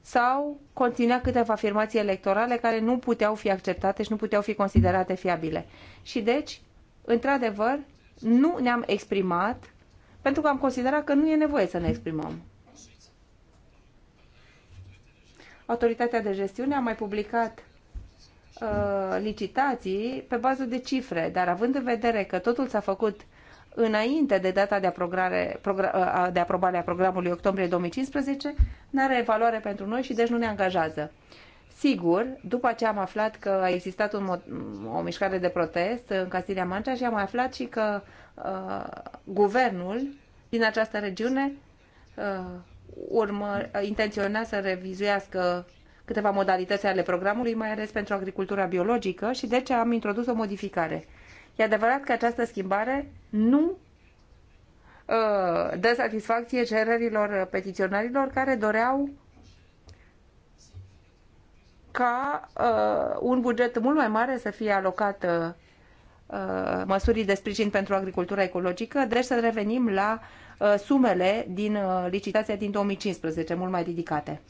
Sau conținea câteva afirmații electorale care nu puteau fi acceptate și nu puteau fi considerate fiabile. Și deci, într-adevăr, nu ne-am exprimat pentru că am considerat că nu e nevoie să ne exprimăm. Autoritatea de gestiune a mai publicat uh, licitații pe bază de cifre, dar având în vedere că totul s-a făcut înainte de data de, aprograre, progra, uh, de aprobare a programului octombrie 2015, nu are valoare pentru noi și deci nu ne angajează. Sigur, după ce am aflat că a existat un, o mișcare de protest în Castilia Mancea și am aflat și că uh, guvernul din această regiune uh, urmă, intenționa să revizuiască câteva modalități ale programului, mai ales pentru agricultura biologică și de deci am introdus o modificare. E adevărat că această schimbare nu uh, dă satisfacție cererilor petiționarilor care doreau ca uh, un buget mult mai mare să fie alocat uh, măsurii de sprijin pentru agricultura ecologică, deci să revenim la uh, sumele din uh, licitația din 2015, mult mai ridicate.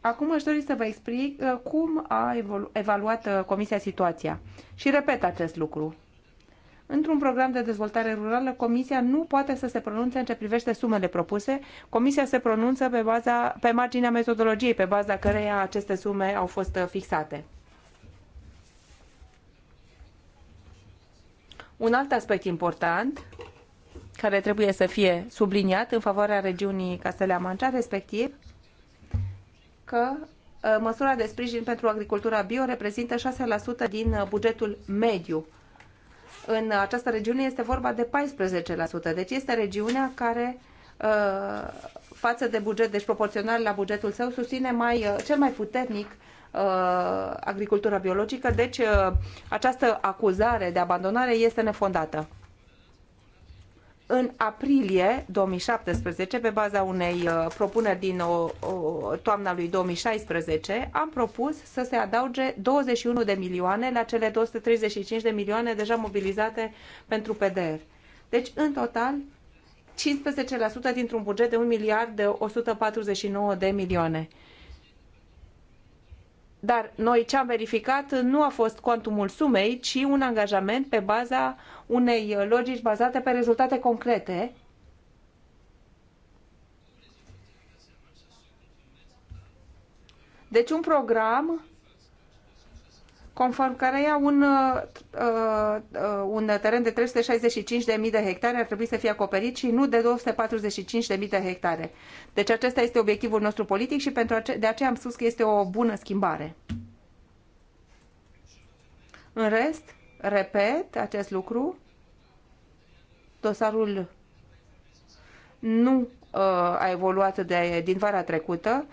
Acum aș dori să vă explic uh, cum a evaluat uh, Comisia situația. Și repet acest lucru. Într-un program de dezvoltare rurală, Comisia nu poate să se pronunțe în ce privește sumele propuse. Comisia se pronunță pe, baza, pe marginea metodologiei pe baza căreia aceste sume au fost uh, fixate. Un alt aspect important care trebuie să fie subliniat în favoarea regiunii Castelea Mancea, respectiv că uh, măsura de sprijin pentru agricultura bio reprezintă 6% din uh, bugetul mediu în această regiune este vorba de 14%. Deci este regiunea care uh, față de buget, deci proporțional la bugetul său, susține mai, uh, cel mai puternic uh, agricultura biologică, deci această acuzare de abandonare este nefondată în aprilie 2017, pe baza unei uh, propuneri din o, uh, o, uh, toamna lui 2016, am propus să se adauge 21 de milioane la cele 235 de milioane deja mobilizate pentru PDR. Deci, în total, 15% dintr-un buget de 1 miliard de 149 de milioane. Dar noi ce am verificat nu a fost cuantumul sumei, ci un angajament pe baza unei logici bazate pe rezultate concrete. Deci un program conform căreia un, uh, uh un teren de 365.000 de hectare ar trebui să fie acoperit și nu de 245.000 de hectare. Deci acesta este obiectivul nostru politic și pentru ace- de aceea am spus că este o bună schimbare. În rest, repet acest lucru, dosarul nu uh, a evoluat de, din vara trecută,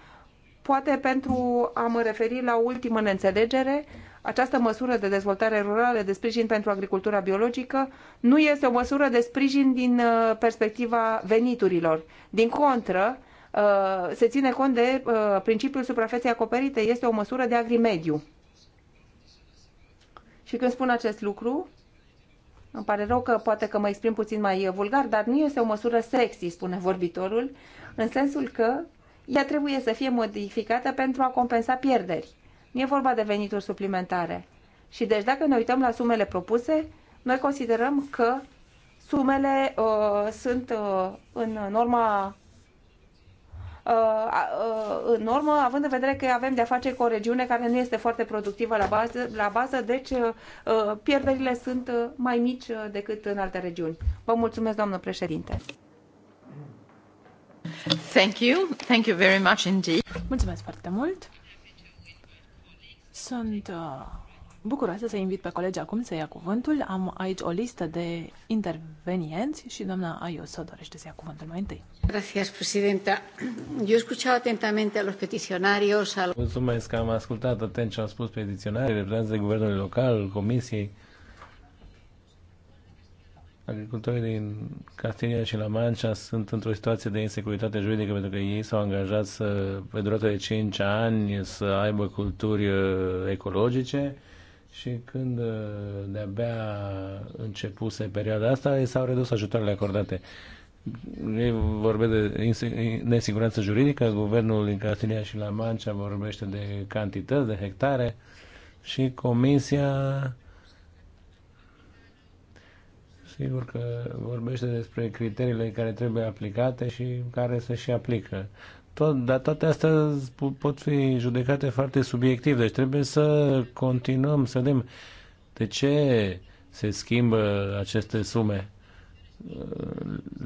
poate pentru a mă referi la ultima ultimă neînțelegere, această măsură de dezvoltare rurală, de sprijin pentru agricultura biologică, nu este o măsură de sprijin din uh, perspectiva veniturilor. Din contră, uh, se ține cont de uh, principiul suprafeței acoperite, este o măsură de agrimediu. Și când spun acest lucru, îmi pare rău că poate că mă exprim puțin mai vulgar, dar nu este o măsură sexy, spune vorbitorul, în sensul că ea trebuie să fie modificată pentru a compensa pierderi. E vorba de venituri suplimentare. Și deci dacă ne uităm la sumele propuse, noi considerăm că sumele uh, sunt uh, în norma uh, uh, în normă, având în vedere că avem de-a face cu o regiune care nu este foarte productivă la bază, la bază deci uh, pierderile sunt mai mici decât în alte regiuni. Vă mulțumesc, doamnă președinte. Thank you. Thank you very much indeed. Mulțumesc foarte mult. Sunt uh, bucuroasă să invit pe colegi acum să ia cuvântul. Am aici o listă de intervenienți și doamna Ayuso dorește să ia cuvântul mai întâi. Gracias, presidenta. Eu escuchado atentamente a los peticionarios. Mulțumesc că am ascultat atent ce au spus petiționarii, reprezentanții guvernului local, comisiei agricultorii din Castilia și La Mancia sunt într-o situație de insecuritate juridică pentru că ei s-au angajat să, pe durată de 5 ani să aibă culturi uh, ecologice și când uh, de-abia începuse perioada asta, s-au redus ajutoarele acordate. Ei vorbesc de nesiguranță juridică, guvernul din Castilia și La Mancia vorbește de cantități, de hectare și comisia sigur că vorbește despre criteriile care trebuie aplicate și care se și aplică. Tot, dar toate astea pot fi judecate foarte subiectiv, deci trebuie să continuăm să vedem de ce se schimbă aceste sume.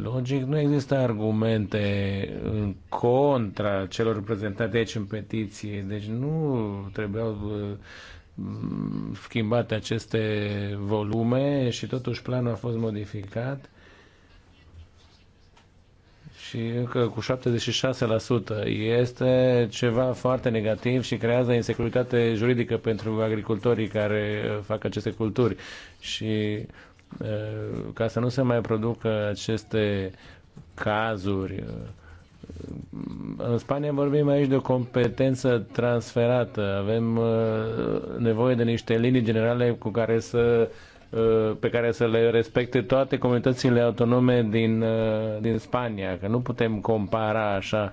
Logic, nu există argumente în contra celor prezentate aici în petiție, deci nu trebuiau schimbate aceste volume și totuși planul a fost modificat și încă cu 76% este ceva foarte negativ și creează insecuritate juridică pentru agricultorii care fac aceste culturi și uh, ca să nu se mai producă aceste cazuri uh, în Spania vorbim aici de o competență transferată. Avem uh, nevoie de niște linii generale cu care să uh, pe care să le respecte toate comunitățile autonome din, uh, din Spania, că nu putem compara așa.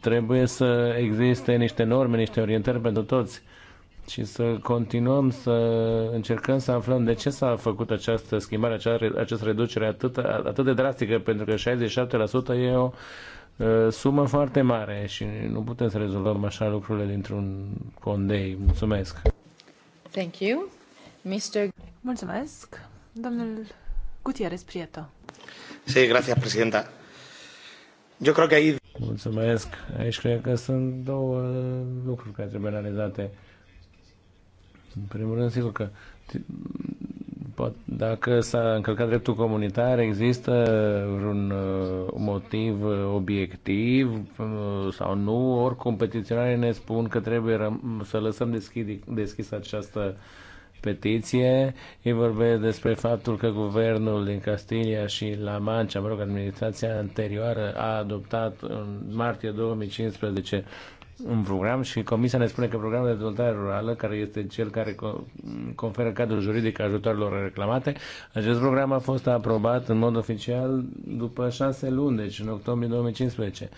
Trebuie să existe niște norme, niște orientări pentru toți și să continuăm să încercăm să aflăm de ce s-a făcut această schimbare, această, această reducere atât, atât de drastică, pentru că 67% e o sumă foarte mare și nu putem să rezolvăm așa lucrurile dintr-un condei. Mulțumesc! Thank you. Mr. Mulțumesc! Domnul Gutierrez Prieto. Sí, gracias, presidenta. Yo creo que ahí Mulțumesc! Aici cred că sunt două lucruri care trebuie analizate în primul rând, sigur că pot, dacă s-a încălcat dreptul comunitar, există un uh, motiv obiectiv uh, sau nu, ori competiționarii ne spun că trebuie să lăsăm deschis, deschis această petiție. Ei vorbe despre faptul că guvernul din Castilia și La Mancha, mă rog, administrația anterioară a adoptat în martie 2015 un program și Comisia ne spune că programul de dezvoltare rurală, care este cel care conferă cadrul juridic ajutoarelor reclamate, acest program a fost aprobat în mod oficial după șase luni, deci în octombrie 2015.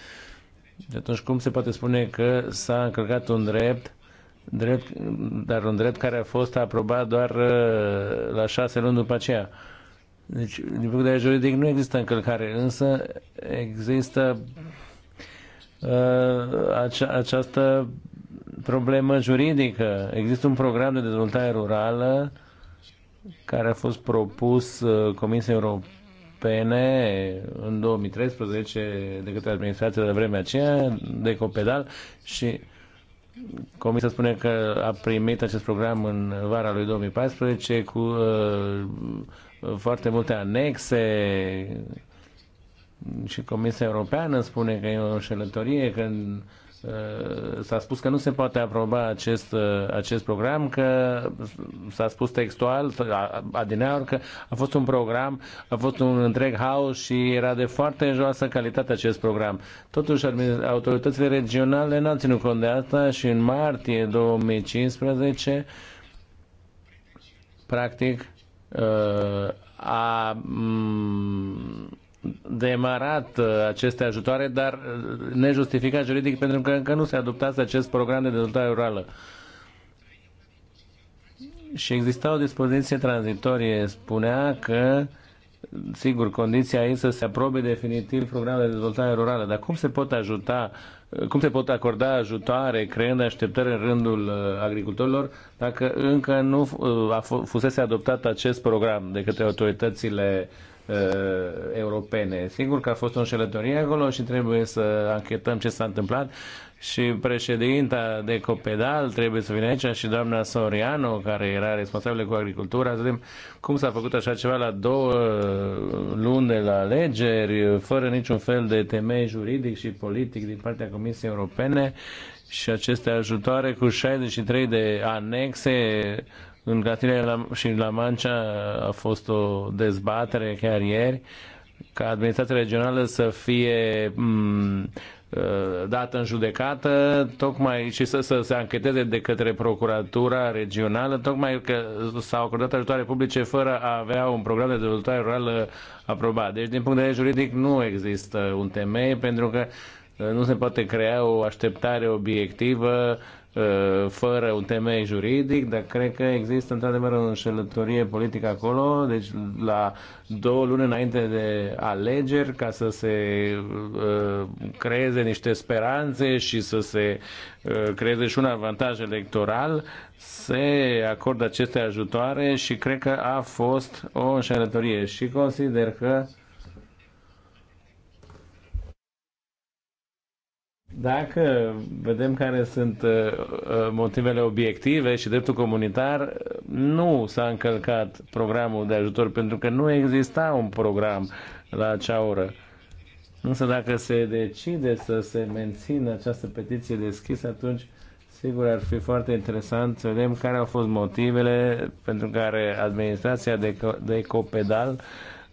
De atunci cum se poate spune că s-a încălcat un drept, drept, dar un drept care a fost aprobat doar uh, la șase luni după aceea? Deci, din punct de vedere juridic, nu există încălcare, însă există Uh, ace- această problemă juridică. Există un program de dezvoltare rurală care a fost propus uh, Comisiei Europene în 2013 de către administrația de vremea aceea, de Copedal, și Comisia spune că a primit acest program în vara lui 2014 cu uh, foarte multe anexe și Comisia Europeană spune că e o înșelătorie, că uh, s-a spus că nu se poate aproba acest, uh, acest program, că s-a spus textual, adineaur, că a fost un program, a fost un întreg haos și era de foarte joasă calitate acest program. Totuși, autoritățile regionale n-au ținut cont de asta și în martie 2015, practic, uh, a demarat uh, aceste ajutoare, dar uh, nejustificat juridic pentru că încă nu se adoptase acest program de dezvoltare rurală. Și exista o dispoziție tranzitorie, spunea că sigur, condiția e să se aprobe definitiv programul de dezvoltare rurală, dar cum se pot ajuta, uh, cum se pot acorda ajutoare creând așteptări în rândul agricultorilor dacă încă nu a fusese adoptat acest program de către autoritățile uh, Uh, europene. Sigur că a fost o înșelătorie acolo și trebuie să anchetăm ce s-a întâmplat și președinta de Copedal trebuie să vină aici și doamna Soriano, care era responsabilă cu agricultura, să vedem cum s-a făcut așa ceva la două luni de la alegeri, fără niciun fel de temei juridic și politic din partea Comisiei Europene și aceste ajutoare cu 63 de anexe în Castilla și La Mancea a fost o dezbatere chiar ieri ca administrația regională să fie mm, uh, dată în judecată tocmai și să, să se ancheteze de către procuratura regională tocmai că s-au acordat ajutoare publice fără a avea un program de dezvoltare rurală aprobat. Deci din punct de vedere juridic nu există un temei pentru că uh, nu se poate crea o așteptare obiectivă Uh, fără un temei juridic, dar cred că există într-adevăr o înșelătorie politică acolo, deci la două luni înainte de alegeri, ca să se uh, creeze niște speranțe și să se uh, creeze și un avantaj electoral, se acordă aceste ajutoare și cred că a fost o înșelătorie și consider că uh, Dacă vedem care sunt uh, uh, motivele obiective și dreptul comunitar, nu s-a încălcat programul de ajutor pentru că nu exista un program la acea oră. Însă dacă se decide să se mențină această petiție deschisă, atunci sigur ar fi foarte interesant să vedem care au fost motivele pentru care administrația de, de Copedal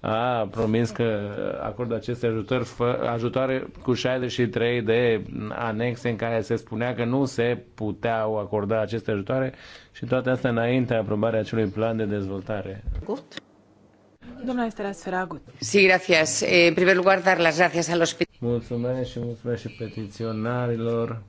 a promis că acordă aceste ajutori, ajutoare cu 63 de anexe în care se spunea că nu se puteau acorda aceste ajutoare și toate astea înainte aprobarea acelui plan de dezvoltare. Gut. la sfera Gut. Sí, gracias. Eh, en primer lugar, dar las gracias al hospital. Mulțumesc și mulțumesc și petiționarilor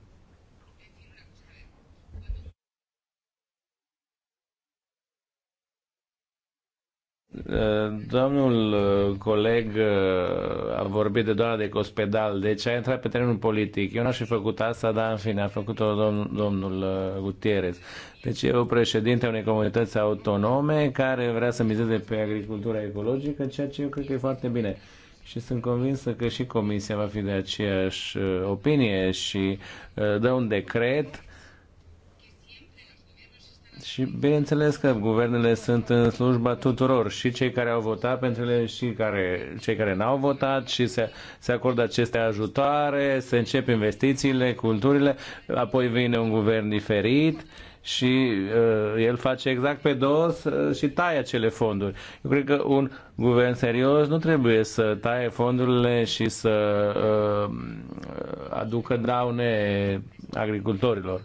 Domnul uh, coleg uh, a vorbit de doamna de Cospedal, deci a intrat pe terenul politic. Eu n-aș fi făcut asta, dar în fine a făcut-o domnul, domnul uh, Gutierrez. Deci eu președinte unei comunități autonome care vrea să mizeze pe agricultura ecologică, ceea ce eu cred că e foarte bine. Și sunt convinsă că și Comisia va fi de aceeași opinie și dă un decret uh, și bineînțeles că guvernele sunt în slujba tuturor, și cei care au votat pentru ele, și care, cei care n-au votat, și se, se acordă aceste ajutoare, se încep investițiile, culturile, apoi vine un guvern diferit și uh, el face exact pe dos uh, și taie acele fonduri. Eu cred că un guvern serios nu trebuie să taie fondurile și să uh, aducă daune agricultorilor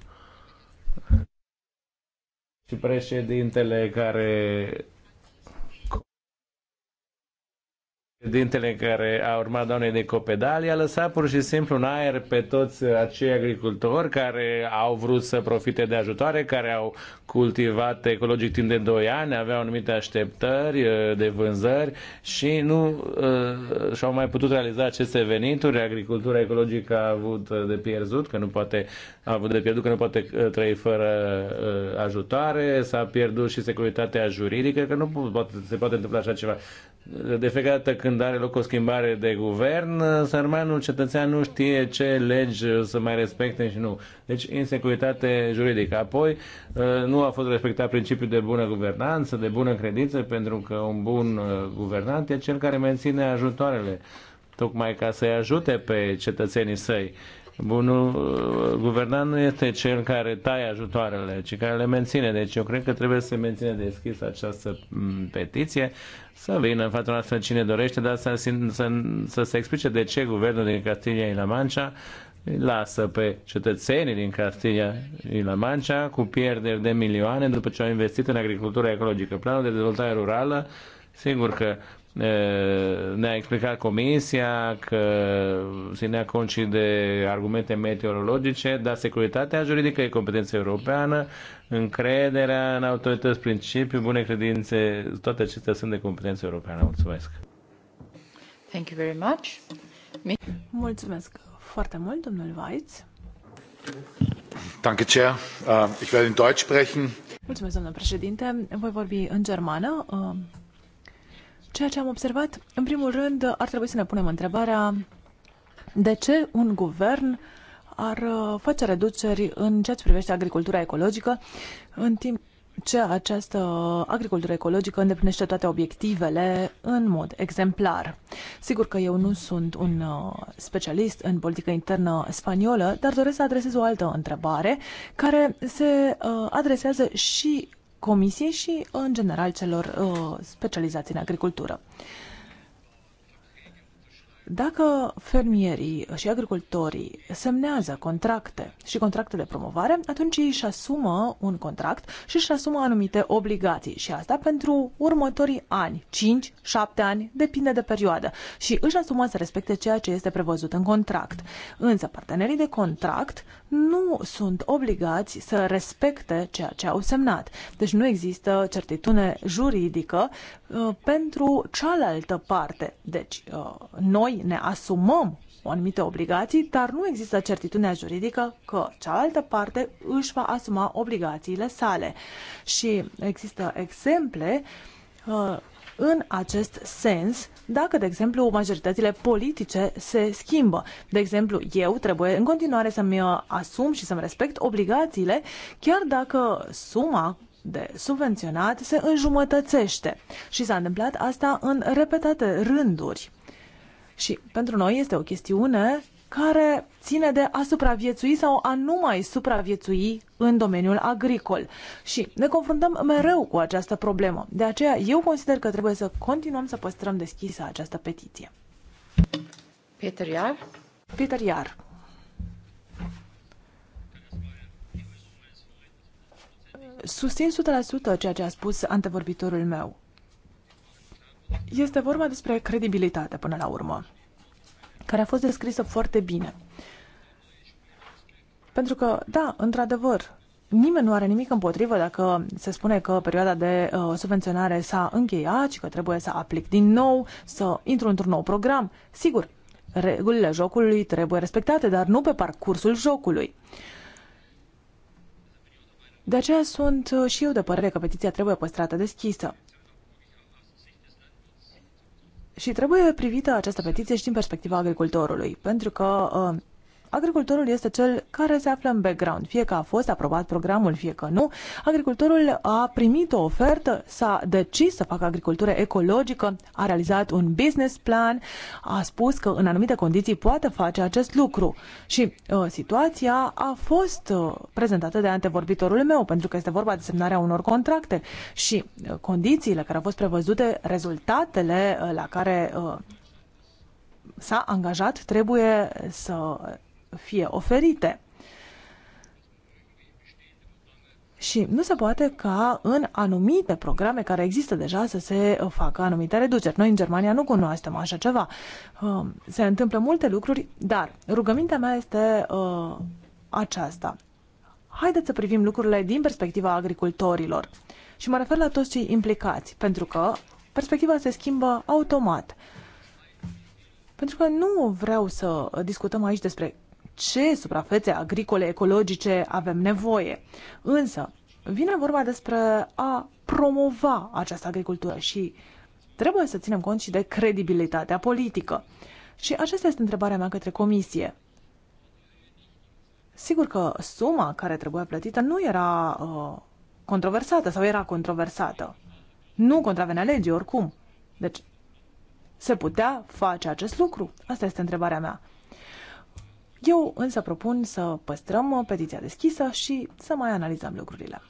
și președintele care președintele care a urmat doamnei de Copedali a lăsat pur și simplu în aer pe toți acei agricultori care au vrut să profite de ajutoare, care au cultivate ecologic timp de 2 ani, aveau anumite așteptări uh, de vânzări și nu uh, și-au mai putut realiza aceste venituri. Agricultura ecologică a avut uh, de pierzut, că nu poate, a avut de pierdut că nu poate trăi fără ajutoare, s-a pierdut și securitatea juridică, că nu poate, se poate întâmpla așa ceva. De fiecare dată când are loc o schimbare de guvern, sărmanul cetățean nu știe ce legi să mai respecte și nu. Deci insecuritate juridică. Apoi, nu nu a fost respectat principiul de bună guvernanță, de bună credință, pentru că un bun uh, guvernant e cel care menține ajutoarele, tocmai ca să-i ajute pe cetățenii săi. Bunul uh, guvernant nu este cel care taie ajutoarele, ci care le menține. Deci eu cred că trebuie să menține deschis această petiție, să vină în fața noastră cine dorește, dar să, să, să se explice de ce guvernul din Castilia și La Mancha lasă pe cetățenii din Castilla și La Mancha cu pierderi de milioane după ce au investit în agricultura ecologică. Planul de dezvoltare rurală, sigur că ne-a explicat comisia că ținea cont de argumente meteorologice, dar securitatea juridică e competență europeană, încrederea în autorități, principii, bune credințe, toate acestea sunt de competență europeană. Mulțumesc! Thank you very much. Mulțumesc! foarte mult, domnul Weitz. Danke, Chair. Uh, ich werde in Deutsch sprechen. Mulțumesc, domnule președinte. Voi vorbi în germană. Uh, ceea ce am observat, în primul rând, ar trebui să ne punem întrebarea de ce un guvern ar uh, face reduceri în ceea ce privește agricultura ecologică în timp ce această agricultură ecologică îndeplinește toate obiectivele în mod exemplar. Sigur că eu nu sunt un uh, specialist în politică internă spaniolă, dar doresc să adresez o altă întrebare care se uh, adresează și Comisiei și, în general, celor uh, specializați în agricultură. Dacă fermierii și agricultorii semnează contracte și contracte de promovare, atunci ei își asumă un contract și își asumă anumite obligații și asta pentru următorii ani, 5, 7 ani, depinde de perioadă și își asumă să respecte ceea ce este prevăzut în contract. Însă partenerii de contract nu sunt obligați să respecte ceea ce au semnat. Deci nu există certitudine juridică uh, pentru cealaltă parte. Deci uh, noi ne asumăm o anumite obligații, dar nu există certitudinea juridică că cealaltă parte își va asuma obligațiile sale. Și există exemple uh, în acest sens, dacă, de exemplu, majoritățile politice se schimbă. De exemplu, eu trebuie în continuare să-mi uh, asum și să-mi respect obligațiile, chiar dacă suma de subvenționat se înjumătățește. Și s-a întâmplat asta în repetate rânduri. Și pentru noi este o chestiune care ține de a supraviețui sau a nu mai supraviețui în domeniul agricol. Și ne confruntăm mereu cu această problemă. De aceea eu consider că trebuie să continuăm să păstrăm deschisă această petiție. Peter Iar? Peter Iar. Susțin 100% ceea ce a spus antevorbitorul meu. Este vorba despre credibilitate până la urmă, care a fost descrisă foarte bine. Pentru că, da, într-adevăr, nimeni nu are nimic împotrivă dacă se spune că perioada de uh, subvenționare s-a încheiat și că trebuie să aplic din nou, să intru într-un nou program. Sigur, regulile jocului trebuie respectate, dar nu pe parcursul jocului. De aceea sunt uh, și eu de părere că petiția trebuie păstrată deschisă. Și trebuie privită această petiție și din perspectiva agricultorului, pentru că uh, agricultorul este cel care se află în background. Fie că a fost aprobat programul, fie că nu, agricultorul a primit o ofertă, s-a decis să facă agricultură ecologică, a realizat un business plan, a spus că în anumite condiții poate face acest lucru. Și uh, situația a fost uh, prezentată de antevorbitorul meu, pentru că este vorba de semnarea unor contracte și uh, condițiile care au fost prevăzute, rezultatele uh, la care uh, s-a angajat trebuie să fie oferite. Și nu se poate ca în anumite programe care există deja să se facă anumite reduceri. Noi în Germania nu cunoaștem așa ceva. Um, se întâmplă multe lucruri, dar rugămintea mea este uh, aceasta. Haideți să privim lucrurile din perspectiva agricultorilor. Și mă refer la toți cei implicați, pentru că perspectiva se schimbă automat. Pentru că nu vreau să discutăm aici despre ce suprafețe agricole ecologice avem nevoie. Însă, vine vorba despre a promova această agricultură și trebuie să ținem cont și de credibilitatea politică. Și aceasta este întrebarea mea către comisie. Sigur că suma care trebuia plătită nu era uh, controversată sau era controversată. Nu contravenea legii oricum. Deci, se putea face acest lucru? Asta este întrebarea mea. Eu însă propun să păstrăm uh, petiția deschisă și să mai analizăm lucrurile.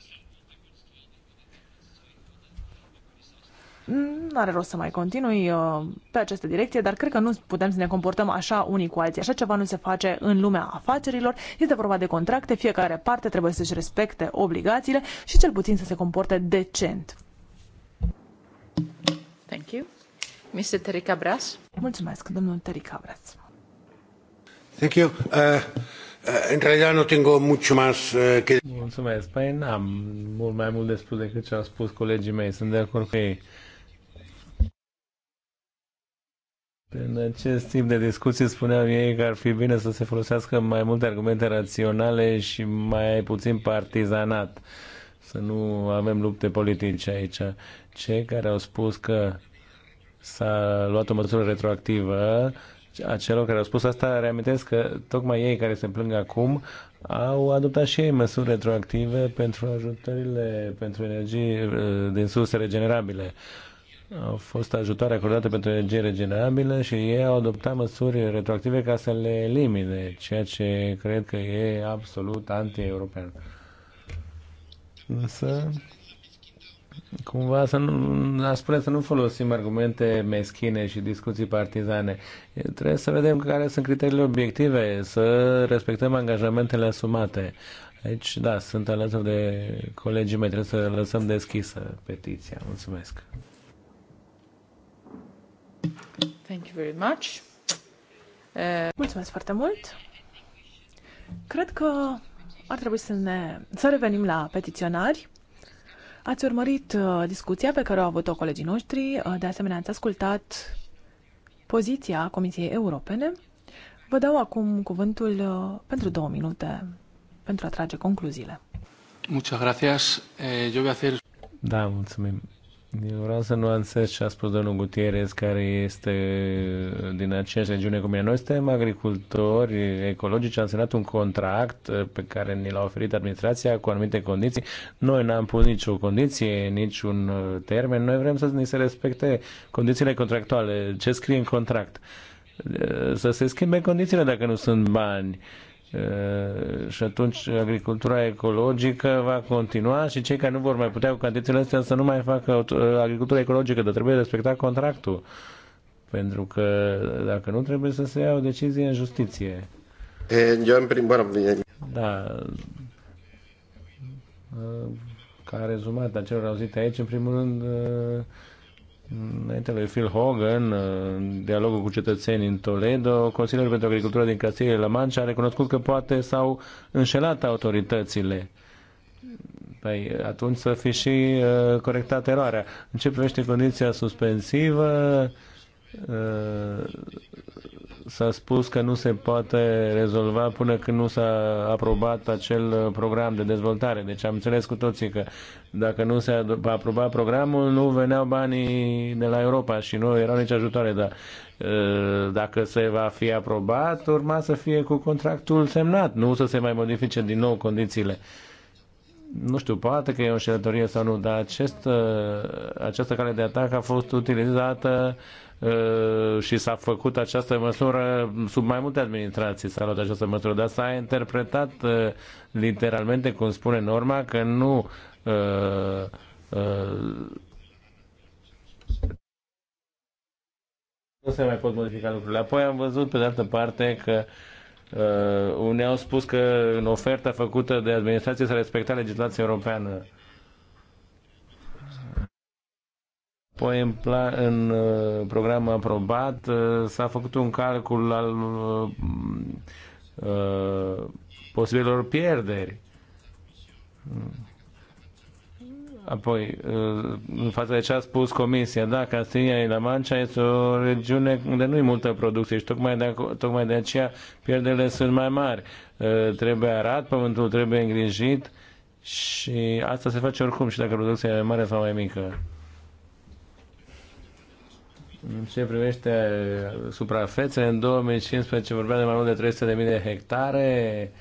nu are rost să mai continui uh, pe această direcție, dar cred că nu putem să ne comportăm așa unii cu alții. Așa ceva nu se face în lumea afacerilor. Este vorba de contracte, fiecare parte trebuie să-și respecte obligațiile și cel puțin să se comporte decent. Thank you. Mr. Terica Bras. Mulțumesc, domnul Terica Bras. Thank you. Uh, uh în tengo mucho más uh, que... Mulțumesc. Păi n-am mult mai mult de spus decât ce au spus colegii mei. Sunt de acord cu ei. În acest timp de discuții spuneam ei că ar fi bine să se folosească mai multe argumente raționale și mai puțin partizanat. Să nu avem lupte politice aici. Cei care au spus că s-a luat o măsură retroactivă a celor care au spus asta, reamintesc că tocmai ei care se plâng acum au adoptat și ei măsuri retroactive pentru ajutările pentru energii uh, din surse regenerabile. Au fost ajutoare acordate pentru energie regenerabilă și ei au adoptat măsuri retroactive ca să le elimine, ceea ce cred că e absolut anti-european. Însă, cumva să nu, aș spune să nu folosim argumente meschine și discuții partizane. Trebuie să vedem care sunt criteriile obiective, să respectăm angajamentele asumate. Aici, da, sunt alături de colegii mei, trebuie să lăsăm deschisă petiția. Mulțumesc. Thank you very much. Uh... Mulțumesc foarte mult. Cred că ar trebui să ne să revenim la petiționari Ați urmărit uh, discuția pe care au avut-o colegii noștri, uh, de asemenea ați ascultat poziția Comisiei Europene. Vă dau acum cuvântul uh, pentru două minute pentru a trage concluziile. Muchas gracias. Eh, yo voy a hacer... Da, mulțumim. Eu vreau să nuanțez ce a spus domnul Gutierrez, care este din aceeași regiune cu mine. Noi suntem agricultori ecologici, am semnat un contract pe care ni l-a oferit administrația cu anumite condiții. Noi n-am pus nicio condiție, niciun termen. Noi vrem să ni se respecte condițiile contractuale, ce scrie în contract. Să se schimbe condițiile dacă nu sunt bani și atunci agricultura ecologică va continua și cei care nu vor mai putea cu cantitățile astea să nu mai facă agricultura ecologică, dar trebuie respectat contractul. Pentru că dacă nu trebuie să se ia o decizie în justiție. Eu în primul rând... Da. Ca rezumat dar celor auzit aici, în primul rând Înaintele Phil Hogan, în uh, dialogul cu cetățenii în Toledo, Consiliul pentru Agricultură din Castilie La Mancha a recunoscut că poate s-au înșelat autoritățile. Păi atunci să fi și uh, corectat eroarea. În ce privește condiția suspensivă, uh, s-a spus că nu se poate rezolva până când nu s-a aprobat acel uh, program de dezvoltare. Deci am înțeles cu toții că dacă nu se aprobat programul, nu veneau banii de la Europa și nu erau nici ajutoare. Dar uh, dacă se va fi aprobat, urma să fie cu contractul semnat, nu să se mai modifice din nou condițiile nu știu, poate că e o înșelătorie sau nu, dar acest, uh, această cale de atac a fost utilizată Uh, și s-a făcut această măsură sub mai multe administrații s-a luat această măsură, dar s-a interpretat uh, literalmente, cum spune norma, că nu uh, nu se mai pot modifica lucrurile. Apoi am văzut, pe de altă parte, că uh, unii au spus că în oferta făcută de administrație s-a respectat legislația europeană. Poem în, plan, în uh, program aprobat, uh, s-a făcut un calcul al uh, uh posibilor pierderi. Apoi, în față de ce a spus Comisia, da, Castilia la Mancia este o regiune unde nu e multă producție și tocmai de, tocmai de aceea pierderile sunt mai mari. Trebuie arat, pământul trebuie îngrijit și asta se face oricum și dacă producția e mai mare sau mai mică. În ce privește suprafețele, în 2015 vorbeam de mai mult de 300.000 de hectare,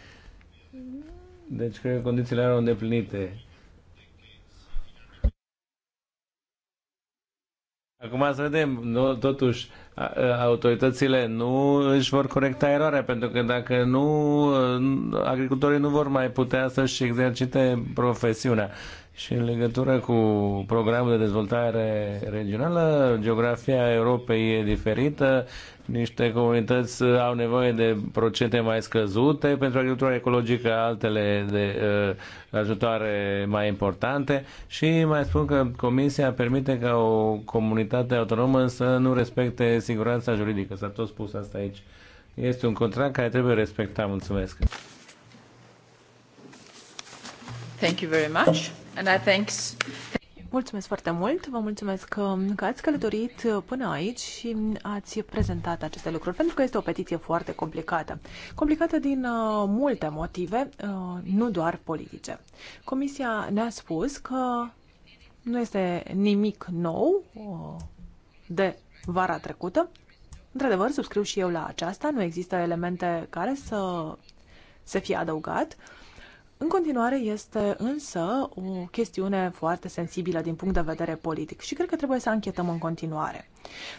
deci cred că condițiile erau îndeplinite. Acum să vedem, nu, totuși autoritățile nu își vor corecta eroarea, pentru că dacă nu, agricultorii nu vor mai putea să-și exercite profesiunea. Și în legătură cu programul de dezvoltare regională, geografia Europei e diferită, niște comunități au nevoie de procente mai scăzute pentru agricultura ecologică, altele de uh, ajutoare mai importante și mai spun că Comisia permite ca o comunitate autonomă să nu respecte siguranța juridică. S-a tot spus asta aici. Este un contract care trebuie respectat. Mulțumesc! Thank you very much. Mulțumesc foarte mult, vă mulțumesc că, că ați călătorit până aici și ați prezentat aceste lucruri, pentru că este o petiție foarte complicată. Complicată din uh, multe motive, uh, nu doar politice. Comisia ne-a spus că nu este nimic nou uh, de vara trecută. Într-adevăr, subscriu și eu la aceasta, nu există elemente care să se fie adăugat. Uh, în continuare este însă o chestiune foarte sensibilă din punct de vedere politic și cred că trebuie să anchetăm în continuare.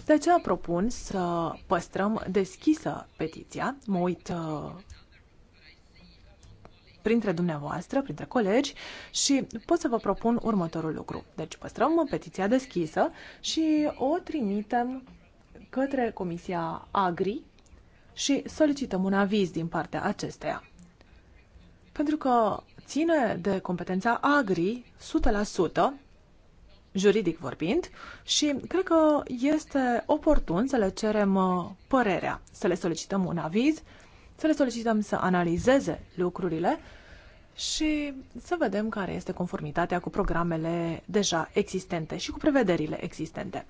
De aceea propun să păstrăm deschisă petiția. Mă uit uh, printre dumneavoastră, printre colegi și pot să vă propun următorul lucru. Deci păstrăm petiția deschisă și o trimitem către Comisia Agri și solicităm un aviz din partea acesteia. Pentru că ține de competența agri 100%, juridic vorbind, și cred că este oportun să le cerem uh, părerea, să le solicităm un aviz, să le solicităm să analizeze lucrurile și să vedem care este conformitatea cu programele deja existente și cu prevederile existente.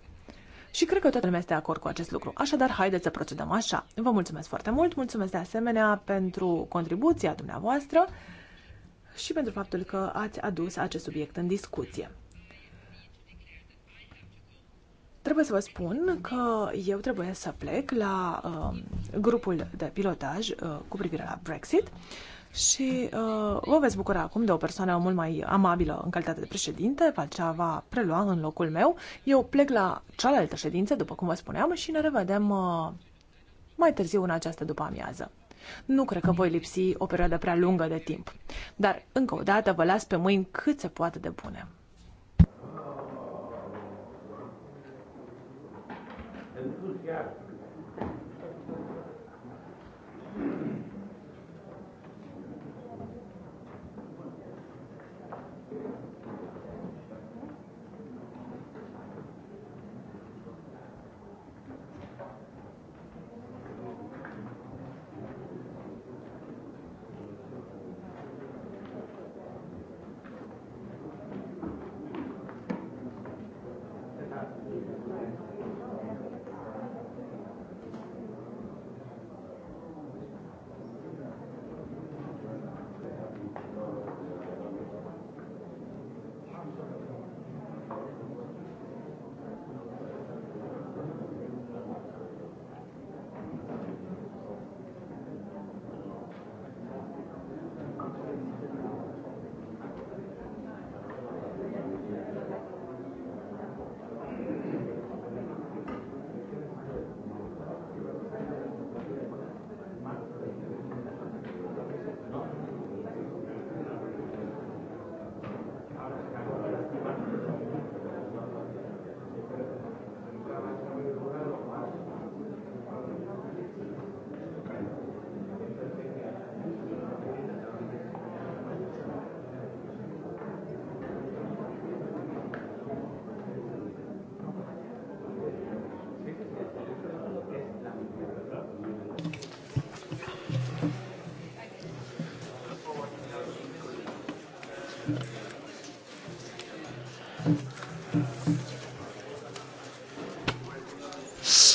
Și cred că toată lumea este de acord cu acest lucru. Așadar, haideți să procedăm așa. Vă mulțumesc foarte mult, mulțumesc de asemenea pentru contribuția dumneavoastră și pentru faptul că ați adus acest subiect în discuție. Trebuie să vă spun că eu trebuie să plec la uh, grupul de pilotaj uh, cu privire la Brexit. Uh, și uh, vă veți bucura acum de o persoană mult mai amabilă în calitate de președinte, Valcea va prelua în locul meu. Eu plec la cealaltă ședință, după cum vă spuneam, și ne revedem uh, mai târziu în această după amiază. Nu cred că voi lipsi o perioadă prea lungă de timp, dar încă o dată vă las pe mâini cât se poate de bune. Entuziasm.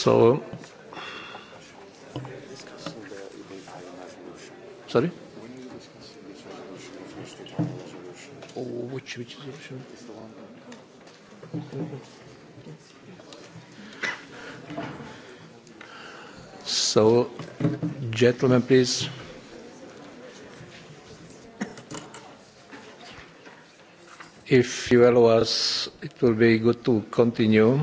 So, sorry? So, gentlemen, please. If you allow us, it will be good to continue.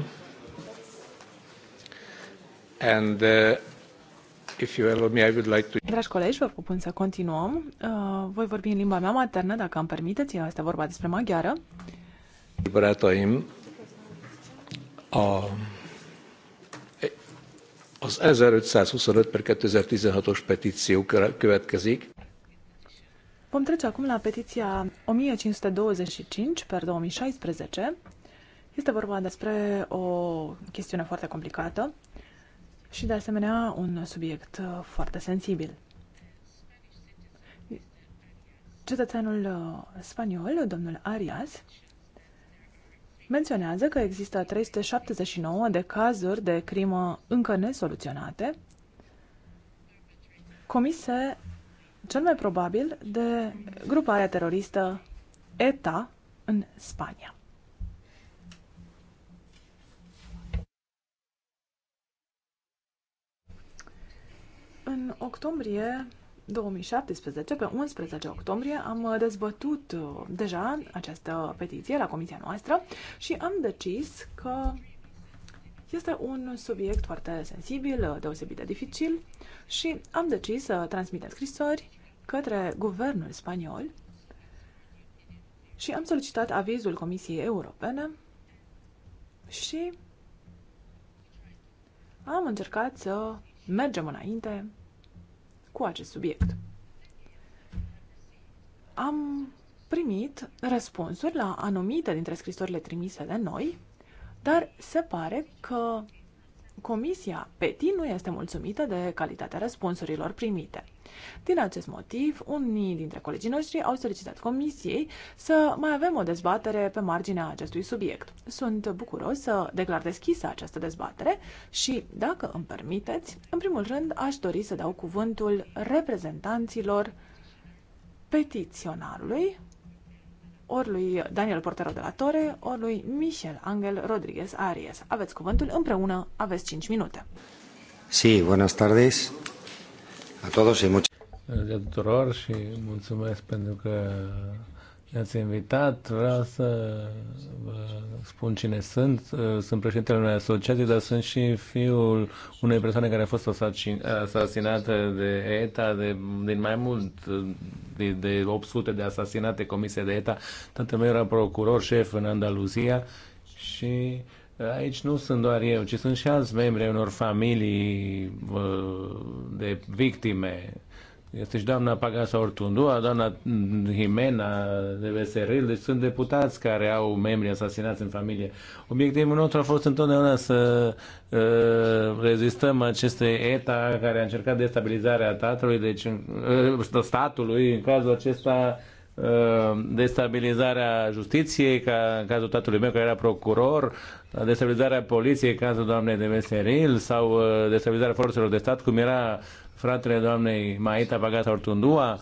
Dragi colegi, vă propun să continuăm. Uh, voi vorbi în limba mea maternă, dacă îmi permiteți. Este vorba despre maghiară. Barátaim, a, um, az 1525 per 2016-os petíció következik. Vom trece acum la petiția 1525 per 2016. Este vorba despre o chestiune foarte complicată și, de asemenea, un subiect uh, foarte sensibil. Cetățeanul uh, spaniol, domnul Arias, menționează că există 379 de cazuri de crimă încă nesoluționate, comise cel mai probabil de gruparea teroristă ETA în Spania. În octombrie 2017, pe 11 octombrie, am dezbătut uh, deja această petiție la comisia noastră și am decis că este un subiect foarte sensibil, uh, deosebit de dificil și am decis să transmitem scrisori către guvernul spaniol și am solicitat avizul Comisiei Europene și am încercat să mergem înainte cu acest subiect. Am primit răspunsuri la anumite dintre scrisorile trimise de noi, dar se pare că Comisia PETI nu este mulțumită de calitatea răspunsurilor primite. Din acest motiv, unii dintre colegii noștri au solicitat Comisiei să mai avem o dezbatere pe marginea acestui subiect. Sunt bucuros să declar deschisă această dezbatere și, dacă îmi permiteți, în primul rând aș dori să dau cuvântul reprezentanților petiționarului, ori lui Daniel Portero de la tore, ori lui Michel Angel Rodriguez Arias. Aveți cuvântul împreună, aveți 5 minute. Sí, buenas tardes a todos y muchas. Bună tuturor și mulțumesc pentru că ne-ați invitat. Vreau să vă spun cine sunt. Sunt președintele unei asociații, dar sunt și fiul unei persoane care a fost asasinată de ETA de, din mai mult de, de 800 de asasinate comise de ETA. Tatăl meu era procuror șef în Andaluzia și Aici nu sunt doar eu, ci sunt și alți membri unor familii de victime este și doamna Pagasa Ortundua, doamna Jimena de Veseril, deci sunt deputați care au membri asasinați în familie. Obiectivul nostru a fost întotdeauna să uh, rezistăm aceste ETA care a încercat destabilizarea tatălui, deci, uh, statului, în cazul acesta uh, destabilizarea justiției, ca în cazul tatălui meu care era procuror, destabilizarea poliției, în cazul doamnei de Veseril, sau uh, destabilizarea forțelor de stat, cum era uh, fratele doamnei Maita Bagata Ortundua,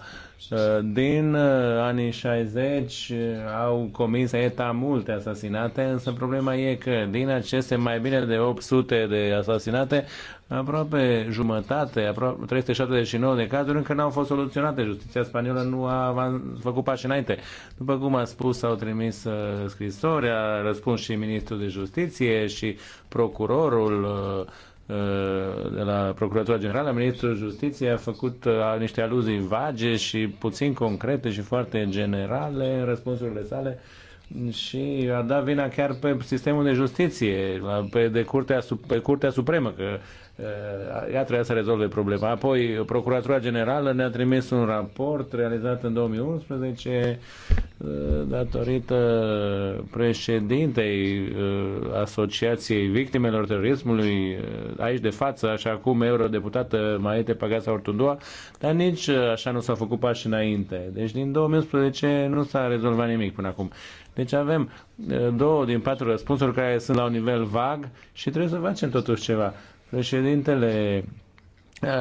uh, din uh, anii 60 uh, au comis ETA multe asasinate, însă problema e că din aceste mai bine de 800 de asasinate, aproape jumătate, aproape 379 de cazuri încă n-au fost soluționate. Justiția spaniolă nu a făcut pași înainte. După cum a spus, au trimis scrisori, a răspuns și ministrul de justiție și procurorul uh, Uh, de la Procuratura Generală, Ministrul Justiției a făcut uh, niște aluzii vage și puțin concrete și foarte generale în răspunsurile sale și a dat vina chiar pe sistemul de justiție, pe, de curtea, pe Curtea Supremă, că eh, ea trebuia să rezolve problema. Apoi, Procuratura Generală ne-a trimis un raport realizat în 2011 eh, datorită președintei eh, Asociației Victimelor Terorismului, aici de față, așa cum eurodeputată Maite Pagasa Ortundua, dar nici așa nu s-a făcut pași înainte. Deci din 2011 nu s-a rezolvat nimic până acum. Deci avem două din patru răspunsuri care sunt la un nivel vag și trebuie să facem totuși ceva. Președintele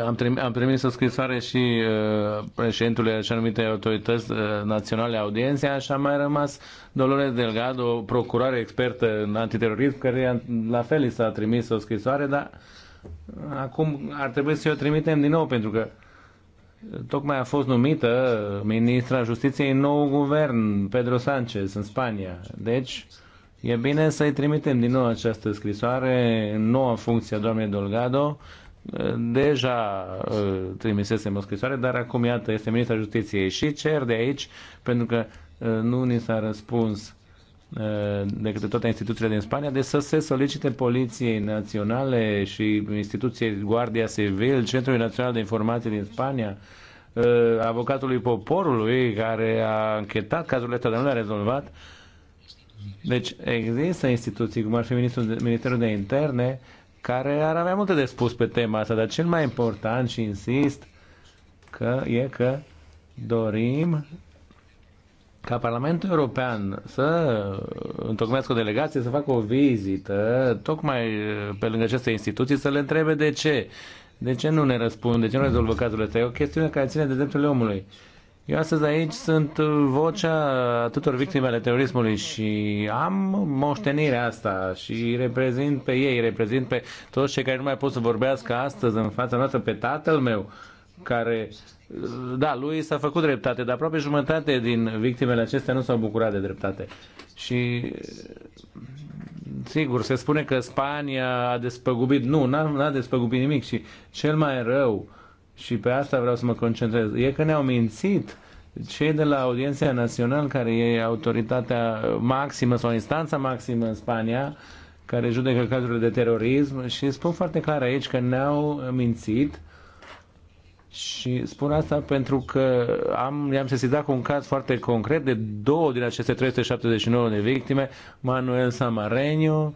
am, primit am o scrisoare și uh, președintului așa numite autorități uh, naționale audienția și a mai rămas Dolores Delgado, procurare expertă în antiterorism, care la fel i s-a trimis o scrisoare, dar acum ar trebui să o trimitem din nou pentru că uh, tocmai a fost numită ministra justiției nou guvern, Pedro Sanchez, în Spania. Deci, e bine să-i trimitem din nou această scrisoare în noua funcție a doamnei Dolgado. Deja uh, trimisesem o scrisoare, dar acum, iată, este ministra justiției și cer de aici, pentru că uh, nu ni s-a răspuns Eh, de către toate instituțiile din Spania, de să se solicite Poliției Naționale și instituției Guardia Civil, Centrului Național de Informații din Spania, eh, avocatului poporului care a închetat cazurile astea, dar nu le-a rezolvat. Deci există instituții, cum ar fi Ministerul de Interne, care ar avea multe de spus pe tema asta, dar cel mai important și insist că e că dorim ca Parlamentul European să întocmească o delegație, să facă o vizită, tocmai eh, pe lângă aceste instituții, să le întrebe de ce. De ce nu ne răspund, de ce nu rezolvă cazul ăsta? E o chestiune care ține de drepturile omului. Eu astăzi aici sunt vocea tuturor victimele terorismului și am moștenirea asta și reprezint pe ei, reprezint pe toți cei care nu mai pot să vorbească astăzi în fața noastră, pe tatăl meu, care da, lui s-a făcut dreptate, dar aproape jumătate din victimele acestea nu s-au bucurat de dreptate. Și sigur, se spune că Spania a despăgubit. Nu, n-a, n-a despăgubit nimic și cel mai rău, și pe asta vreau să mă concentrez, e că ne-au mințit cei de la Audiența Națională, care e autoritatea maximă sau instanța maximă în Spania, care judecă cazurile de terorism și spun foarte clar aici că ne-au mințit și spun asta pentru că am, am sesizat cu un caz foarte concret de două din aceste 379 de victime, Manuel Samareniu,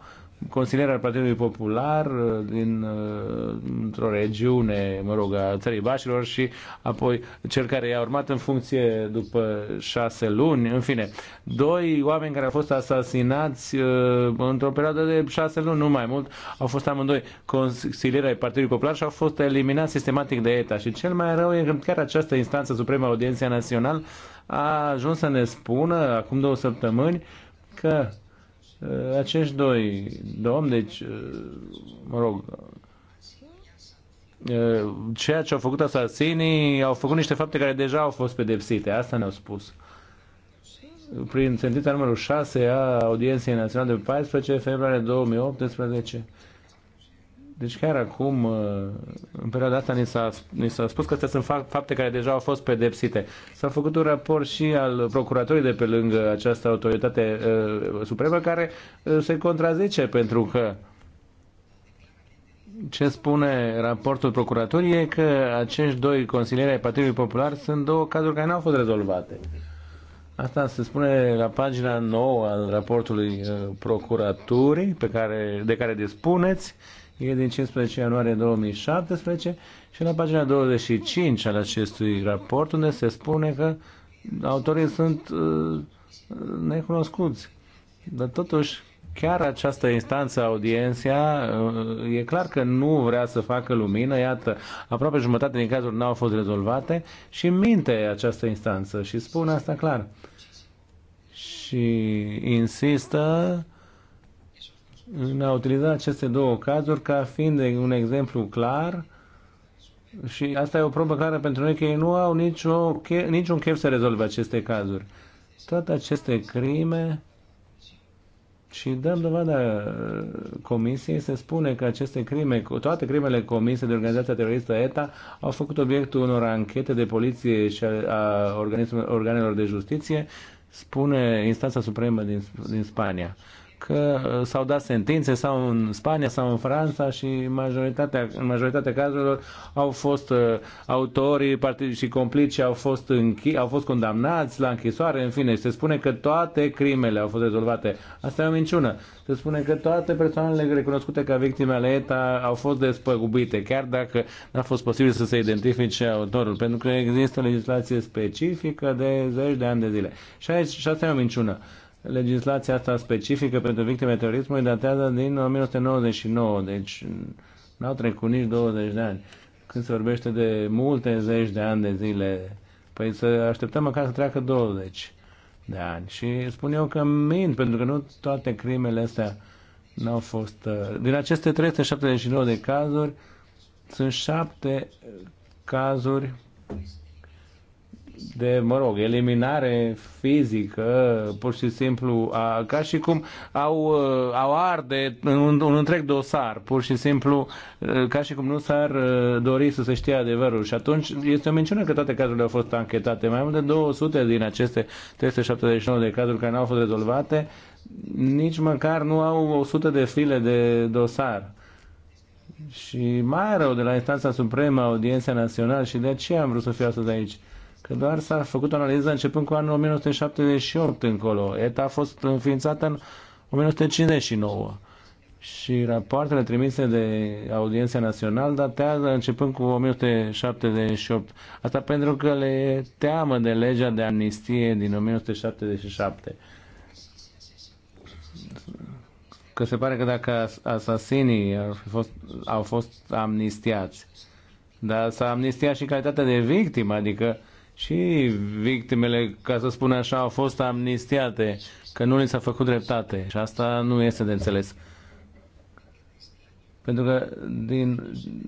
consilier al Partidului Popular uh, din, uh, într-o regiune, mă rog, a țării Bașilor și apoi cel care i-a urmat în funcție după șase luni, în fine, doi oameni care au fost asasinați uh, într-o perioadă de șase luni, nu mai mult, au fost amândoi consilieri ai Partidului Popular și au fost eliminați sistematic de ETA și cel mai rău e că chiar această instanță supremă Audienția Națională a ajuns să ne spună acum două săptămâni că Uh, acești doi domni, deci, uh, mă rog, uh, ceea ce au făcut asasinii, au făcut niște fapte care deja au fost pedepsite, asta ne-au spus. Prin sentința numărul 6 a Audienței Naționale de 14 februarie 2018, deci chiar acum, uh, în perioada asta, ni s-a, ni s-a spus că astea sunt fapte care deja au fost pedepsite. S-a făcut un raport și al procuratorii de pe lângă această autoritate uh, supremă care uh, se contrazice pentru că ce spune raportul procuratorii e că acești doi consilieri ai Partidului Popular sunt două cazuri care nu au fost rezolvate. Asta se spune la pagina 9 al raportului uh, procuraturii pe care, de care dispuneți e din 15 ianuarie 2017 și la pagina 25 al acestui raport unde se spune că autorii sunt uh, necunoscuți. Dar totuși, chiar această instanță, audienția, uh, e clar că nu vrea să facă lumină, iată, aproape jumătate din cazuri nu au fost rezolvate și minte această instanță și spune asta clar. Și insistă ne a utilizat aceste două cazuri ca fiind un exemplu clar și asta e o probă clară pentru noi că ei nu au nicio, niciun chef să rezolve aceste cazuri. Toate aceste crime și dăm dovada uh, comisiei, se spune că aceste crime, toate crimele comise de organizația teroristă ETA au făcut obiectul unor anchete de poliție și a organelor de justiție, spune instanța supremă din, din Spania că uh, s-au dat sentințe sau în Spania sau în Franța și majoritatea, în majoritatea cazurilor au fost uh, autorii și complici au fost, închi, au fost condamnați la închisoare, în fine, se spune că toate crimele au fost rezolvate. Asta e o minciună. Se spune că toate persoanele recunoscute ca victime ale ETA au fost despăgubite, chiar dacă n-a fost posibil să se identifice autorul, pentru că există o legislație specifică de zeci de ani de zile. Și, aici, și asta e o minciună. Legislația asta specifică pentru victime terorismului datează din 1999, deci n-au trecut nici 20 de ani. Când se vorbește de multe zeci de ani de zile, păi să așteptăm măcar să treacă 20 de ani. Și spun eu că mint, pentru că nu toate crimele astea n-au fost... Uh, din aceste 379 de cazuri, sunt șapte cazuri de, mă rog, eliminare fizică, pur și simplu, a, ca și cum au, au arde un, un întreg dosar, pur și simplu, ca și cum nu s-ar dori să se știe adevărul. Și atunci este o minciună că toate cazurile au fost anchetate. Mai mult de 200 din aceste 379 de cazuri care nu au fost rezolvate, nici măcar nu au 100 de file de dosar. Și mai rău de la instanța supremă, audiența națională și de aceea am vrut să fiu astăzi aici că doar s-a făcut o analiză începând cu anul 1978 încolo. ETA a fost înființată în 1959 și rapoartele trimise de Audiența Națională datează începând cu 1978. Asta pentru că le teamă de legea de amnistie din 1977. Că se pare că dacă asasinii au fost, au fost amnistiați, dar s-a amnistiat și calitatea de victimă, adică și victimele, ca să spun așa, au fost amnistiate, că nu li s-a făcut dreptate și asta nu este de înțeles. Pentru că din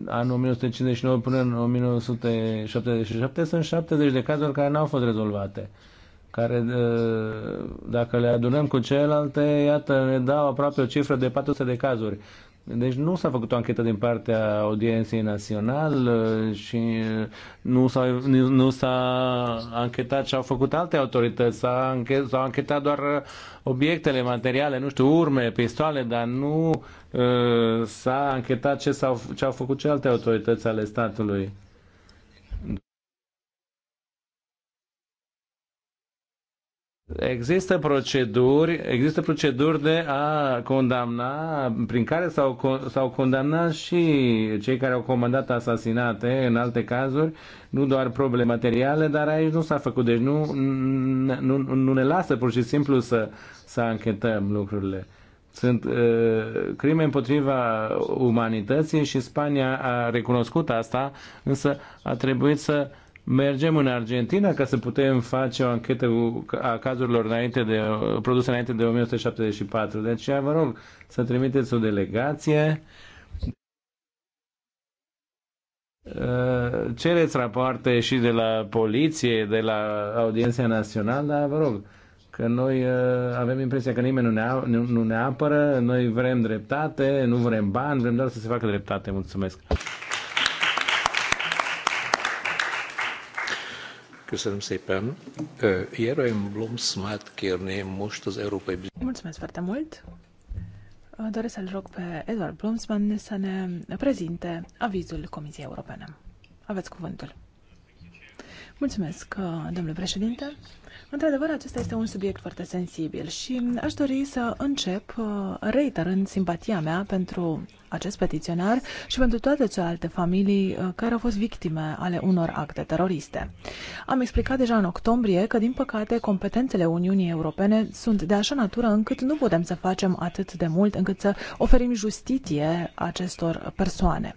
anul 1959 până în 1977 sunt 70 de cazuri care n-au fost rezolvate, care ă, dacă le adunăm cu celelalte, iată, ne dau aproape o cifră de 400 de cazuri. Deci nu s-a făcut o anchetă din partea Audienței Național uh, și nu s-a, nu s-a anchetat ce au făcut alte autorități. S-a anchet, s-au anchetat doar obiectele materiale, nu știu, urme, pistoale, dar nu uh, s-a anchetat ce, s-au, ce au făcut celelalte autorități ale statului. Există proceduri, există proceduri de a condamna, prin care s-au, s-au condamnat și cei care au comandat asasinate în alte cazuri, nu doar probleme materiale, dar aici nu s-a făcut. Deci nu, nu, nu ne lasă pur și simplu să, să anchetăm lucrurile. Sunt uh, crime împotriva umanității și Spania a recunoscut asta, însă a trebuit să mergem în Argentina ca să putem face o anchetă a cazurilor înainte de, produse înainte de 1974. Deci vă rog să trimiteți o delegație uh, cereți rapoarte și de la poliție, de la Audiența Națională, dar vă rog, că noi uh, avem impresia că nimeni nu ne, nu, nu ne apără, noi vrem dreptate, nu vrem bani, vrem doar să se facă dreptate. Mulțumesc! Köszönöm szépen. Jeroen Blomsmát kérném most az Európai Mulțumesc foarte mult. Doresc să-l rog pe Edward Blomsman să ne prezinte avizul Comisiei Europene. Aveți cuvântul. Mulțumesc, domnule președinte. Într-adevăr, acesta este un subiect foarte sensibil și aș dori să încep reiterând simpatia mea pentru acest petiționar și pentru toate celelalte familii uh, care au fost victime ale unor acte teroriste. Am explicat deja în octombrie că, din păcate, competențele Uniunii Europene sunt de așa natură încât nu putem să facem atât de mult încât să oferim justiție acestor persoane.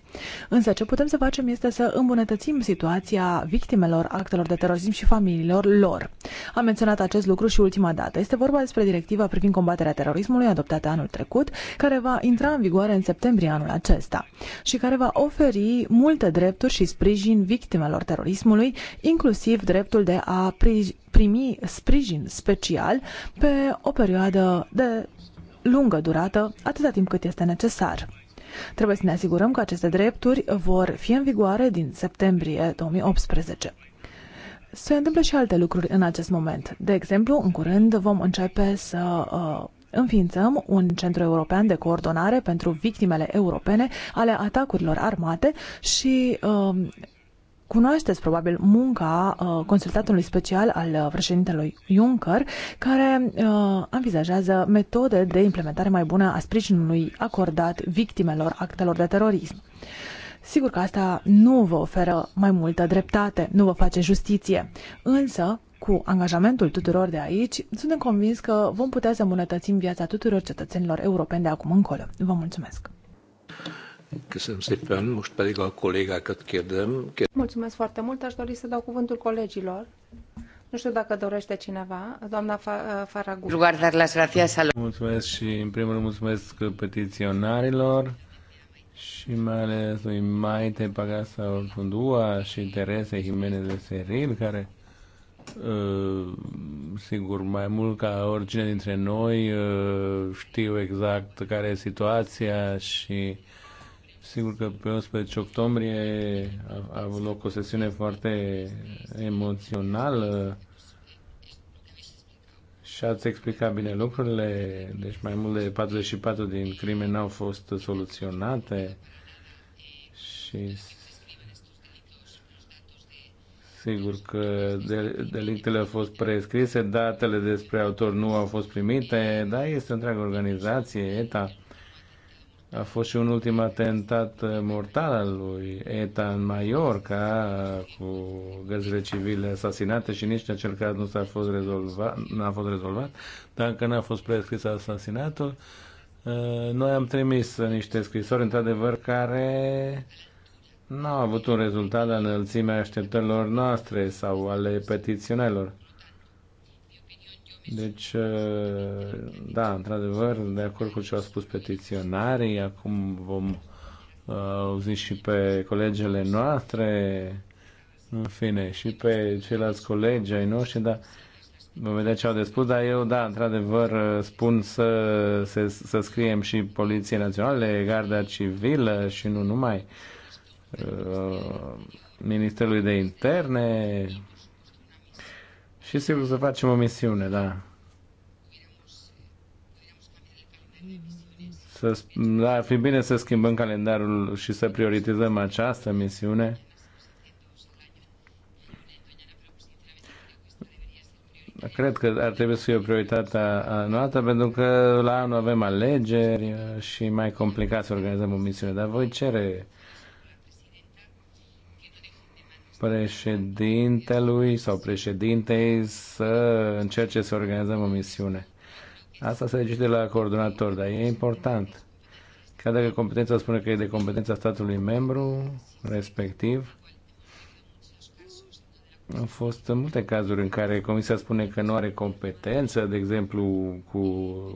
Însă ce putem să facem este să îmbunătățim situația victimelor actelor de terorism și familiilor lor. Am menționat acest lucru și ultima dată. Este vorba despre directiva privind combaterea terorismului adoptată anul trecut, care va intra în vigoare în septembrie decembrie anul acesta și care va oferi multe drepturi și sprijin victimelor terorismului, inclusiv dreptul de a primi sprijin special pe o perioadă de lungă durată, atâta timp cât este necesar. Trebuie să ne asigurăm că aceste drepturi vor fi în vigoare din septembrie 2018. Se întâmplă și alte lucruri în acest moment. De exemplu, în curând vom începe să uh, Înființăm un centru european de coordonare pentru victimele europene ale atacurilor armate și um, Cunoașteți probabil munca uh, consultatului special al uh, președintelui Juncker, care uh, anvizajează metode de implementare mai bună a sprijinului acordat victimelor actelor de terorism. Sigur că asta nu vă oferă mai multă dreptate, nu vă face justiție, însă cu angajamentul tuturor de aici, suntem convins că vom putea să îmbunătățim viața tuturor cetățenilor europeni de acum încolo. Vă mulțumesc! Köszönöm szépen, most pedig a kollégákat kérdem. Mulțumesc foarte mult, aș dori să dau cuvântul colegilor. Nu știu dacă dorește cineva, doamna Faragu. Mulțumesc și în primul rând mulțumesc petiționarilor și mai ales lui Maite Pagasa Ortundua și Terese Jimenez de Seril, care Uh, sigur, mai mult ca oricine dintre noi uh, știu exact care e situația și sigur că pe 11 octombrie a, avut loc o sesiune foarte emoțională și ați explicat bine lucrurile, deci mai mult de 44 din crime n-au fost soluționate și Sigur că delictele au fost prescrise, datele despre autor nu au fost primite, dar este o întreagă organizație, ETA. A fost și un ultim atentat mortal al lui ETA în Mallorca, cu găzile civile asasinate și nici acel caz nu s-a fost rezolvat, n-a fost rezolvat, dar încă n-a fost prescris asasinatul. Eh, noi am trimis niște scrisori, într-adevăr, care n-au avut un rezultat la înălțimea așteptărilor noastre sau ale petiționelor. Deci, ă, da, într-adevăr, de acord cu ce au spus petiționarii, acum vom ă, auzi și pe colegele noastre, în fine, și pe ceilalți colegi ai noștri, dar vom vedea ce au de spus, dar eu, da, într-adevăr, ă, spun să, să, să scriem și Poliție națională, Garda Civilă și nu numai. Uh, Uh, Ministerului de Interne și sigur să facem o misiune, da. Să, da, ar fi bine să schimbăm calendarul și să prioritizăm această misiune. Cred că ar trebui să fie o prioritate noastră, pentru că la anul avem alegeri și mai complicat să organizăm o misiune. Dar voi cere președintelui sau președintei să încerce să organizăm o misiune. Asta se decide la coordonator, dar e important. Chiar dacă competența spune că e de competența statului membru, respectiv, au fost multe cazuri în care Comisia spune că nu are competență, de exemplu, cu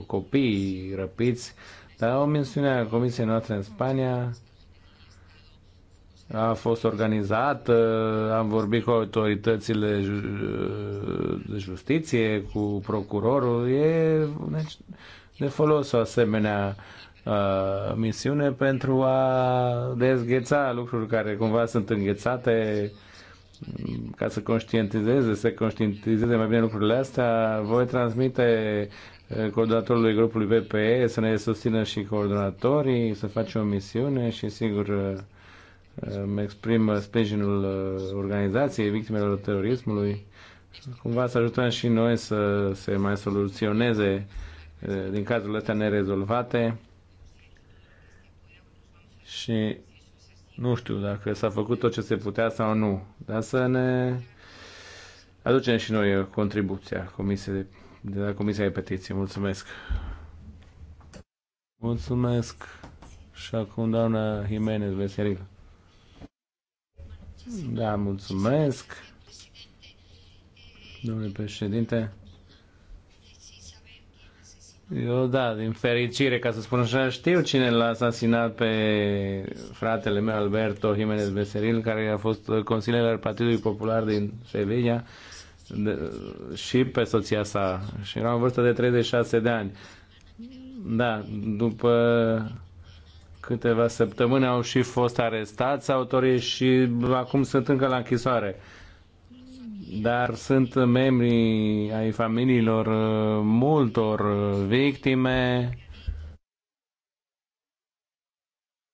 copiii răpiți, dar o misiune a Comisiei noastre în Spania a fost organizată. am vorbit cu autoritățile de justiție, cu procurorul. E deci, de folos o asemenea ă, misiune pentru a dezgheța lucruri care cumva sunt înghețate ca să conștientizeze, să conștientizeze mai bine lucrurile astea, voi transmite ă, coordonatorului grupului VPE să ne susțină și coordonatorii, să facem o misiune și sigur ă, îmi exprim uh, sprijinul uh, organizației victimelor terorismului. Cumva să ajutăm și noi să se mai soluționeze uh, din cazurile astea nerezolvate și nu știu dacă s-a făcut tot ce se putea sau nu, dar să ne aducem și noi contribuția comisie de, de la Comisia de Petiții. Mulțumesc! Mulțumesc și acum doamna Jimenez Veseril. Da, mulțumesc. Domnule președinte, eu da, din fericire, ca să spun așa, știu cine l-a asasinat pe fratele meu, Alberto Jimenez Beseril, care a fost consilier al Partidului Popular din Sevilla de, și pe soția sa. Și era în vârstă de 36 de ani. Da, după câteva săptămâni au și fost arestați autorii și acum sunt încă la închisoare. Dar sunt membri ai familiilor uh, multor uh, victime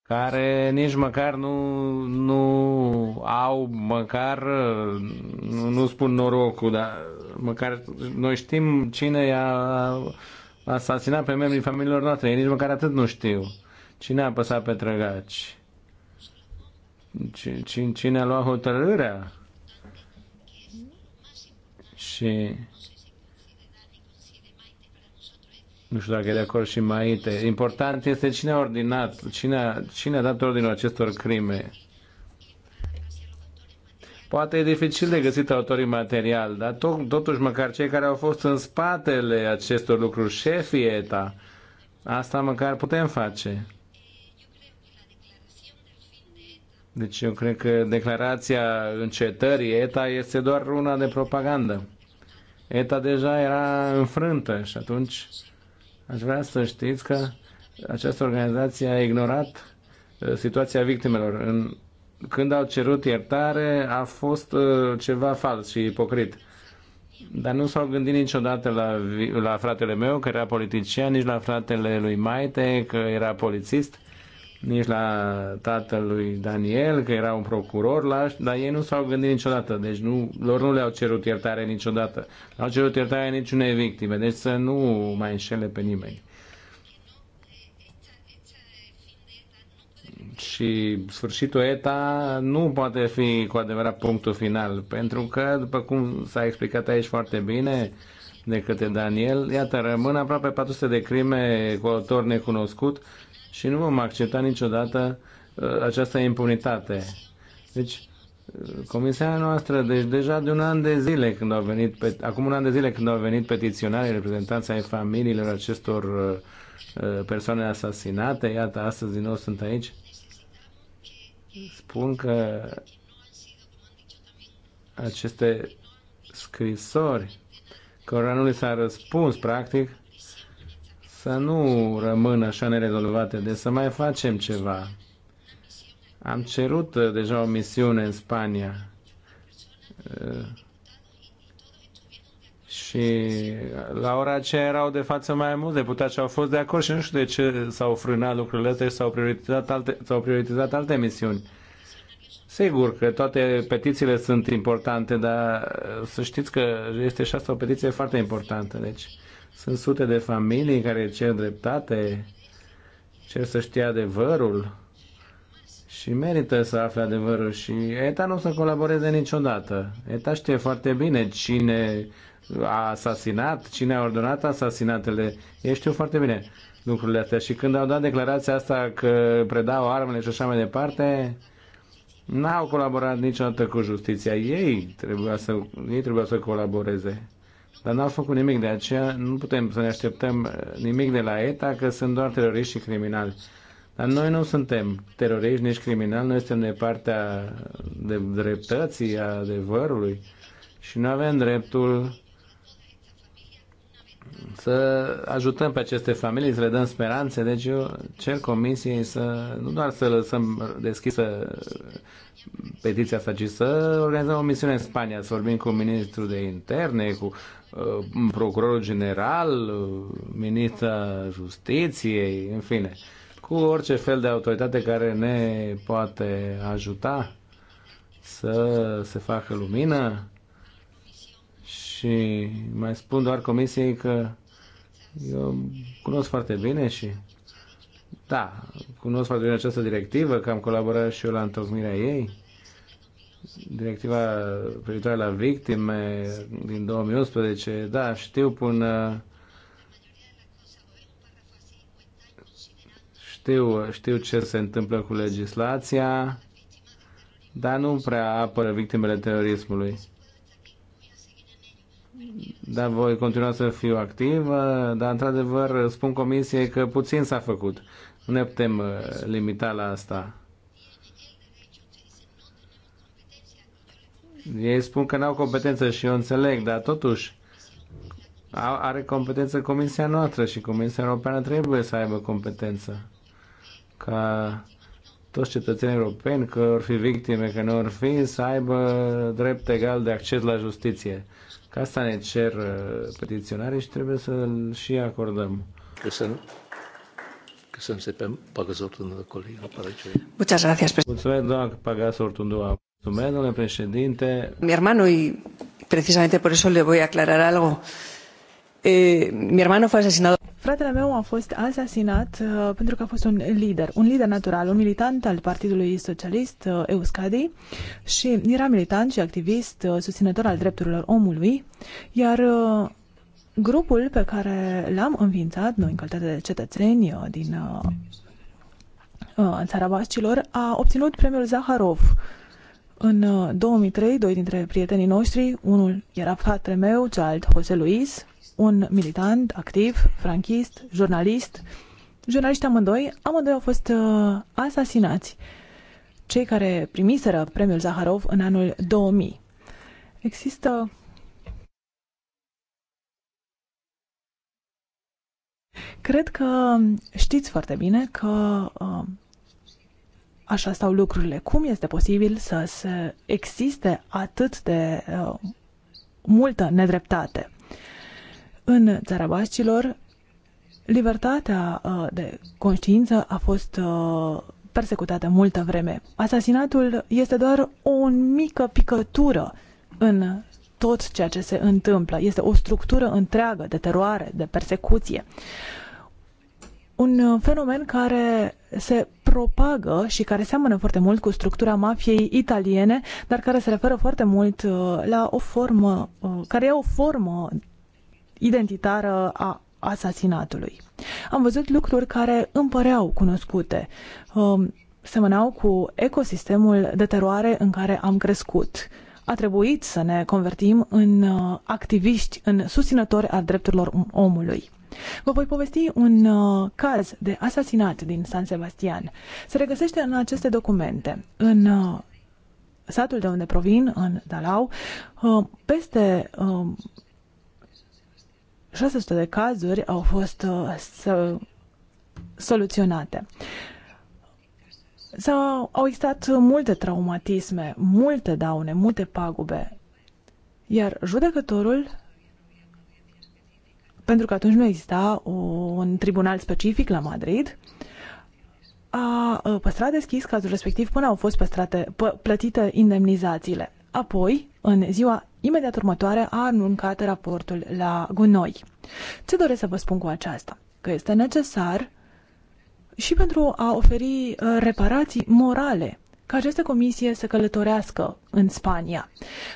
care nici măcar nu, nu au, măcar, uh, nu, nu spun norocul, dar măcar noi știm cine i-a asasinat pe membrii familiilor noastre, ei nici măcar atât nu știu. Cine a apăsat pe trăgaci? Cine, cine a luat hotărârea? Și nu știu dacă e de acord și Maite. Important este cine a ordinat, cine a, cine a dat ordinul acestor crime. Poate e dificil de găsit autorii material, dar tot, totuși măcar cei care au fost în spatele acestor lucruri, șefii ETA, asta măcar putem face. Deci eu cred că declarația încetării ETA este doar una de propagandă. ETA deja era înfrântă și atunci aș vrea să știți că această organizație a ignorat uh, situația victimelor. când au cerut iertare a fost uh, ceva fals și ipocrit. Dar nu s-au gândit niciodată la, la fratele meu, că era politician, nici la fratele lui Maite, că era polițist nici la tatălui Daniel, că era un procuror, la, dar ei nu s-au gândit niciodată, deci nu, lor nu le-au cerut iertare niciodată. Nu au cerut iertare niciunei victime, deci să nu mai înșele pe nimeni. și sfârșitul ETA nu poate fi cu adevărat punctul final, pentru că, după cum s-a explicat aici foarte bine de către Daniel, iată, rămân aproape 400 de crime cu autor necunoscut și nu vom accepta niciodată uh, această impunitate. Deci, uh, Comisia noastră, deci deja de un an de zile când au venit, pe, acum un an de zile când au venit petiționarii, reprezentanții ai familiilor acestor uh, persoane asasinate, iată, astăzi din nou sunt aici, spun că aceste scrisori, cărora nu li s-a răspuns, practic, să nu rămână așa nerezolvate, de să mai facem ceva. Am cerut uh, deja o misiune în Spania uh, și la ora aceea erau de față mai mulți deputați și au fost de acord și nu știu de ce s-au frânat lucrurile astea și s-au prioritizat alte, s-au prioritizat alte misiuni. Sigur că toate petițiile sunt importante, dar uh, să știți că este și asta o petiție foarte importantă. Deci, sunt sute de familii care cer dreptate, cer să știe adevărul și merită să afle adevărul și ETA nu o să colaboreze niciodată. ETA știe foarte bine cine a asasinat, cine a ordonat asasinatele. Ei știu foarte bine lucrurile astea și când au dat declarația asta că predau armele și așa mai departe, n-au colaborat niciodată cu justiția. Ei trebuia să, ei trebuia să colaboreze. Dar n-au făcut nimic, de aceea nu putem să ne așteptăm nimic de la ETA, că sunt doar teroriști și criminali. Dar noi nu suntem teroriști, nici criminali, noi suntem de partea de dreptății, a adevărului și nu avem dreptul să ajutăm pe aceste familii, să le dăm speranțe. Deci eu cer comisiei să nu doar să lăsăm deschisă petiția asta, ci să organizăm o misiune în Spania, să vorbim cu ministrul de interne, cu Uh, procurorul general, uh, ministra justiției, în fine, cu orice fel de autoritate care ne poate ajuta să se facă lumină și mai spun doar comisiei că eu cunosc foarte bine și da, cunosc foarte bine această directivă, că am colaborat și eu la întocmirea ei directiva privitoare la victime din 2011, da, știu până știu, știu ce se întâmplă cu legislația, dar nu prea apără victimele terorismului. Dar voi continua să fiu activ, dar într-adevăr spun comisiei că puțin s-a făcut. Nu ne putem uh, limita la asta. Ei spun că n-au competență și eu înțeleg, dar totuși are competență Comisia noastră și Comisia Europeană trebuie să aibă competență ca toți cetățenii europeni, că or fi victime, că nu or fi, să aibă drept egal de acces la justiție. Ca asta ne cer uh, petiționarii și trebuie să-l și acordăm. Căsăm. Căsăm se Muchas gracias. Mulțumesc, domnule președinte. Mi hermano y precisamente por eso le voy a aclarar algo. Eh, mi hermano fue asesinado. Fratele meu a fost asasinat uh, pentru că a fost un lider, un lider natural, un militant al Partidului Socialist uh, Euskadi și era militant și activist uh, susținător al drepturilor omului, iar uh, grupul pe care l-am înființat noi în calitate de cetățeni uh, din uh, uh țara Bascilor a obținut premiul Zaharov în 2003, uh, doi dintre prietenii noștri, unul era fratele meu, cealalt Jose Luis, un militant activ, franchist, jurnalist. Jurnaliști amândoi, amândoi au fost uh, asasinați. Cei care primiseră premiul Zaharov în anul 2000. Există Cred că știți foarte bine că uh, așa stau lucrurile. Cum este posibil să se existe atât de uh, multă nedreptate? În țara bascilor, libertatea uh, de conștiință a fost uh, persecutată multă vreme. Asasinatul este doar o mică picătură în tot ceea ce se întâmplă. Este o structură întreagă de teroare, de persecuție. Un uh, fenomen care se propagă și care seamănă foarte mult cu structura mafiei italiene, dar care se referă foarte mult uh, la o formă, uh, care e o formă identitară a asasinatului. Am văzut lucruri care îmi păreau cunoscute. Um, semănau cu ecosistemul de teroare în care am crescut. A trebuit să ne convertim în uh, activiști, în susținători al drepturilor omului. Vă voi povesti un uh, caz de asasinat din San Sebastian. Se regăsește în aceste documente. În uh, satul de unde provin, în Dalau, uh, peste 600 um, de cazuri au fost uh, să, soluționate. S-au, au existat multe traumatisme, multe daune, multe pagube, iar judecătorul pentru că atunci nu exista un tribunal specific la Madrid, a păstrat deschis cazul respectiv până au fost păstrate, pă, plătite indemnizațiile. Apoi, în ziua imediat următoare, a anuncat raportul la gunoi. Ce doresc să vă spun cu aceasta? Că este necesar și pentru a oferi uh, reparații morale ca această comisie să călătorească în Spania.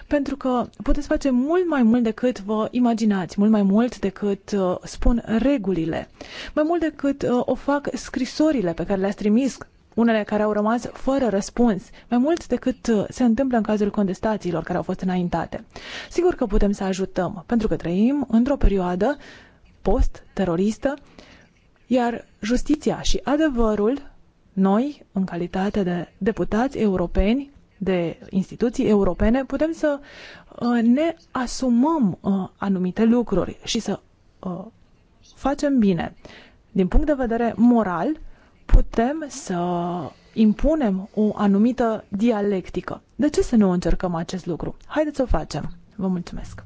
Pentru că puteți face mult mai mult decât vă imaginați, mult mai mult decât uh, spun regulile, mai mult decât uh, o fac scrisorile pe care le-ați trimis unele care au rămas fără răspuns, mai mult decât uh, se întâmplă în cazul contestațiilor care au fost înaintate. Sigur că putem să ajutăm, pentru că trăim într-o perioadă post-teroristă, iar justiția și adevărul noi, în calitate de deputați europeni, de instituții europene, putem să uh, ne asumăm uh, anumite lucruri și să uh, facem bine. Din punct de vedere moral, putem să impunem o anumită dialectică. De ce să nu încercăm acest lucru? Haideți să o facem. Vă mulțumesc!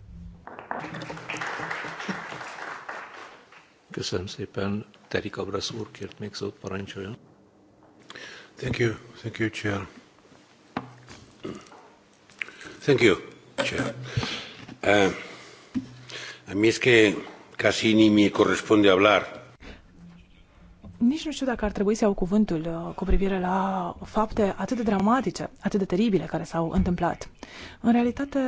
Köszönöm szépen, Terika Brasz úr kért még szót, parancsoljon. Thank you. Thank you, Chair. Thank you, Chair. Uh, a mí es que casi ni me corresponde hablar. Nici nu știu dacă ar trebui să iau cuvântul eh, cu privire la fapte atât de dramatice, atât de teribile care s-au întâmplat. În realitate,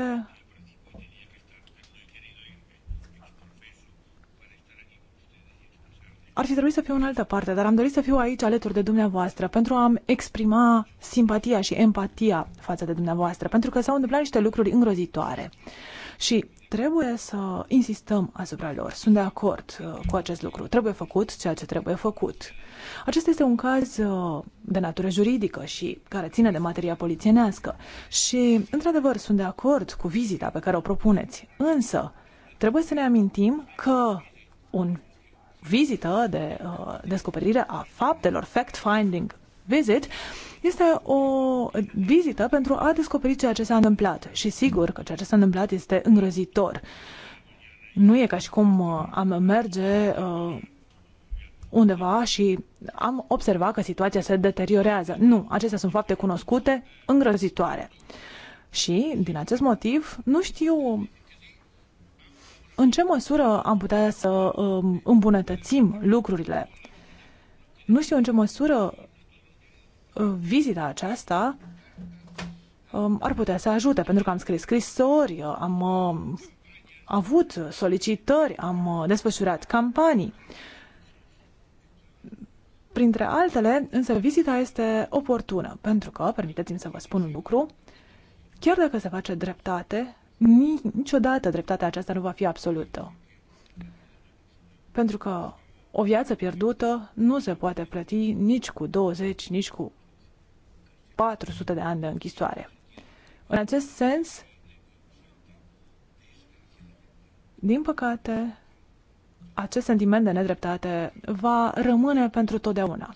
ar fi trebuit să fiu în altă parte, dar am dorit să fiu aici alături de dumneavoastră pentru a-mi exprima simpatia și empatia față de dumneavoastră, pentru că s-au întâmplat niște lucruri îngrozitoare. Și trebuie să insistăm asupra lor. Sunt de acord uh, cu acest lucru. Trebuie făcut ceea ce trebuie făcut. Acesta este un caz uh, de natură juridică și care ține de materia polițienească. Și, într-adevăr, sunt de acord cu vizita pe care o propuneți. Însă, trebuie să ne amintim că un vizită de uh, descoperire a faptelor, fact-finding visit, este o vizită pentru a descoperi ceea ce s-a întâmplat. Și sigur că ceea ce s-a întâmplat este îngrozitor. Nu e ca și cum uh, am merge uh, undeva și am observat că situația se deteriorează. Nu, acestea sunt fapte cunoscute, îngrozitoare. Și, din acest motiv, nu știu în ce măsură am putea să um, îmbunătățim lucrurile. Nu știu în ce măsură uh, vizita aceasta um, ar putea să ajute, pentru că am scris scrisori, uh, am um, avut solicitări, am uh, desfășurat campanii. Printre altele, însă vizita este oportună, pentru că, permiteți-mi să vă spun un lucru, chiar dacă se face dreptate, niciodată dreptatea aceasta nu va fi absolută. Pentru că o viață pierdută nu se poate plăti nici cu 20, nici cu 400 de ani de închisoare. În acest sens, din păcate, acest sentiment de nedreptate va rămâne pentru totdeauna.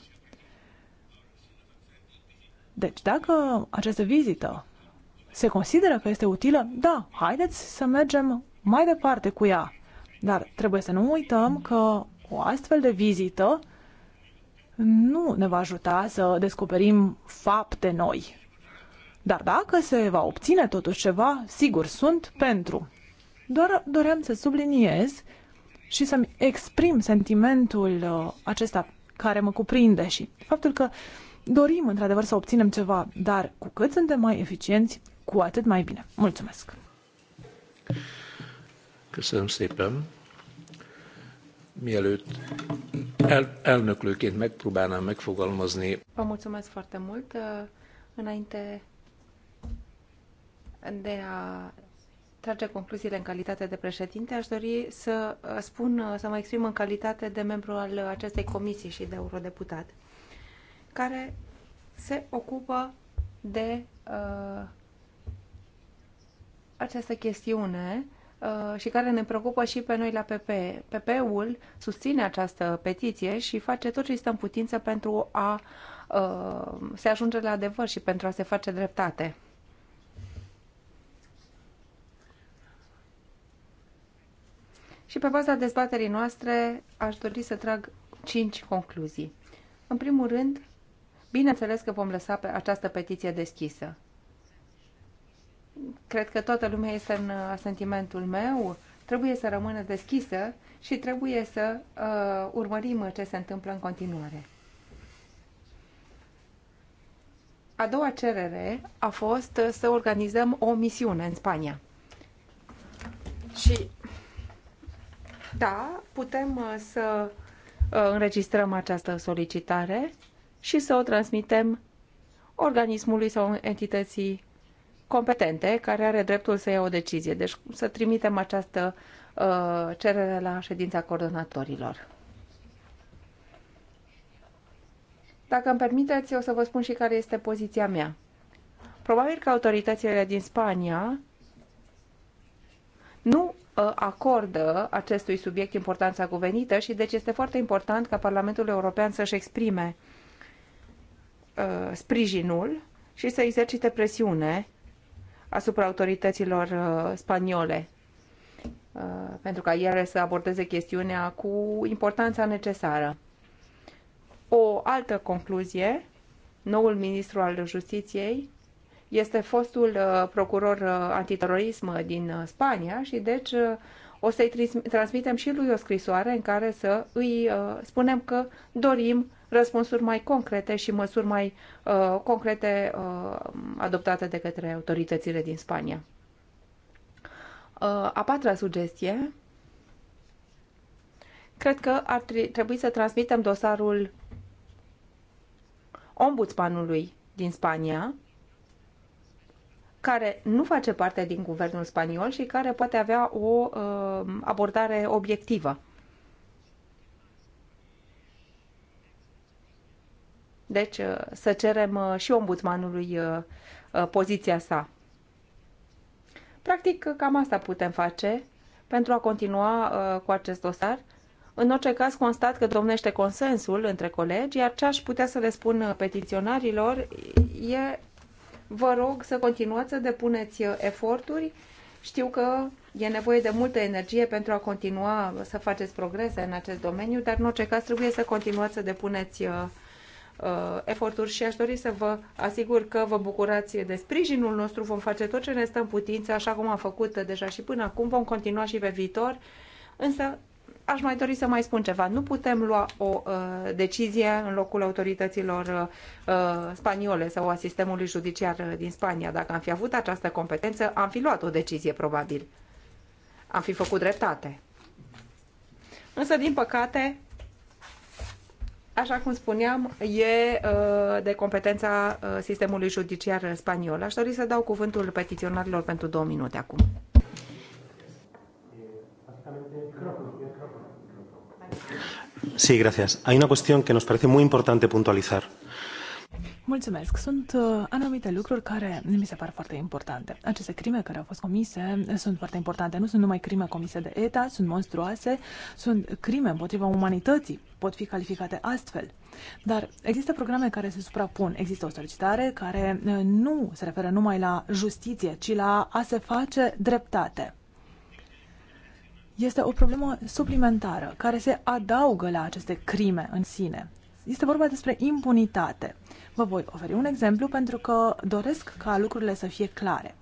Deci, dacă această vizită se consideră că este utilă, da, haideți să mergem mai departe cu ea. Dar trebuie să nu uităm că o astfel de vizită nu ne va ajuta să descoperim fapte noi. Dar dacă se va obține totuși ceva, sigur sunt pentru. Doar doream să subliniez și să-mi exprim sentimentul uh, acesta care mă cuprinde și faptul că dorim într-adevăr să obținem ceva, dar cu cât suntem mai eficienți, cu atât mai bine. Mulțumesc! Köszönöm szépen! Mielőtt el, elnöklőként megpróbálnám megfogalmazni. Vă mulțumesc foarte mult. Înainte de a trage concluziile în calitate de președinte, aș dori să spun, să mă exprim în calitate de membru al acestei comisii și de eurodeputat, care se ocupă de uh, această chestiune uh, și care ne preocupă și pe noi la PP. PP-ul susține această petiție și face tot ce este în putință pentru a uh, se ajunge la adevăr și pentru a se face dreptate. Și pe baza dezbaterii noastre aș dori să trag cinci concluzii. În primul rând, bineînțeles că vom lăsa pe această petiție deschisă cred că toată lumea este în uh, sentimentul meu, trebuie să rămână deschisă și trebuie să uh, urmărim ce se întâmplă în continuare. A doua cerere a fost uh, să organizăm o misiune în Spania. Și da, putem uh, să înregistrăm această solicitare și să o transmitem organismului sau entității competente care are dreptul să ia o decizie. Deci să trimitem această uh, cerere la ședința coordonatorilor. Dacă îmi permiteți, o să vă spun și care este poziția mea. Probabil că autoritățile din Spania nu uh, acordă acestui subiect importanța cuvenită și deci este foarte important ca Parlamentul European să-și exprime uh, sprijinul și să exercite presiune asupra autorităților uh, spaniole uh, pentru ca ele să abordeze chestiunea cu importanța necesară. O altă concluzie, noul ministru al justiției este fostul uh, procuror antiterorism din Spania și deci o să-i transmitem și lui o scrisoare în care să îi spunem că dorim răspunsuri mai concrete și măsuri mai uh, concrete uh, adoptate de către autoritățile din Spania. Uh, a patra sugestie. Cred că ar trebui să transmitem dosarul ombudsmanului din Spania, care nu face parte din guvernul spaniol și care poate avea o uh, abordare obiectivă Deci uh, să cerem uh, și ombudsmanului uh, poziția sa. Practic, cam asta putem face pentru a continua cu acest dosar. În orice caz, constat că domnește consensul între colegi, iar ce aș putea să le spun petiționarilor e vă rog să continuați să depuneți eforturi. Știu că e nevoie de multă energie pentru a continua să faceți progrese în acest domeniu, dar în orice caz trebuie să continuați să depuneți Uh, eforturi și aș dori să vă asigur că vă bucurați de sprijinul nostru, vom face tot ce ne stă în putință, așa cum am făcut deja și până acum, vom continua și pe viitor, însă aș mai dori să mai spun ceva. Nu putem lua o uh, decizie în locul autorităților uh, spaniole sau a sistemului judiciar uh, din Spania. Dacă am fi avut această competență, am fi luat o decizie, probabil. Am fi făcut dreptate. Însă, din păcate, așa cum spuneam, e uh, de competența uh, sistemului judiciar spaniol. Aș dori să dau cuvântul petiționarilor pentru două minute acum. Sí, gracias. Hay una cuestión que nos parece muy importante puntualizar. Mulțumesc. Sunt uh, anumite lucruri care mi se par foarte importante. Aceste crime care au fost comise eh, sunt foarte importante. Nu sunt numai crime comise de ETA, sunt monstruoase, sunt crime împotriva umanității, pot fi calificate astfel. Dar există programe care se suprapun. Există o solicitare care eh, nu se referă numai la justiție, ci la a se face dreptate este o problemă suplimentară care se adaugă la aceste crime în sine. Este vorba despre impunitate. Vă voi oferi un exemplu pentru că doresc ca lucrurile să fie clare.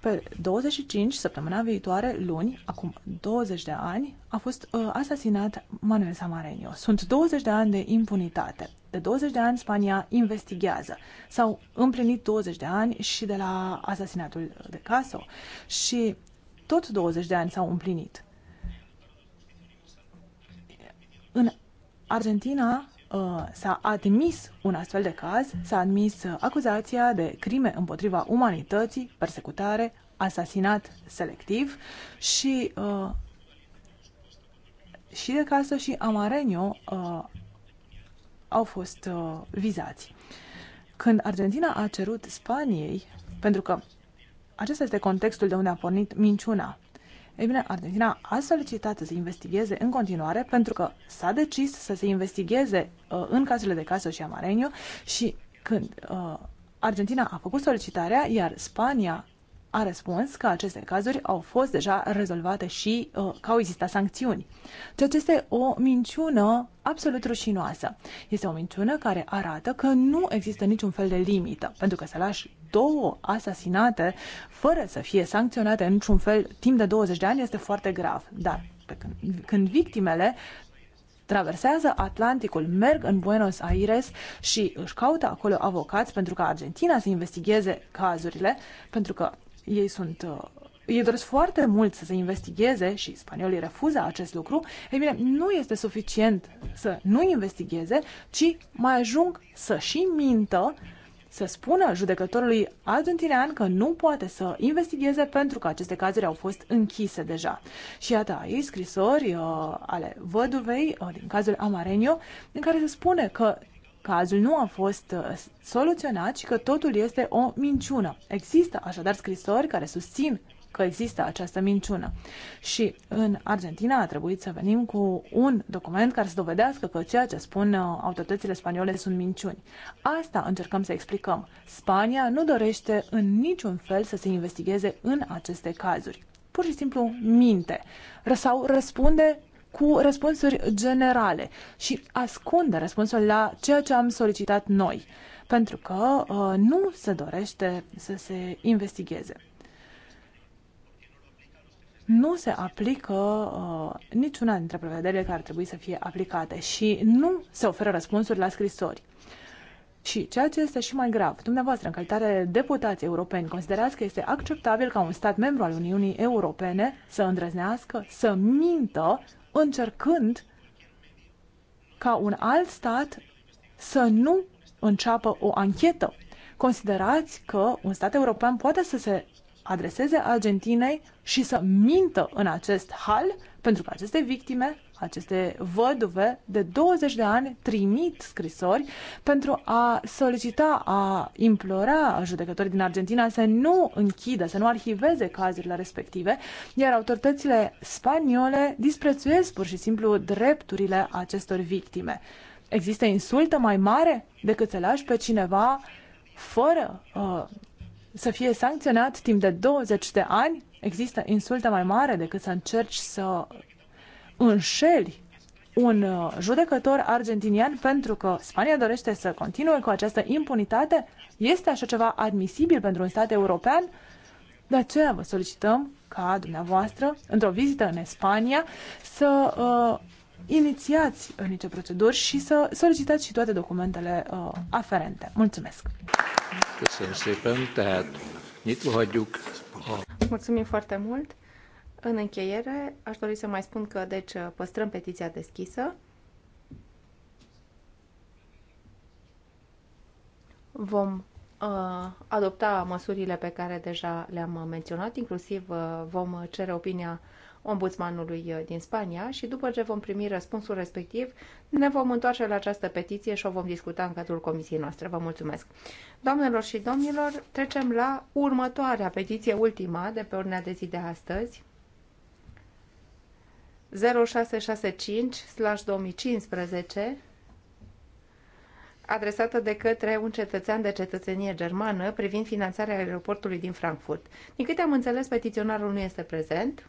Pe 25, săptămâna viitoare, luni, acum 20 de ani, a fost uh, asasinat Manuel Samareño. Sunt 20 de ani de impunitate. De 20 de ani Spania investigează. S-au împlinit 20 de ani și de la asasinatul de Caso și tot 20 de ani s-au împlinit. În Argentina Uh, s-a admis un astfel de caz, s-a admis uh, acuzația de crime împotriva umanității, persecutare, asasinat selectiv și uh, și de casă și Amarenio uh, au fost uh, vizați. Când Argentina a cerut Spaniei, pentru că acesta este contextul de unde a pornit minciuna, ei bine, Argentina a solicitat să se investigheze în continuare pentru că s-a decis să se investigheze uh, în cazurile de Caso și Amareniu și când uh, Argentina a făcut solicitarea, iar Spania a răspuns că aceste cazuri au fost deja rezolvate și uh, că au existat sancțiuni. Ceea ce este o minciună absolut rușinoasă. Este o minciună care arată că nu există niciun fel de limită, pentru că să lași două asasinate fără să fie sancționate în niciun fel timp de 20 de ani este foarte grav. Dar pe când, când victimele traversează Atlanticul, merg în Buenos Aires și își caută acolo avocați pentru ca Argentina să investigheze cazurile, pentru că ei sunt uh, ei doresc foarte mult să se investigheze și spaniolii refuză acest lucru, e bine, nu este suficient să nu investigheze, ci mai ajung să și mintă să spună judecătorului argentinean că nu poate să investigheze pentru că aceste cazuri au fost închise deja. Și iată aici scrisori uh, ale văduvei uh, din cazul Amarenio, în care se spune că cazul nu a fost uh, soluționat și că totul este o minciună. Există așadar scrisori care susțin că există această minciună. Și în Argentina a trebuit să venim cu un document care să dovedească că ceea ce spun uh, autoritățile spaniole sunt minciuni. Asta încercăm să explicăm. Spania nu dorește în niciun fel să se investigheze în aceste cazuri. Pur și simplu minte sau răspunde cu răspunsuri generale și ascunde răspunsul la ceea ce am solicitat noi, pentru că uh, nu se dorește să se investigheze nu se aplică uh, niciuna dintre prevederile care ar trebui să fie aplicate și nu se oferă răspunsuri la scrisori. Și ceea ce este și mai grav, dumneavoastră, în calitate de deputați europeni, considerați că este acceptabil ca un stat membru al Uniunii Europene să îndrăznească, să mintă, încercând ca un alt stat să nu înceapă o anchetă. Considerați că un stat european poate să se adreseze Argentinei și să mintă în acest hal, pentru că aceste victime, aceste văduve de 20 de ani trimit scrisori pentru a solicita, a implora judecătorii din Argentina să nu închidă, să nu arhiveze cazurile respective, iar autoritățile spaniole disprețuiesc pur și simplu drepturile acestor victime. Există insultă mai mare decât să lași pe cineva fără uh, să fie sancționat timp de 20 de ani? Există insultă mai mare decât să încerci să înșeli un uh, judecător argentinian pentru că Spania dorește să continue cu această impunitate? Este așa ceva admisibil pentru un stat european? De aceea vă solicităm ca dumneavoastră, într-o vizită în Spania, să uh, inițiați uh, nicio proceduri și să solicitați și toate documentele uh, aferente. Mulțumesc! Mulțumim foarte mult! În încheiere, aș dori să mai spun că, deci, uh, păstrăm petiția deschisă. Vom uh, adopta măsurile pe care deja le-am menționat, inclusiv vom cere opinia ombudsmanului uh, din Spania și după ce vom primi răspunsul respectiv, ne vom întoarce la această petiție și o vom discuta în cadrul comisiei noastre. Vă mulțumesc! Doamnelor și domnilor, trecem la următoarea petiție, ultima, de pe ordinea de zi de astăzi. 0665-2015 adresată de către un cetățean de cetățenie germană privind finanțarea aeroportului din Frankfurt. Din câte am înțeles, petiționarul nu este prezent.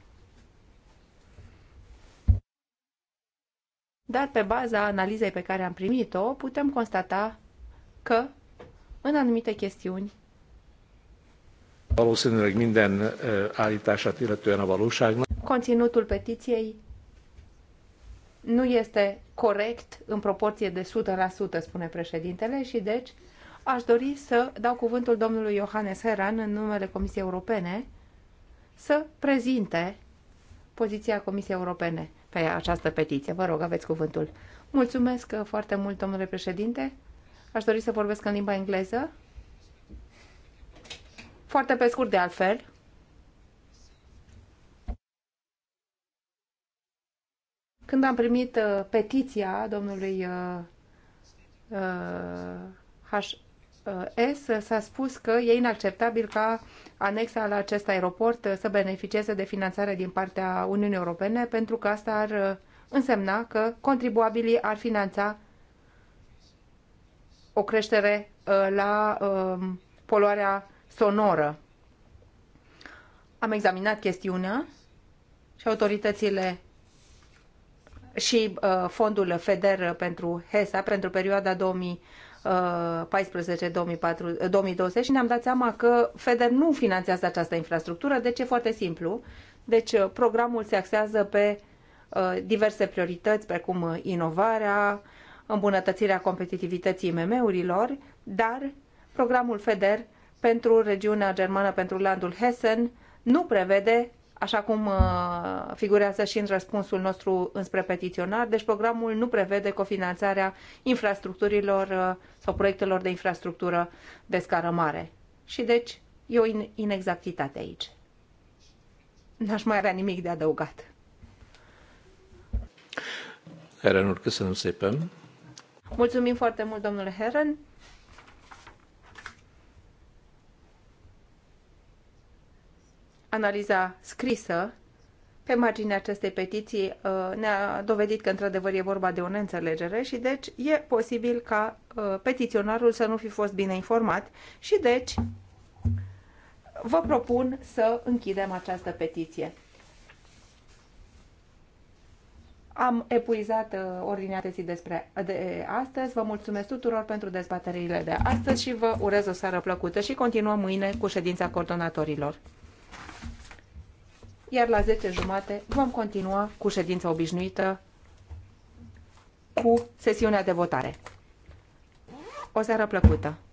dar pe baza analizei pe care am primit-o, putem constata că în anumite chestiuni Valószínűleg minden eh, állítását illetően a valóságnak. Conținutul petiției nu este corect în proporție de 100%, spune președintele, și deci aș dori să dau cuvântul domnului Johannes Heran în numele Comisiei Europene să prezinte poziția Comisiei Europene pe această petiție. Vă rog, aveți cuvântul. Mulțumesc foarte mult, domnule președinte. Aș dori să vorbesc în limba engleză. Foarte pe scurt, de altfel. Când am primit uh, petiția domnului uh, uh, H. Uh, S s-a spus că e inacceptabil ca anexa la acest aeroport uh, să beneficieze de finanțare din partea Uniunii Europene, pentru că asta ar uh, însemna că contribuabilii ar finanța o creștere la um, poluarea sonoră. Am examinat chestiunea și autoritățile și fondul FEDER pentru HESA pentru perioada 2000 2020 uh, și ne-am dat seama că FEDER nu finanțează această infrastructură, deci ce? foarte simplu. Deci uh, programul se axează pe uh, diverse priorități, precum inovarea, îmbunătățirea competitivității IMM-urilor, dar programul FEDER pentru regiunea germană, pentru landul Hessen, nu prevede așa cum uh, figurează și în răspunsul nostru înspre petiționar, deci programul nu prevede cofinanțarea infrastructurilor uh, sau proiectelor de infrastructură de scară mare. Și deci e o inexactitate aici. N-aș mai avea nimic de adăugat. Herenul, urcă să nu sepem. Mulțumim foarte mult, domnule Heren. analiza scrisă pe marginea acestei petiții uh, ne-a dovedit că într-adevăr e vorba de o neînțelegere și deci e posibil ca uh, petiționarul să nu fi fost bine informat și deci vă propun să închidem această petiție. Am epuizat uh, ordinea de zi despre, de astăzi. Vă mulțumesc tuturor pentru dezbaterile de astăzi și vă urez o seară plăcută și continuăm mâine cu ședința coordonatorilor iar la 10 jumate vom continua cu ședința obișnuită cu sesiunea de votare. O seară plăcută!